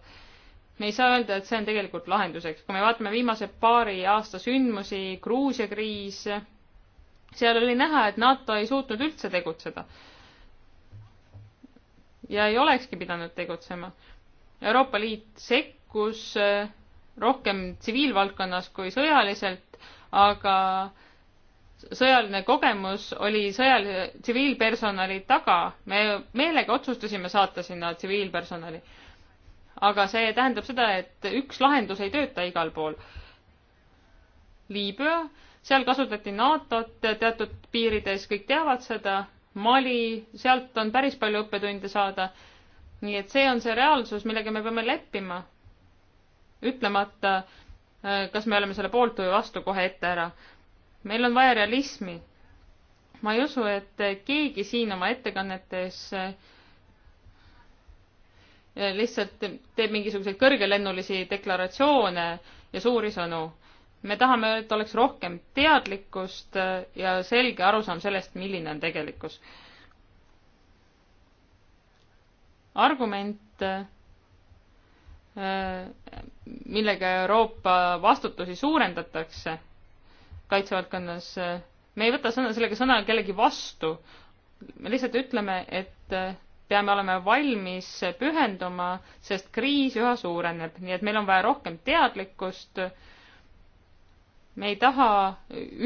Speaker 1: me ei saa öelda, et see on tegelikult lahenduseks. kui me vaatame viimase paari aasta sündmusi, Gruusia kriis, seal oli näha, et NATO ei suutnud üldse tegutseda. ja ei olekski pidanud tegutsema. Euroopa Liit sekkus eh, rohkem tsiviilvaldkonnas kui sõjaliselt, aga sõjaline kogemus oli sõjalise, tsiviilpersonali taga. me meelega otsustasime saata sinna tsiviilpersonali aga see tähendab seda, et üks lahendus ei tööta igal pool. Liibüa, seal kasutati NATO-t teatud piirides, kõik teavad seda, Mali, sealt on päris palju õppetunde saada. nii et see on see reaalsus, millega me peame leppima, ütlemata, äh, kas me oleme selle poolt või vastu kohe ette ära. meil on vaja realismi. ma ei usu, et keegi siin oma ettekannetes äh, lihtsalt teeb mingisuguseid kõrgelennulisi deklaratsioone ja suuri sõnu. me tahame, et oleks rohkem teadlikkust ja selge arusaam sellest, milline on tegelikkus. argument, millega Euroopa vastutusi suurendatakse kaitsevaldkonnas, me ei võta sõna, sellega sõna kellegi vastu, me lihtsalt ütleme, et peame olema valmis pühenduma, sest kriis üha suureneb, nii et meil on vaja rohkem teadlikkust. me ei taha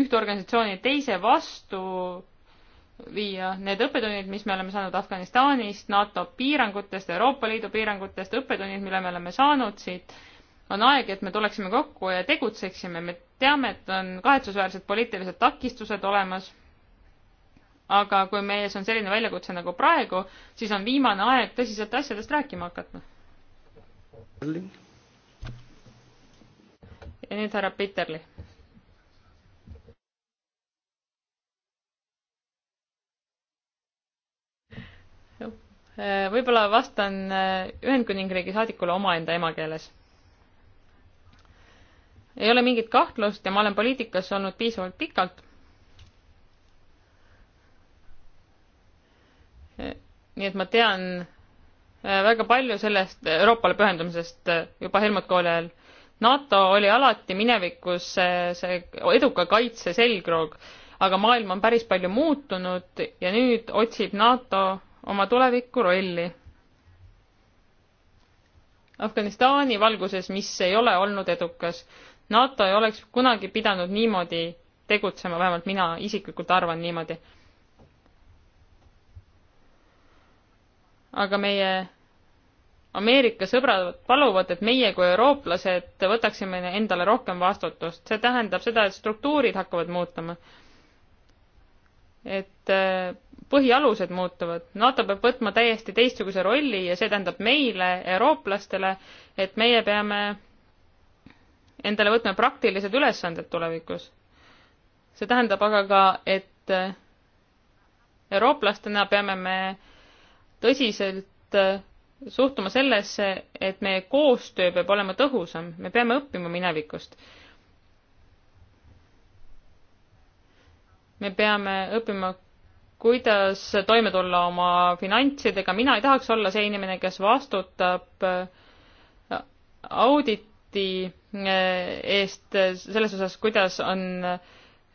Speaker 1: ühte organisatsiooni teise vastu viia, need õppetunnid, mis me oleme saanud Afganistanist, NATO piirangutest, Euroopa Liidu piirangutest, õppetunnid, mille me oleme saanud siit, on aeg, et me tuleksime kokku ja tegutseksime, me teame, et on kahetsusväärsed poliitilised takistused olemas aga kui meie ees on selline väljakutse nagu praegu, siis on viimane aeg tõsiselt asjadest rääkima hakata. ja nüüd härra Peterli. võib-olla vastan äh, Ühendkuningriigi saadikule omaenda emakeeles ei ole mingit kahtlust ja ma olen poliitikas olnud piisavalt pikalt, nii et ma tean äh, väga palju sellest Euroopale pühendumisest äh, juba Helmut Kooli ajal. NATO oli alati minevikus see, see eduka kaitse selgroog, aga maailm on päris palju muutunud ja nüüd otsib NATO oma tuleviku rolli. Afganistani valguses, mis ei ole olnud edukas, NATO ei oleks kunagi pidanud niimoodi tegutsema, vähemalt mina isiklikult arvan niimoodi aga meie Ameerika sõbrad paluvad, et meie kui eurooplased võtaksime endale rohkem vastutust. see tähendab seda, et struktuurid hakkavad muutuma. et äh, põhialused muutuvad. NATO peab võtma täiesti teistsuguse rolli ja see tähendab meile, eurooplastele, et meie peame endale võtma praktilised ülesanded tulevikus. see tähendab aga ka, et äh, eurooplastena peame me tõsiselt äh, suhtuma sellesse, et meie koostöö peab olema tõhusam, me peame õppima minevikust. me peame õppima, kuidas toime tulla oma finantsidega, mina ei tahaks olla see inimene, kes vastutab äh, auditi äh, eest selles osas, kuidas on äh,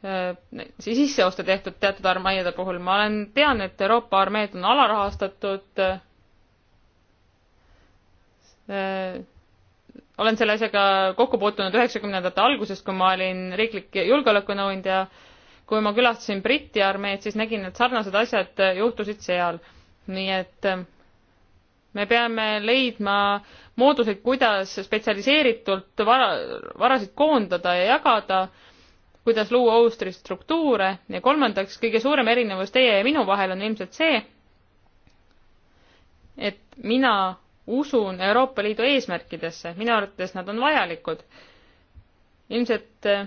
Speaker 1: Äh, sisseoste tehtud teatud armeede puhul. ma olen, tean, et Euroopa armeed on alarahastatud. Äh, olen selle asjaga kokku puutunud üheksakümnendate algusest, kui ma olin riiklik julgeolekunõuandja. kui ma külastasin Briti armeed, siis nägin, et sarnased asjad juhtusid seal. nii et äh, me peame leidma mooduseid, kuidas spetsialiseeritult vara, varasid koondada ja jagada kuidas luua ohustri struktuure ja kolmandaks, kõige suurem erinevus teie ja minu vahel on ilmselt see, et mina usun Euroopa Liidu eesmärkidesse, minu arvates nad on vajalikud. ilmselt äh,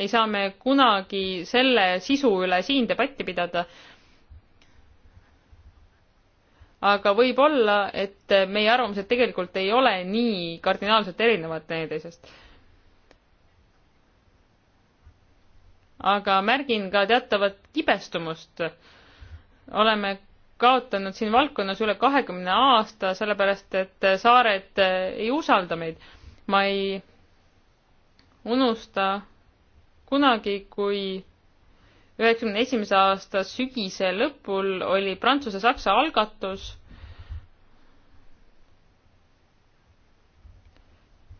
Speaker 1: ei saa me kunagi selle sisu üle siin debatti pidada, aga võib-olla, et meie arvamused tegelikult ei ole nii kardinaalselt erinevad teineteisest aga märgin ka teatavat kibestumust. oleme kaotanud siin valdkonnas üle kahekümne aasta, sellepärast et saared ei usalda meid. ma ei unusta kunagi, kui üheksakümne esimese aasta sügise lõpul oli Prantsuse-Saksa algatus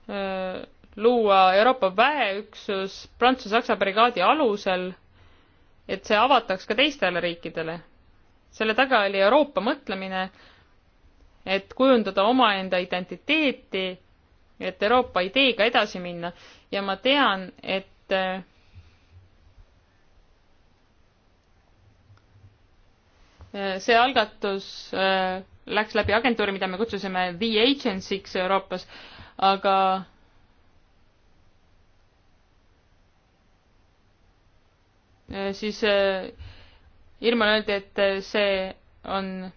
Speaker 1: öö, luua Euroopa väeüksus Prantsuse-Saksa brigaadi alusel, et see avataks ka teistele riikidele. selle taga oli Euroopa mõtlemine, et kujundada omaenda identiteeti, et Euroopa ideega edasi minna ja ma tean, et äh, see algatus äh, läks läbi agentuuri, mida me kutsusime The Agency'ks Euroopas, aga Äh, siis äh, Irmale öeldi, et äh, see on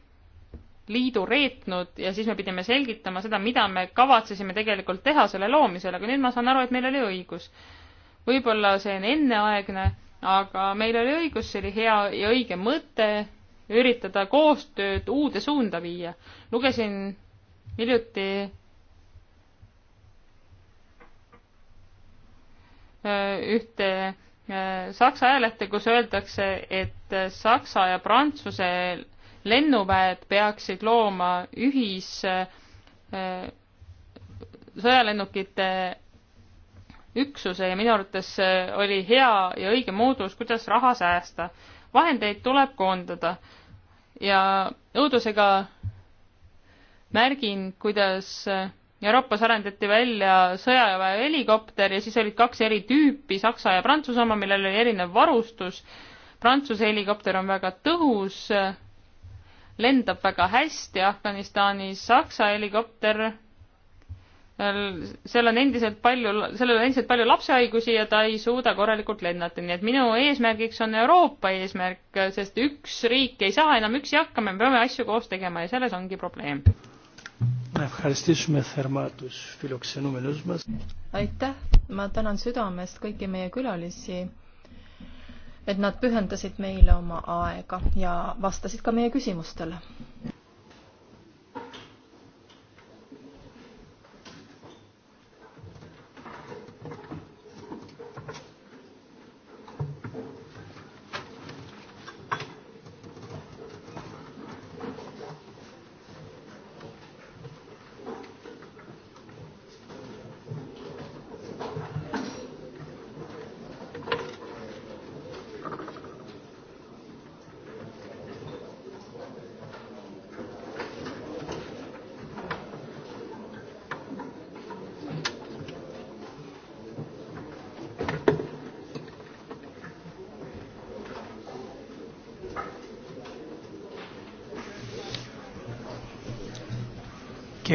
Speaker 1: liidu reetnud ja siis me pidime selgitama seda, mida me kavatsesime tegelikult teha selle loomisel, aga nüüd ma saan aru, et meil oli õigus. võib-olla see on enneaegne, aga meil oli õigus, see oli hea ja õige mõte üritada koostööd uude suunda viia. lugesin hiljuti ühte Äh, Saksa ajalehte, kus öeldakse, et äh, Saksa ja Prantsuse lennuväed peaksid looma ühis äh, sõjalennukite üksuse ja minu arvates oli hea ja õige moodus, kuidas raha säästa. vahendeid tuleb koondada ja õudusega märgin, kuidas Euroopas arendati välja sõjaväe helikopter ja siis olid kaks eri tüüpi, Saksa ja Prantsuse oma, millel oli erinev varustus. Prantsuse helikopter on väga tõhus, lendab väga hästi Afganistanis, Saksa helikopter, seal on endiselt palju, sellel on endiselt palju lapsehaigusi ja ta ei suuda korralikult lennata, nii et minu eesmärgiks on Euroopa eesmärk, sest üks riik ei saa enam üksi hakkama, me peame asju koos tegema ja selles ongi probleem
Speaker 3: Να ευχαριστήσουμε θερμά τους φιλοξενούμενους μας.
Speaker 2: Aitäh! Ma tänan südamest kõiki meie külalisi, et nad pühendasid meile oma aega ja vastasid ka meie küsimustele.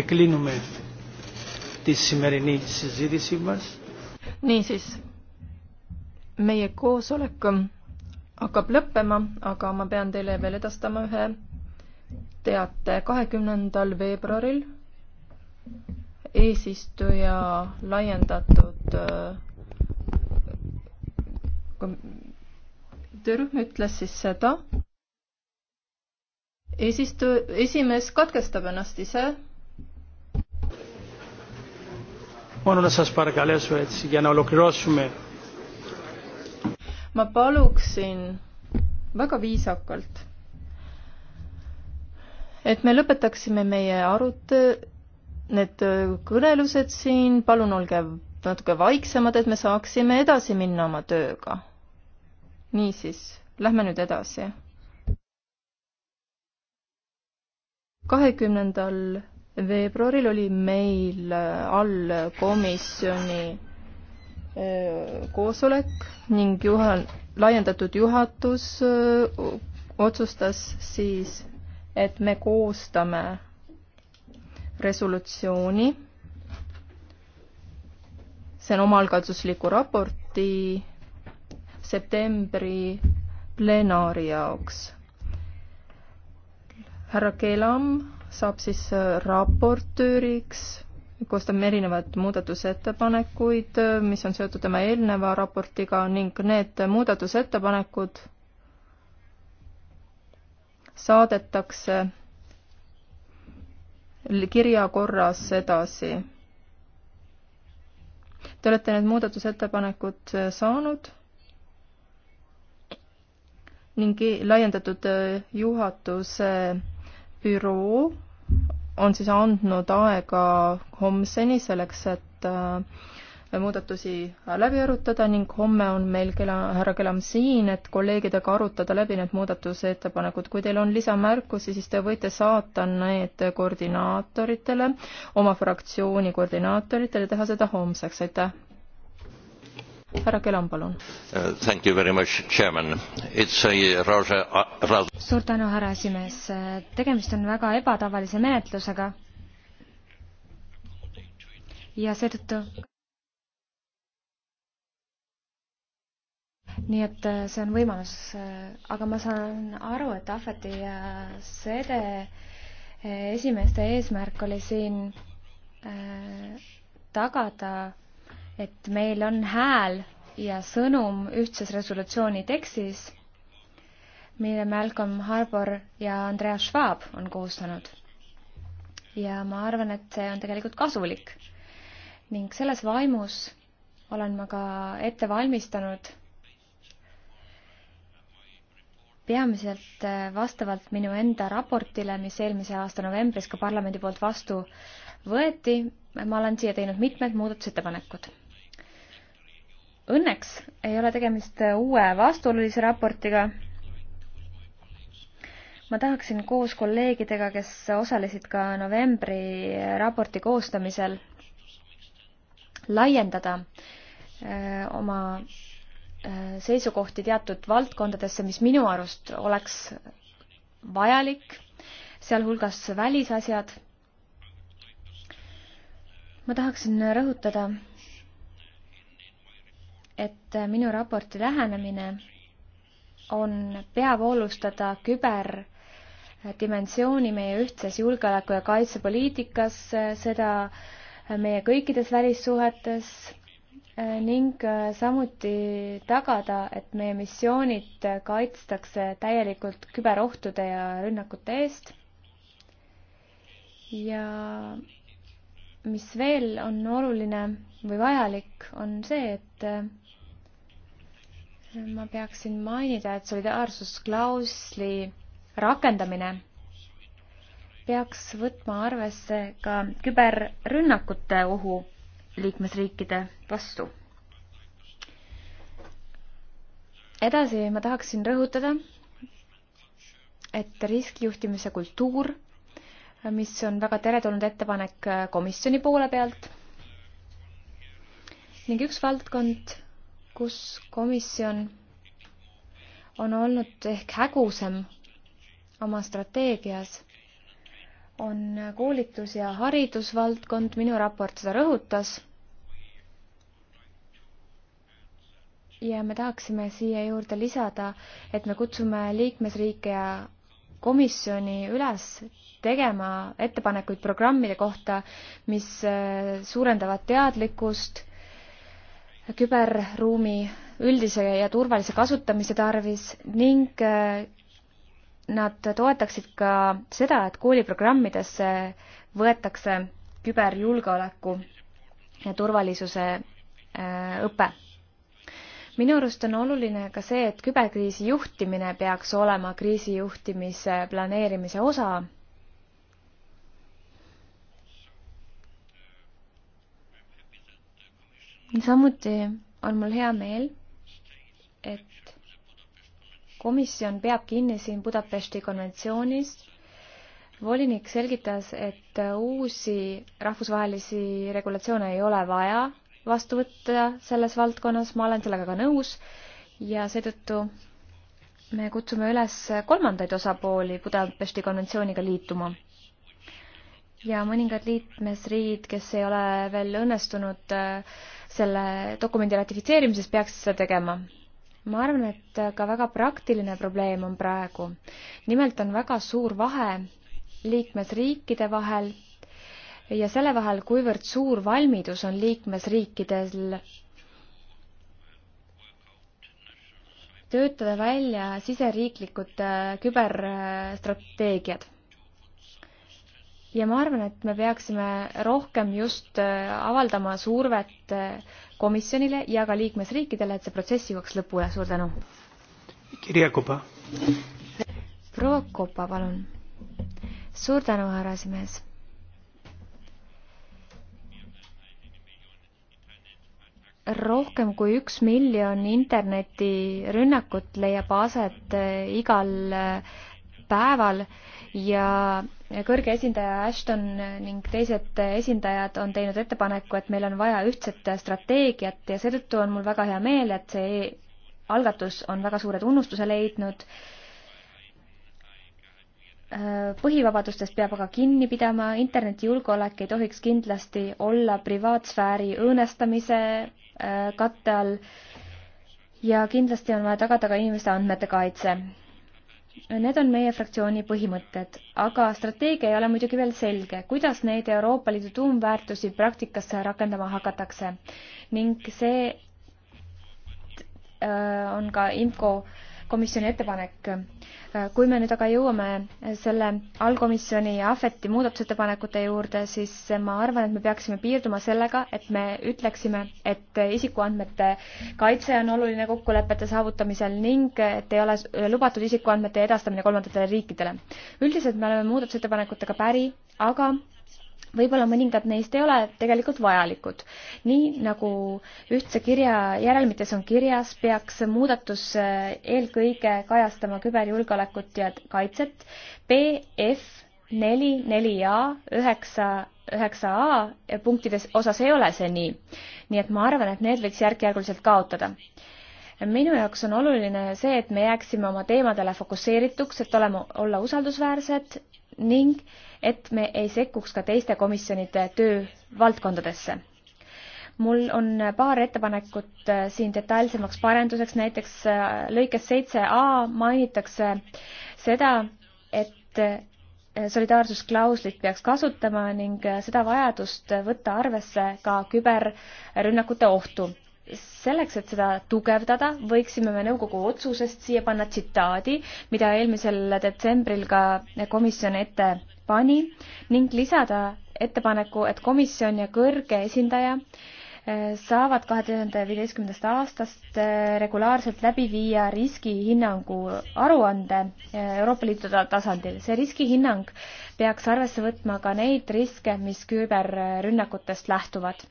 Speaker 3: και κλείνουμε τη σημερινή συζήτησή
Speaker 2: μας. Niisiis, meie koosolek hakkab lõppema, aga ma pean teile veel edastama ühe teate. kahekümnendal veebruaril eesistuja laiendatud äh, töörühm ütles siis seda, eesistu-, esimees katkestab ennast ise
Speaker 3: Μόνο να σας παρακαλέσω έτσι για να ολοκληρώσουμε.
Speaker 2: Ma paluksin väga viisakalt, et me lõpetaksime meie arut-, need kõnelused siin, palun olge natuke vaiksemad, et me saaksime edasi minna oma tööga. niisiis, lähme nüüd edasi. kahekümnendal veebruaril oli meil äh, all komisjoni äh, koosolek ning juha-, laiendatud juhatus äh, otsustas siis, et me koostame resolutsiooni, see on omaalgatusliku raporti septembri plenaari jaoks. härra Kelam saab siis äh, raportööriks, koostame erinevaid muudatusettepanekuid, äh, mis on seotud tema eelneva raportiga ning need muudatusettepanekud saadetakse kirja korras edasi. Te olete need muudatusettepanekud äh, saanud ning laiendatud juhatuse büroo on siis andnud aega homseni selleks, et äh, muudatusi läbi arutada ning homme on meil kela, härra Kelam siin, et kolleegidega arutada läbi need muudatusettepanekud. kui teil on lisamärkusi, siis te võite saata need koordinaatoritele, oma fraktsiooni koordinaatoritele, teha seda homseks, aitäh! härra Kelam, palun uh,. Thank you very much, chairman. It's a rather, uh, rather...
Speaker 3: suur tänu, härra esimees. Uh, tegemist on väga ebatavalise menetlusega. ja seetõttu nii et uh, see on võimalus, aga ma saan aru, et Ahveti ja Sede esimeeste eesmärk oli siin tagada et meil on hääl ja sõnum ühtses resolutsiooni tekstis, mille Malcolm Harbour ja Andreas Schwab on koostanud. ja ma arvan, et see on tegelikult kasulik. ning selles vaimus olen ma ka ette valmistanud peamiselt äh, vastavalt minu enda raportile, mis eelmise aasta novembris ka parlamendi poolt vastu võeti, ma olen siia teinud mitmed muudatusettepanekud Õnneks ei ole tegemist uue vastuolulise raportiga. ma tahaksin koos kolleegidega, kes osalesid ka novembri raporti koostamisel, laiendada öö, äh, oma öö, äh, seisukohti teatud valdkondadesse, mis minu arust oleks vajalik, sealhulgas välisasjad. ma tahaksin rõhutada et minu raporti lähenemine on peavoolustada küberdimensiooni meie ühtses julgeoleku- ja kaitsepoliitikas, seda meie kõikides välissuhetes ning samuti tagada, et meie missioonid kaitstakse täielikult küberohtude ja rünnakute eest. ja mis veel on oluline või vajalik, on see, et ma peaksin mainida, et solidaarsusklausli rakendamine peaks võtma arvesse ka küberrünnakute ohu liikmesriikide vastu. edasi ma tahaksin rõhutada, et riskijuhtimise kultuur, mis on väga teretulnud ettepanek komisjoni poole pealt ning üks valdkond, kus komisjon on olnud ehk hägusam oma strateegias, on koolitus- ja haridusvaldkond, minu raport seda rõhutas. ja me tahaksime siia juurde lisada, et me kutsume liikmesriike ja komisjoni üles tegema ettepanekuid programmide kohta, mis äh, suurendavad teadlikkust küberruumi üldise ja turvalise kasutamise tarvis ning äh, nad toetaksid ka seda, et kooliprogrammidesse võetakse küberjulgeoleku ja turvalisuse äh, õpe. minu arust on oluline ka see, et küberkriisi juhtimine peaks olema kriisijuhtimise planeerimise osa samuti on mul hea meel, et komisjon peab kinni siin Budapesti konventsioonist. volinik selgitas, et uusi rahvusvahelisi regulatsioone ei ole vaja vastu võtta selles valdkonnas, ma olen sellega ka nõus ja seetõttu me kutsume üles kolmandaid osapooli Budapesti konventsiooniga liituma ja mõningad liikmesriigid, kes ei ole veel õnnestunud äh, selle dokumendi ratifitseerimises, peaks seda tegema. ma arvan, et äh, ka väga praktiline probleem on praegu. nimelt on väga suur vahe liikmesriikide vahel ja selle vahel, kuivõrd suur valmidus on liikmesriikidel töötada välja siseriiklikud äh, küberstrateegiad ja ma arvan, et me peaksime rohkem just äh, avaldama survet äh, komisjonile ja ka liikmesriikidele, et see protsess jõuaks lõpule, suur tänu. kirja Kopa. proua Kopa, palun. suur tänu, härra esimees. rohkem kui üks miljon internetirünnakut leiab aset äh, igal päeval äh, ja kõrge esindaja Ashton ning teised esindajad on teinud ettepaneku, et meil on vaja ühtset strateegiat ja seetõttu on mul väga hea meel, et see algatus on väga suure tunnustuse leidnud. põhivabadustest peab aga kinni pidama, internetijulgeolek ei tohiks kindlasti olla privaatsfääri õõnestamise äh, katte all ja kindlasti on vaja tagada ka inimeste andmete kaitse Need on meie fraktsiooni põhimõtted, aga strateegia ei ole muidugi veel selge, kuidas neid Euroopa Liidu tuumväärtusi praktikasse rakendama hakatakse ning see äh, on ka IMCO äh, komisjoni ettepanek. kui me nüüd aga jõuame selle allkomisjoni ja ahveti muudatusettepanekute juurde, siis ma arvan, et me peaksime piirduma sellega, et me ütleksime, et isikuandmete kaitse on oluline kokkulepete saavutamisel ning et ei ole lubatud isikuandmete edastamine kolmandatele riikidele. üldiselt me oleme muudatusettepanekutega päri, aga võib-olla mõningad neist ei ole tegelikult vajalikud. nii nagu ühtse kirja järelmites on kirjas, peaks muudatus eh, eelkõige kajastama küberjulgeolekut ja kaitset. BF neli, neli A, üheksa, üheksa A punktides osas ei ole see nii. nii et ma arvan, et need võiks järk-järguliselt kaotada minu jaoks on oluline see, et me jääksime oma teemadele fokusseerituks, et olema, olla usaldusväärsed ning äh, et me ei sekkuks ka teiste komisjonide töövaldkondadesse. mul on paar ettepanekut äh, siin detailsemaks parenduseks, näiteks äh, lõikes seitse A mainitakse seda, et äh, solidaarsusklauslit peaks kasutama ning seda vajadust võtta arvesse ka küberrünnakute ohtu selleks, et seda tugevdada, võiksime me nõukogu otsusest siia panna tsitaadi, mida eelmisel detsembril ka komisjon ette pani ning lisada ettepaneku, et komisjon ja kõrge esindaja eh, saavad kahe tuhande viieteistkümnendast aastast eh, regulaarselt läbi viia riskihinnangu aruande eh, Euroopa Liidu tasandil. see riskihinnang peaks arvesse võtma ka neid riske, mis küberrünnakutest lähtuvad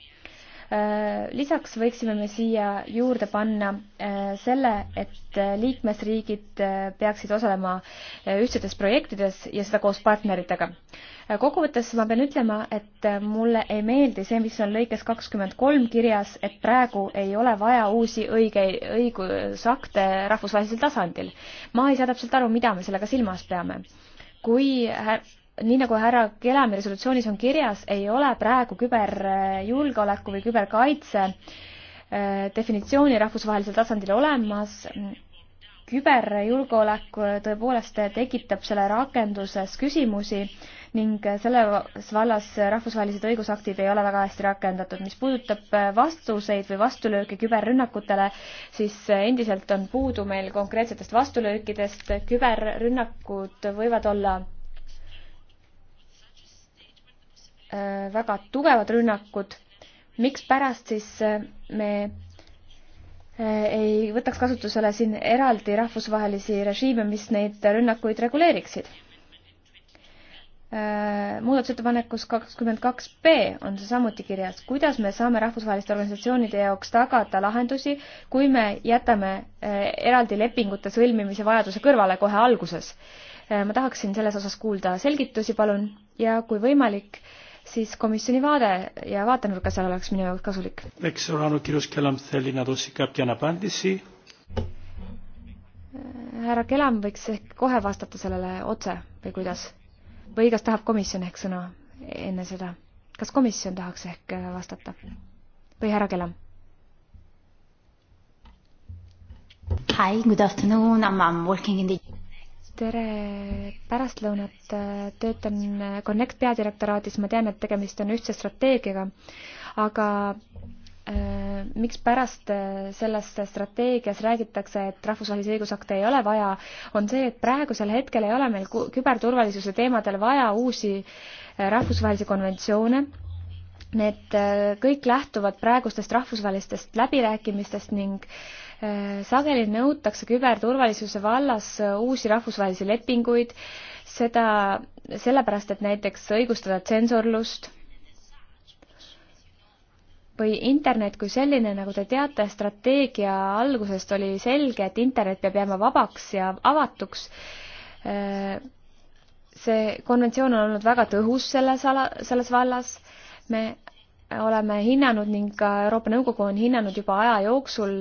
Speaker 3: Äh, lisaks võiksime me siia juurde panna äh, selle, et äh, liikmesriigid peaksid osalema ühtsetes projektides ja seda koos partneritega. kokkuvõttes ma pean ütlema, et mulle ei meeldi see, mis on lõikes kakskümmend kolm kirjas, et praegu ei ole vaja uusi õige, õigusakte rahvusvahelisel tasandil. ma ei saa täpselt aru, mida me sellega silmas peame kui nii nagu härra Kelami resolutsioonis on kirjas, ei ole praegu küberjulgeoleku või küberkaitse äh, definitsiooni rahvusvahelisel tasandil olemas. küberjulgeolek äh, tõepoolest äh, tekitab selle rakenduses küsimusi ning selles vallas rahvusvahelised õigusaktid ei ole väga hästi rakendatud. mis puudutab vastuseid või vastulööke küberrünnakutele, siis endiselt on puudu meil konkreetsetest vastulöökidest. küberrünnakud võivad olla Äh, väga tugevad rünnakud, mikspärast siis äh, me äh, ei võtaks kasutusele siin eraldi rahvusvahelisi režiime, mis neid rünnakuid reguleeriksid? muudatusettepanekus kakskümmend kaks B on see samuti kirjas, kuidas me saame rahvusvaheliste organisatsioonide jaoks tagada lahendusi, kui me jätame eraldi lepingute sõlmimise vajaduse kõrvale kohe alguses. ma tahaksin selles osas kuulda selgitusi, palun, ja kui võimalik äh,, siis komisjoni vaade ja vaatenurk seal oleks minu jaoks kasulik. eks ole, Anu Kirus-Kelam, Selina Tossik-Kapjan Apandisi. härra Kelam võiks ehk kohe vastata sellele otse või kuidas? või kas tahab komisjon ehk sõna enne seda? kas komisjon tahaks ehk vastata? või härra Kelam? Hi, good afternoon, I am working in the tere pärastlõunat, töötan Connect peadirektoraadis, ma tean, et tegemist on ühtse strateegiaga, aga äh, mikspärast äh, selles strateegias räägitakse, et rahvusvahelisi õigusakte ei ole vaja, on see, et praegusel hetkel ei ole meil küberturvalisuse teemadel vaja uusi äh, rahvusvahelisi konventsioone Need äh, kõik lähtuvad praegustest rahvusvahelistest läbirääkimistest ning Äh, sageli nõutakse küberturvalisuse vallas äh, uusi rahvusvahelisi lepinguid, seda sellepärast, et näiteks õigustada tsensorlust või internet kui selline, nagu te teate, strateegia algusest oli selge, et internet peab jääma vabaks ja avatuks. Äh, see konventsioon on olnud väga tõhus selles ala, selles vallas. me oleme hinnanud ning ka Euroopa Nõukogu on hinnanud juba aja jooksul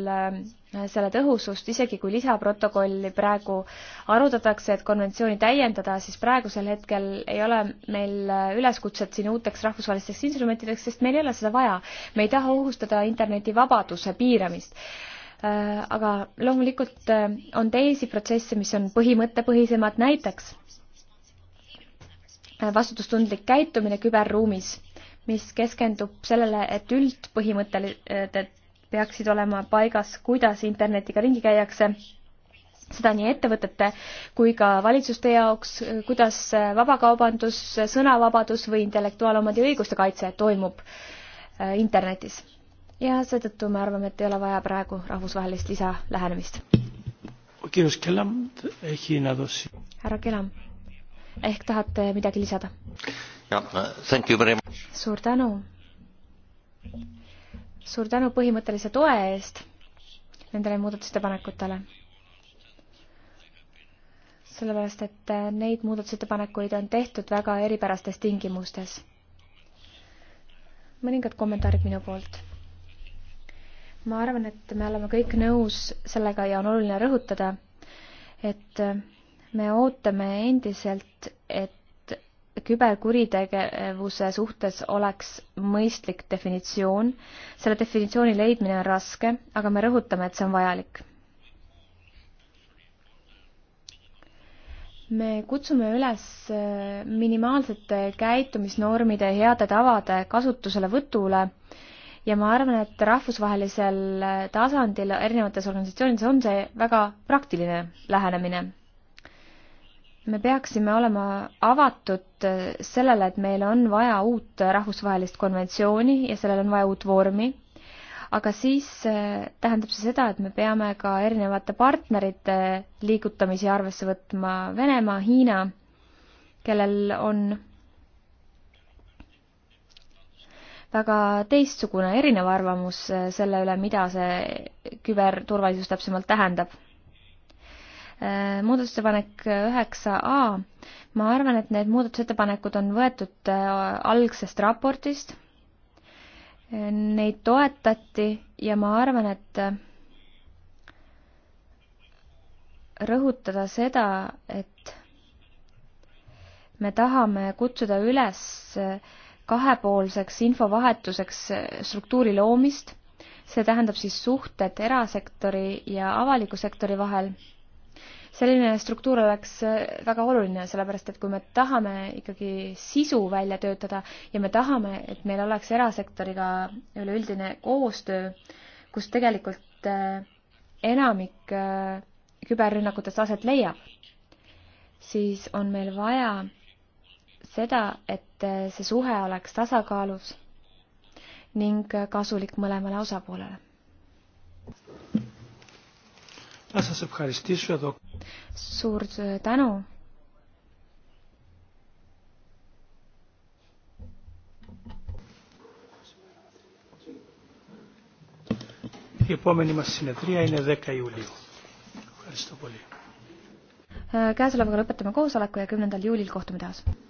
Speaker 3: Äh, selle tõhusust, isegi kui lisaprotokolli praegu arutatakse, et konventsiooni täiendada, siis praegusel hetkel ei ole meil äh, üleskutset siin uuteks rahvusvahelisteks instrumentideks, sest meil ei ole seda vaja. me ei taha ohustada internetivabaduse piiramist. Äh, aga loomulikult on teisi protsesse, mis on põhimõttepõhisemad, näiteks vastutustundlik käitumine küberruumis mis keskendub sellele, et üldpõhimõtted peaksid olema paigas, kuidas internetiga ringi käiakse, seda nii ettevõtete kui ka valitsuste jaoks, kuidas vabakaubandus, sõnavabadus või intellektuaalomandi õiguste kaitse toimub äh, internetis. ja seetõttu me arvame, et ei ole vaja praegu rahvusvahelist lisalähenemist. Äh, härra Kelam, ehk tahate midagi lisada?
Speaker 2: Äh,
Speaker 3: suur tänu suur tänu põhimõttelise toe eest nendele muudatusettepanekutele. sellepärast, et neid muudatusettepanekuid on tehtud väga eripärastes tingimustes. mõningad kommentaarid minu poolt. ma arvan, et me oleme kõik nõus sellega ja on oluline rõhutada, et me ootame endiselt, et küberkuritegevuse suhtes oleks mõistlik definitsioon. selle definitsiooni leidmine on raske, aga me rõhutame, et see on vajalik. me kutsume üles minimaalsete käitumisnormide ja heade tavade kasutuselevõtule ja ma arvan, et rahvusvahelisel tasandil erinevates organisatsioonides on see väga praktiline lähenemine me peaksime olema avatud äh, sellele, et meil on vaja uut äh, rahvusvahelist konventsiooni ja sellel on vaja uut vormi, aga siis äh, tähendab see seda, et me peame ka erinevate partnerite liigutamisi arvesse võtma, Venemaa, Hiina, kellel on väga teistsugune, erinev arvamus selle üle, mida see küberturvalisus täpsemalt tähendab Äh, muudatusettepanek äh, üheksa A, ma arvan, et need muudatusettepanekud on võetud äh, algsest raportist, neid toetati ja ma arvan, et rõhutada seda, et me tahame kutsuda üles kahepoolseks infovahetuseks struktuuri loomist, see tähendab siis suhted erasektori ja avaliku sektori vahel selline struktuur oleks äh, väga oluline, sellepärast et kui me tahame ikkagi sisu välja töötada ja me tahame, et meil oleks erasektoriga üleüldine koostöö, kus tegelikult äh, enamik äh, küberrünnakutest aset leiab, siis on meil vaja seda, et see suhe oleks tasakaalus ning kasulik mõlemale osapoolele suur tänu. Η επόμενη μας συνεδρία είναι 10 Ιουλίου. Ευχαριστώ πολύ. Käesolevaga lõpetame koosoleku ja kümnendal juulil kohtume taas.